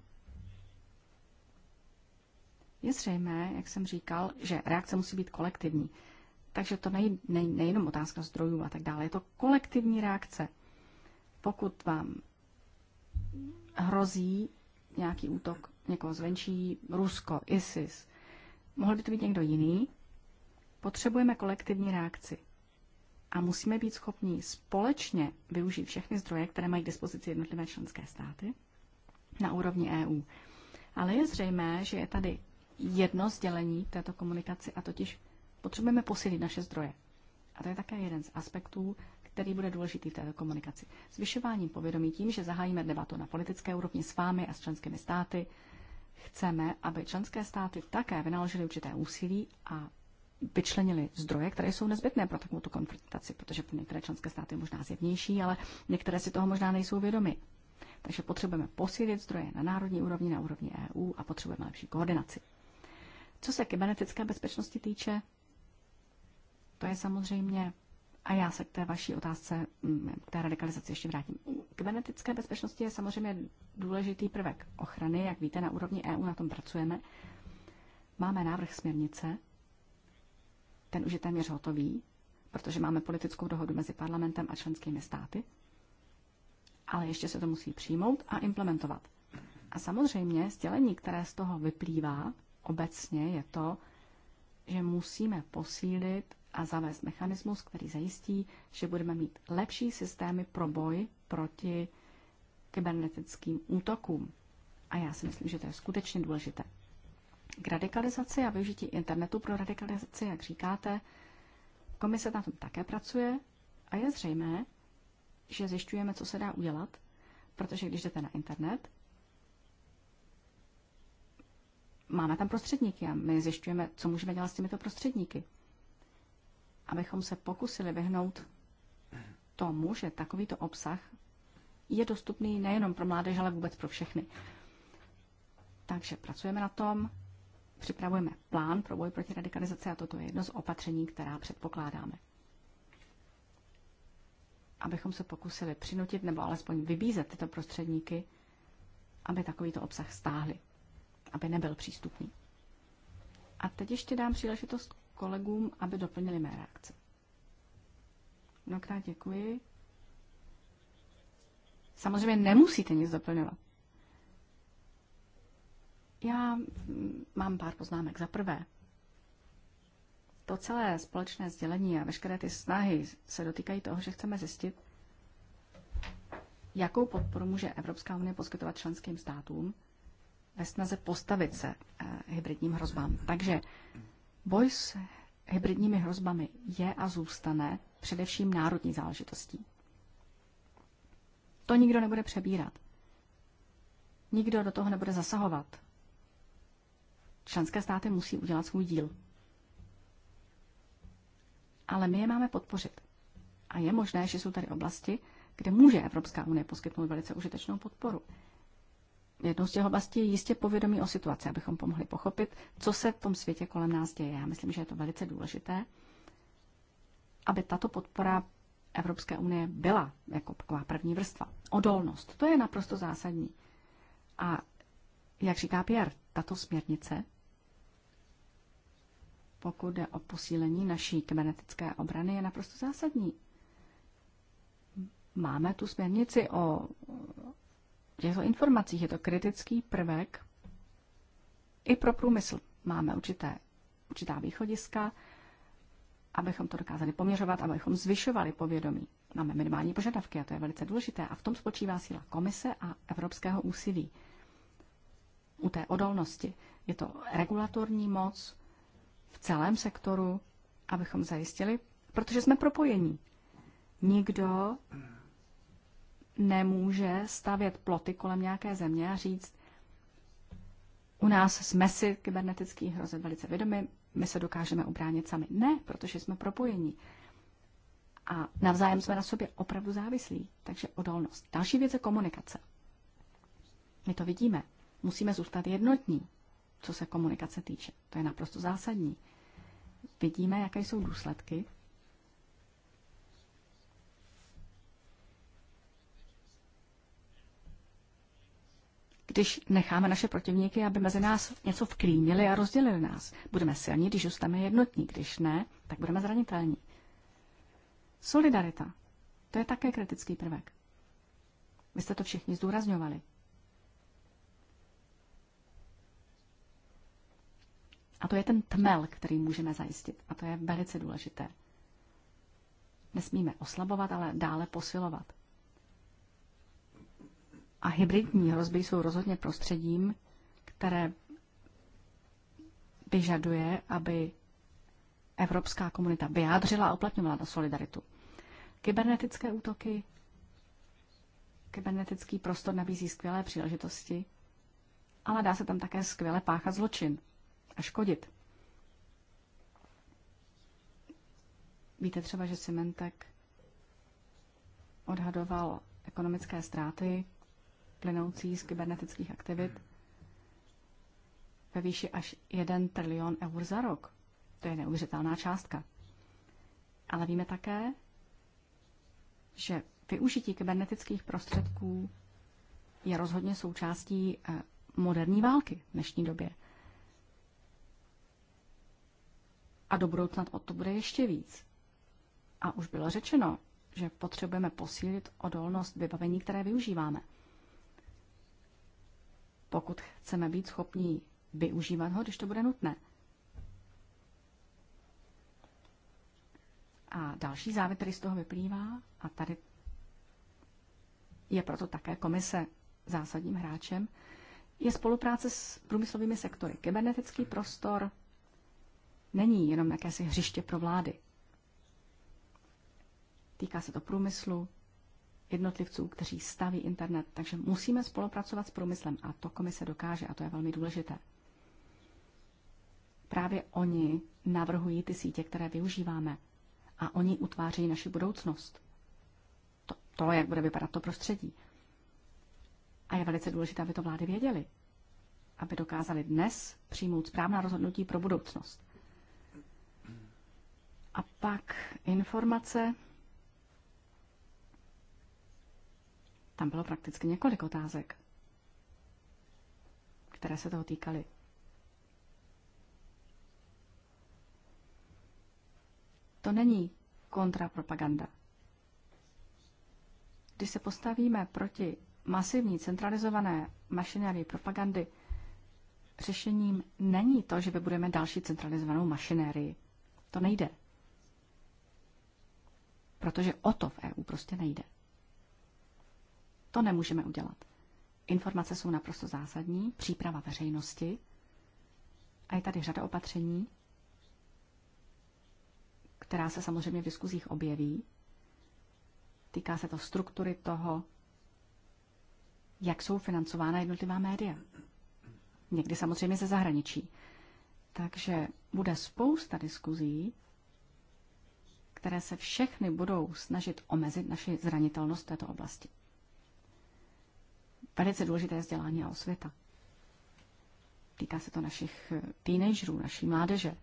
Je zřejmé, jak jsem říkal, že reakce musí být kolektivní. Takže to nej, nej, nejenom otázka zdrojů a tak dále, je to kolektivní reakce. Pokud vám hrozí nějaký útok někoho zvenčí, Rusko, ISIS, mohl by to být někdo jiný, potřebujeme kolektivní reakci. A musíme být schopni společně využít všechny zdroje, které mají k dispozici jednotlivé členské státy na úrovni EU. Ale je zřejmé, že je tady jedno sdělení této komunikaci a totiž potřebujeme posílit naše zdroje. A to je také jeden z aspektů, který bude důležitý v této komunikaci. Zvyšováním povědomí tím, že zahájíme debatu na politické úrovni s vámi a s členskými státy, chceme, aby členské státy také vynaložily určité úsilí a vyčlenili zdroje, které jsou nezbytné pro takovou konfrontaci, protože pro některé členské státy je možná zjevnější, ale některé si toho možná nejsou vědomi. Takže potřebujeme posílit zdroje na národní úrovni, na úrovni EU a potřebujeme lepší koordinaci. Co se kybernetické bezpečnosti týče, to je samozřejmě, a já se k té vaší otázce, mm, k té radikalizaci ještě vrátím. Kybernetické bezpečnosti je samozřejmě důležitý prvek ochrany, jak víte, na úrovni EU na tom pracujeme. Máme návrh směrnice, ten už je téměř hotový, protože máme politickou dohodu mezi parlamentem a členskými státy, ale ještě se to musí přijmout a implementovat. A samozřejmě sdělení, které z toho vyplývá, obecně, je to, že musíme posílit a zavést mechanismus, který zajistí, že budeme mít lepší systémy pro boj proti kybernetickým útokům. A já si myslím, že to je skutečně důležité. K radikalizaci a využití internetu pro radikalizaci, jak říkáte, komise na tom také pracuje a je zřejmé, že zjišťujeme, co se dá udělat, protože když jdete na internet, máme tam prostředníky a my zjišťujeme, co můžeme dělat s těmito prostředníky. Abychom se pokusili vyhnout tomu, že takovýto obsah je dostupný nejenom pro mládež, ale vůbec pro všechny. Takže pracujeme na tom, připravujeme plán pro boj proti radikalizaci a toto je jedno z opatření, která předpokládáme. Abychom se pokusili přinutit nebo alespoň vybízet tyto prostředníky, aby takovýto obsah stáhli aby nebyl přístupný. A teď ještě dám příležitost kolegům, aby doplnili mé reakce. Mnohokrát děkuji. Samozřejmě nemusíte nic doplňovat. Já mám pár poznámek. Za prvé, to celé společné sdělení a veškeré ty snahy se dotýkají toho, že chceme zjistit, jakou podporu může Evropská unie poskytovat členským státům, ve snaze postavit se eh, hybridním hrozbám. Takže boj s hybridními hrozbami je a zůstane především národní záležitostí. To nikdo nebude přebírat. Nikdo do toho nebude zasahovat. Členské státy musí udělat svůj díl. Ale my je máme podpořit. A je možné, že jsou tady oblasti, kde může Evropská unie poskytnout velice užitečnou podporu jednou z těch oblastí je jistě povědomí o situaci, abychom pomohli pochopit, co se v tom světě kolem nás děje. Já myslím, že je to velice důležité, aby tato podpora Evropské unie byla jako taková první vrstva. Odolnost, to je naprosto zásadní. A jak říká Pierre, tato směrnice, pokud jde o posílení naší kybernetické obrany, je naprosto zásadní. Máme tu směrnici o těchto informacích. Je to kritický prvek i pro průmysl. Máme určité, určitá východiska, abychom to dokázali poměřovat, abychom zvyšovali povědomí. Máme minimální požadavky a to je velice důležité. A v tom spočívá síla komise a evropského úsilí. U té odolnosti je to regulatorní moc v celém sektoru, abychom zajistili, protože jsme propojení. Nikdo nemůže stavět ploty kolem nějaké země a říct, u nás jsme si kybernetický hrozeb velice vědomi, my se dokážeme ubránit sami. Ne, protože jsme propojení. A navzájem jsme na sobě opravdu závislí, takže odolnost. Další věc je komunikace. My to vidíme. Musíme zůstat jednotní, co se komunikace týče. To je naprosto zásadní. Vidíme, jaké jsou důsledky, když necháme naše protivníky, aby mezi nás něco vklínili a rozdělili nás. Budeme silní, když zůstaneme jednotní. Když ne, tak budeme zranitelní. Solidarita. To je také kritický prvek. Vy jste to všichni zdůrazňovali. A to je ten tmel, který můžeme zajistit. A to je velice důležité. Nesmíme oslabovat, ale dále posilovat. A hybridní hrozby jsou rozhodně prostředím, které vyžaduje, aby evropská komunita vyjádřila a uplatňovala na solidaritu. Kybernetické útoky, kybernetický prostor nabízí skvělé příležitosti, ale dá se tam také skvěle páchat zločin a škodit. Víte třeba, že Cimentek odhadoval ekonomické ztráty plynoucí z kybernetických aktivit ve výši až 1 trilion eur za rok. To je neuvěřitelná částka. Ale víme také, že využití kybernetických prostředků je rozhodně součástí eh, moderní války v dnešní době. A do budoucna o to bude ještě víc. A už bylo řečeno, že potřebujeme posílit odolnost vybavení, které využíváme pokud chceme být schopní využívat ho, když to bude nutné. A další závěr, který z toho vyplývá, a tady je proto také komise zásadním hráčem, je spolupráce s průmyslovými sektory. Kybernetický prostor není jenom jakési hřiště pro vlády. Týká se to průmyslu, jednotlivců, kteří staví internet. Takže musíme spolupracovat s průmyslem a to komise dokáže a to je velmi důležité. Právě oni navrhují ty sítě, které využíváme a oni utvářejí naši budoucnost. To, to, jak bude vypadat to prostředí. A je velice důležité, aby to vlády věděly, aby dokázali dnes přijmout správná rozhodnutí pro budoucnost. A pak informace, Tam bylo prakticky několik otázek, které se toho týkaly. To není kontrapropaganda. Když se postavíme proti masivní centralizované mašinérii propagandy, řešením není to, že vybudujeme další centralizovanou mašinérii. To nejde. Protože o to v EU prostě nejde. To nemůžeme udělat. Informace jsou naprosto zásadní, příprava veřejnosti a je tady řada opatření, která se samozřejmě v diskuzích objeví. Týká se to struktury toho, jak jsou financována jednotlivá média. Někdy samozřejmě ze zahraničí. Takže bude spousta diskuzí, které se všechny budou snažit omezit naši zranitelnost v této oblasti velice důležité vzdělání a osvěta. Týká se to našich eh, teenagerů, naší mládeže.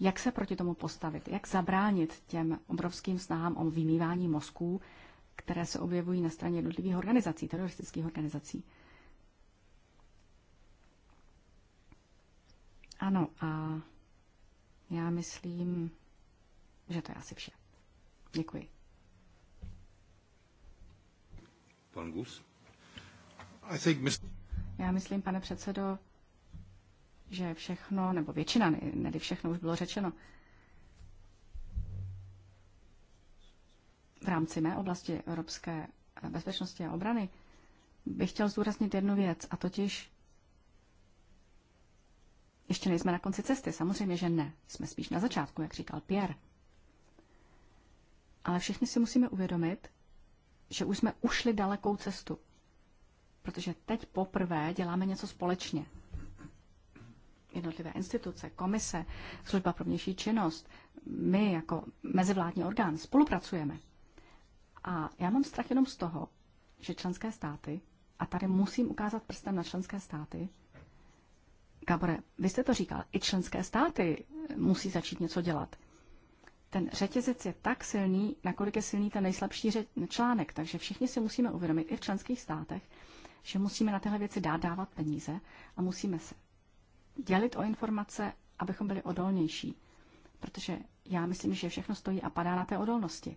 Jak se proti tomu postavit? Jak zabránit těm obrovským snahám o vymývání mozků, které se objevují na straně jednotlivých organizací, teroristických organizací? Ano, a já myslím, že to je asi vše. Děkuji. Pan Gus. I think Já myslím, pane předsedo, že všechno, nebo většina, ne, všechno už bylo řečeno. V rámci mé oblasti evropské bezpečnosti a obrany bych chtěl zdůraznit jednu věc, a totiž ještě nejsme na konci cesty, samozřejmě, že ne. Jsme spíš na začátku, jak říkal Pierre. Ale všichni si musíme uvědomit, že už jsme ušli dalekou cestu. Protože teď poprvé děláme něco společně. Jednotlivé instituce, komise, služba pro vnější činnost, my jako mezivládní orgán spolupracujeme. A já mám strach jenom z toho, že členské státy, a tady musím ukázat prstem na členské státy, Gabore, vy jste to říkal, i členské státy musí začít něco dělat ten řetězec je tak silný, nakolik je silný ten nejslabší článek. Takže všichni si musíme uvědomit i v členských státech, že musíme na tyhle věci dát dávat peníze a musíme se dělit o informace, abychom byli odolnější. Protože já myslím, že všechno stojí a padá na té odolnosti.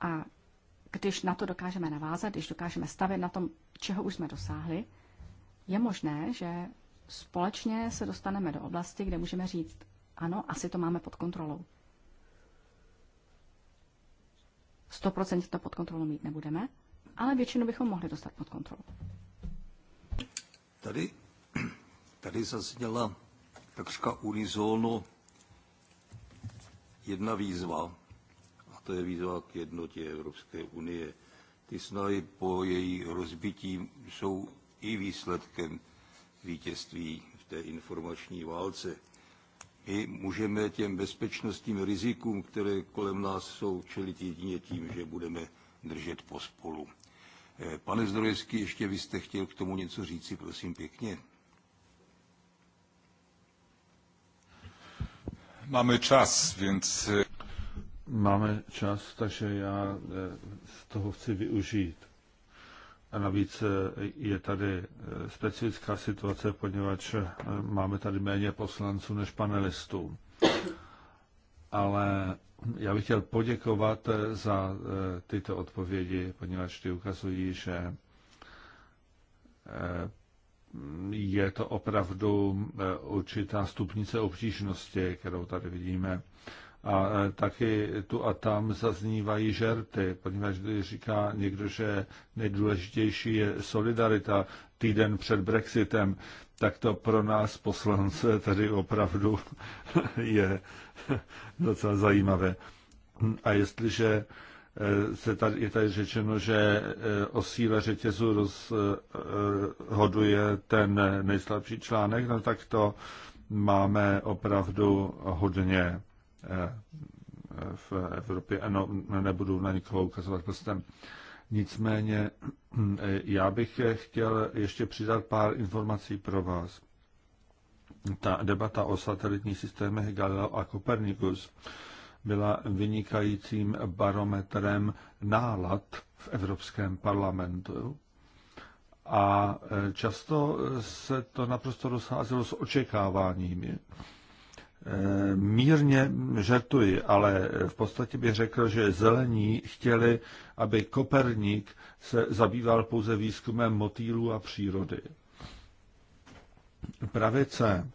A když na to dokážeme navázat, když dokážeme stavět na tom, čeho už jsme dosáhli, je možné, že společně se dostaneme do oblasti, kde můžeme říct, ano, asi to máme pod kontrolou. 100% to pod kontrolou mít nebudeme, ale většinu bychom mohli dostat pod kontrolu. Tady, tady zazněla takřka unizónu jedna výzva, a to je výzva k jednotě Evropské unie. Ty snahy po její rozbití jsou i výsledkem vítězství v té informační válce i můžeme těm bezpečnostním rizikům, které kolem nás jsou, čelit jedině tím, že budeme držet pospolu. Eh, pane Zdrojevský, ještě vy jste chtěl k tomu něco říci, prosím pěkně. Máme čas, więc... Eh, Máme čas, takže já eh, z toho chci využít. A navíc eh, je tady eh, specifická situace, poněvadž eh, máme tady méně poslanců než panelistů. Ale já bych chtěl poděkovat za tyto odpovědi, poněvadž ty ukazují, že je to opravdu určitá stupnice obtížnosti, kterou tady vidíme. A e, taky tu a tam zaznívají žerty, poněvadž když říká někdo, že nejdůležitější je solidarita týden před Brexitem, tak to pro nás poslance tady opravdu je docela zajímavé. A jestliže e, se tady, je tady řečeno, že e, o síle řetězu rozhoduje ten nejslabší článek, no tak to máme opravdu hodně Eh, v Evropě. Ano, nebudu na nikoho ukazovat prstem. Nicméně eh, já bych chtěl ještě přidat pár informací pro vás. Ta debata o satelitních systémech Galileo a Copernicus byla vynikajícím barometrem nálad v Evropském parlamentu. A eh, často se to naprosto rozházelo s očekáváními mírně žertuji, ale v podstatě bych řekl, že zelení chtěli, aby Koperník se zabýval pouze výzkumem motýlů a přírody. Pravice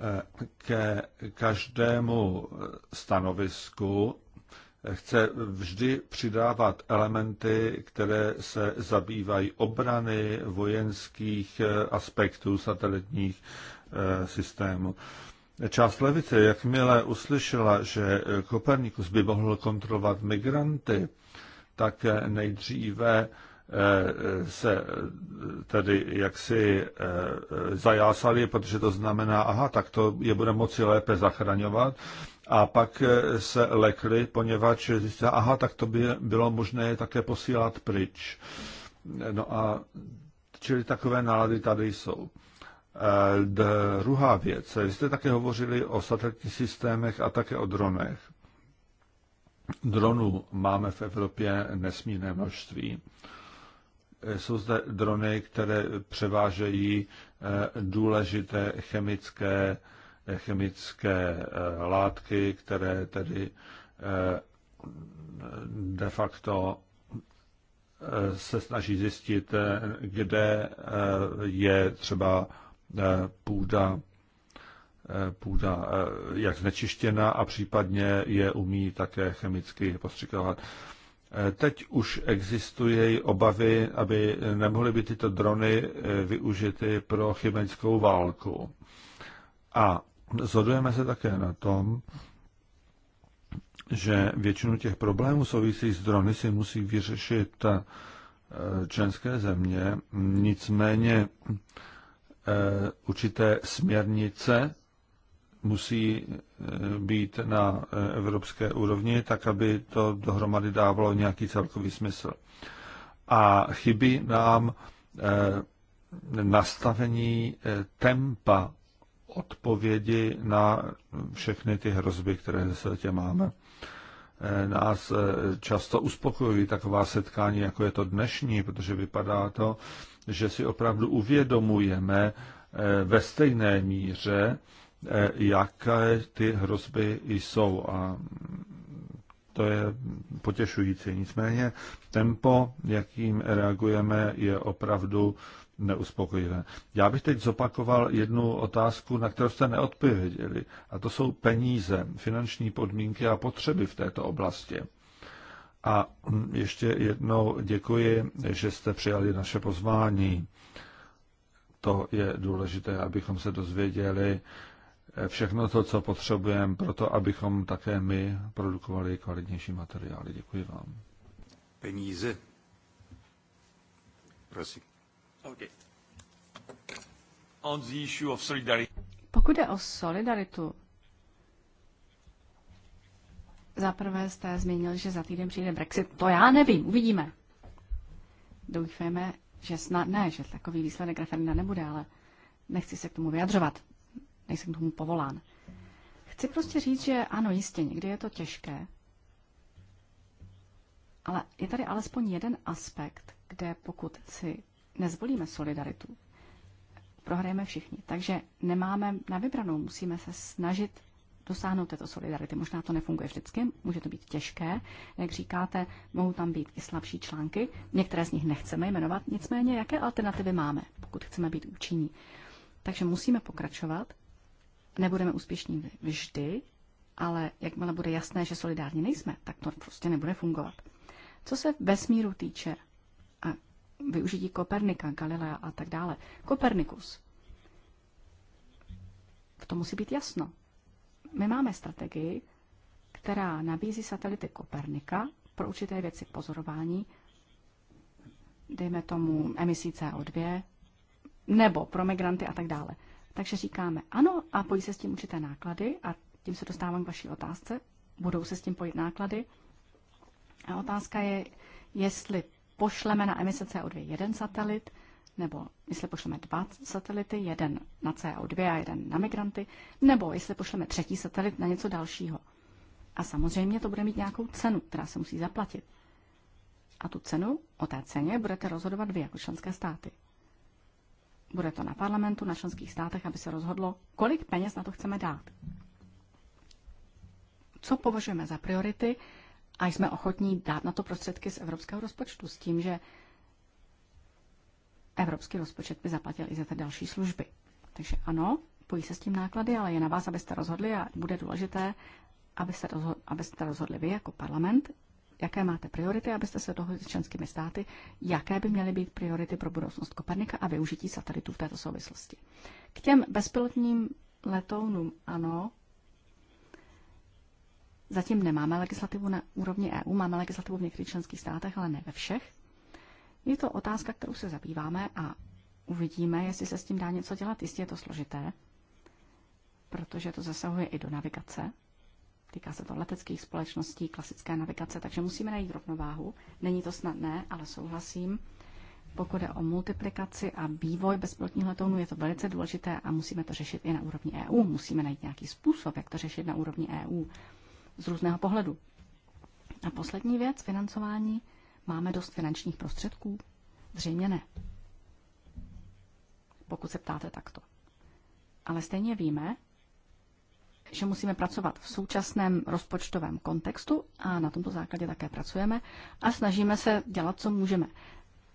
eh, ke každému stanovisku chce vždy přidávat elementy, které se zabývají obrany vojenských eh, aspektů satelitních eh, systémů. Část levice, jakmile uslyšela, že Kopernikus by mohl kontrolovat migranty, tak nejdříve eh, se eh, tedy jaksi eh, zajásali, protože to znamená, aha, tak to je bude moci lépe zachraňovat. A pak se lekli, poněvadž zjistili, aha, tak to by bylo možné je také posílat pryč. No a čili takové nálady tady jsou. Druhá věc. Vy jste také hovořili o satelitních systémech a také o dronech. Dronů máme v Evropě nesmírné množství. Jsou zde drony, které převážejí eh, důležité chemické, eh, chemické eh, látky, které tedy de facto se snaží zjistit, kde je třeba E, půda, e, půda e, jak znečištěna a případně je umí také chemicky postřikovat. Teď už existují obavy, aby nemohly být tyto drony využity pro chemickou válku. A zhodujeme se také na tom, že většinu těch problémů souvisejících s drony si musí vyřešit členské země. Nicméně Eh, určité směrnice musí eh, být na eh, evropské úrovni, tak aby to dohromady dávalo nějaký celkový smysl. A chybí nám nastavení tempa odpovědi na všechny ty hrozby, které ve světě máme. Nás často uspokojují taková setkání, jako je to dnešní, protože vypadá to, že si opravdu uvědomujeme eh, ve stejné míře, eh, jaké ty hrozby jsou. A to je potěšující. Nicméně tempo, jakým reagujeme, je opravdu neuspokojivé. Já bych teď zopakoval jednu otázku, na kterou jste neodpověděli, a to jsou peníze, finanční podmínky a potřeby v této oblasti. A mm, ještě jednou děkuji, že jste přijali naše pozvání. To je důležité, abychom se dozvěděli eh, všechno to, co potřebujeme pro to, abychom také my produkovali kvalitnější materiály. Děkuji vám. Peníze. Prosím. Okay. On the issue of solidarity. Pokud je o solidaritu, za prvé, jste zmínil, že za týden přijde Brexit. To já nevím, uvidíme. Doufejme, že snad ne, že takový výsledek referenda nebude, ale nechci se k tomu vyjadřovat. Nejsem k tomu povolán. Chci prostě říct, že ano, jistě, někdy je to těžké, ale je tady alespoň jeden aspekt, kde pokud si nezvolíme solidaritu, prohrajeme všichni. Takže nemáme na vybranou, musíme se snažit dosáhnout této solidarity. Možná to nefunguje vždycky, může to být těžké. Jak říkáte, mohou tam být i slabší články. Některé z nich nechceme jmenovat, nicméně jaké alternativy máme, pokud chceme být účinní. Takže musíme pokračovat. Nebudeme úspěšní vždy, ale jakmile bude jasné, že solidární nejsme, tak to prostě nebude fungovat. Co se vesmíru týče a využití Kopernika, Galilea a tak dále, Kopernikus, v tom musí být jasno. My máme strategii, která nabízí satelity Kopernika pro určité věci pozorování, dejme tomu emisí CO2, nebo pro migranty a tak dále. Takže říkáme ano a pojí se s tím určité náklady a tím se dostávám k vaší otázce. Budou se s tím pojít náklady. A otázka je, jestli pošleme na emise CO2 jeden satelit, nebo jestli pošleme dva satelity, jeden na CO2 a jeden na migranty, nebo jestli pošleme třetí satelit na něco dalšího. A samozřejmě to bude mít nějakou cenu, která se musí zaplatit. A tu cenu, o té ceně, budete rozhodovat vy jako členské státy. Bude to na parlamentu, na členských státech, aby se rozhodlo, kolik peněz na to chceme dát. Co považujeme za priority a jsme ochotní dát na to prostředky z evropského rozpočtu s tím, že evropský rozpočet by zaplatil i za ty další služby. Takže ano, pojí se s tím náklady, ale je na vás, abyste rozhodli a bude důležité, abyste, rozho- abyste rozhodli vy jako parlament, jaké máte priority, abyste se dohodli s členskými státy, jaké by měly být priority pro budoucnost Kopernika a využití satelitů v této souvislosti. K těm bezpilotním letounům, ano, zatím nemáme legislativu na úrovni EU, máme legislativu v některých členských státech, ale ne ve všech. Je to otázka, kterou se zabýváme a uvidíme, jestli se s tím dá něco dělat. Jistě je to složité, protože to zasahuje i do navigace. Týká se to leteckých společností, klasické navigace, takže musíme najít rovnováhu. Není to snadné, ale souhlasím. Pokud je o multiplikaci a vývoj bezpilotních letounů, je to velice důležité a musíme to řešit i na úrovni EU. Musíme najít nějaký způsob, jak to řešit na úrovni EU z různého pohledu. A poslední věc, financování. Máme dost finančních prostředků? Zřejmě ne. Pokud se ptáte takto. Ale stejně víme, že musíme pracovat v současném rozpočtovém kontextu a na tomto základě také pracujeme a snažíme se dělat, co můžeme.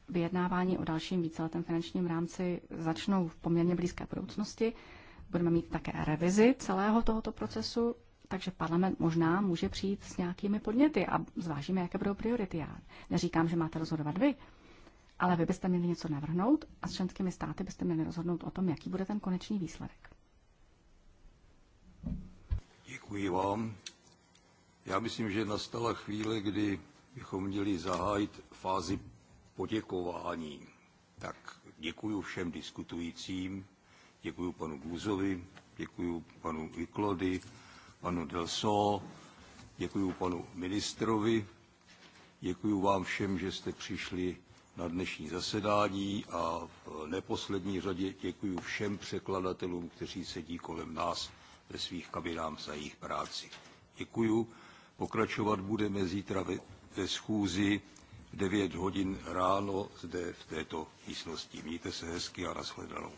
Vyjednávání o dalším víceletém finančním rámci začnou v poměrně blízké budoucnosti. Budeme mít také revizi celého tohoto procesu takže parlament možná může přijít s nějakými podněty a zvážíme, jaké budou priority. Já neříkám, že máte rozhodovat vy, ale vy byste měli něco navrhnout a s členskými státy byste měli rozhodnout o tom, jaký bude ten konečný výsledek. Děkuji vám. Já myslím, že nastala chvíle, kdy bychom měli zahájit fázi poděkování. Tak děkuji všem diskutujícím, děkuji panu Gůzovi, děkuji panu Iklody, panu Delso, děkuji panu ministrovi, děkuji vám všem, že jste přišli na dnešní zasedání a v neposlední řadě děkuji všem překladatelům, kteří sedí kolem nás ve svých kabinách za jejich práci. Děkuji. Pokračovat budeme zítra ve, ve schůzi 9 hodin ráno zde v této místnosti. Mějte se hezky a nashledanou.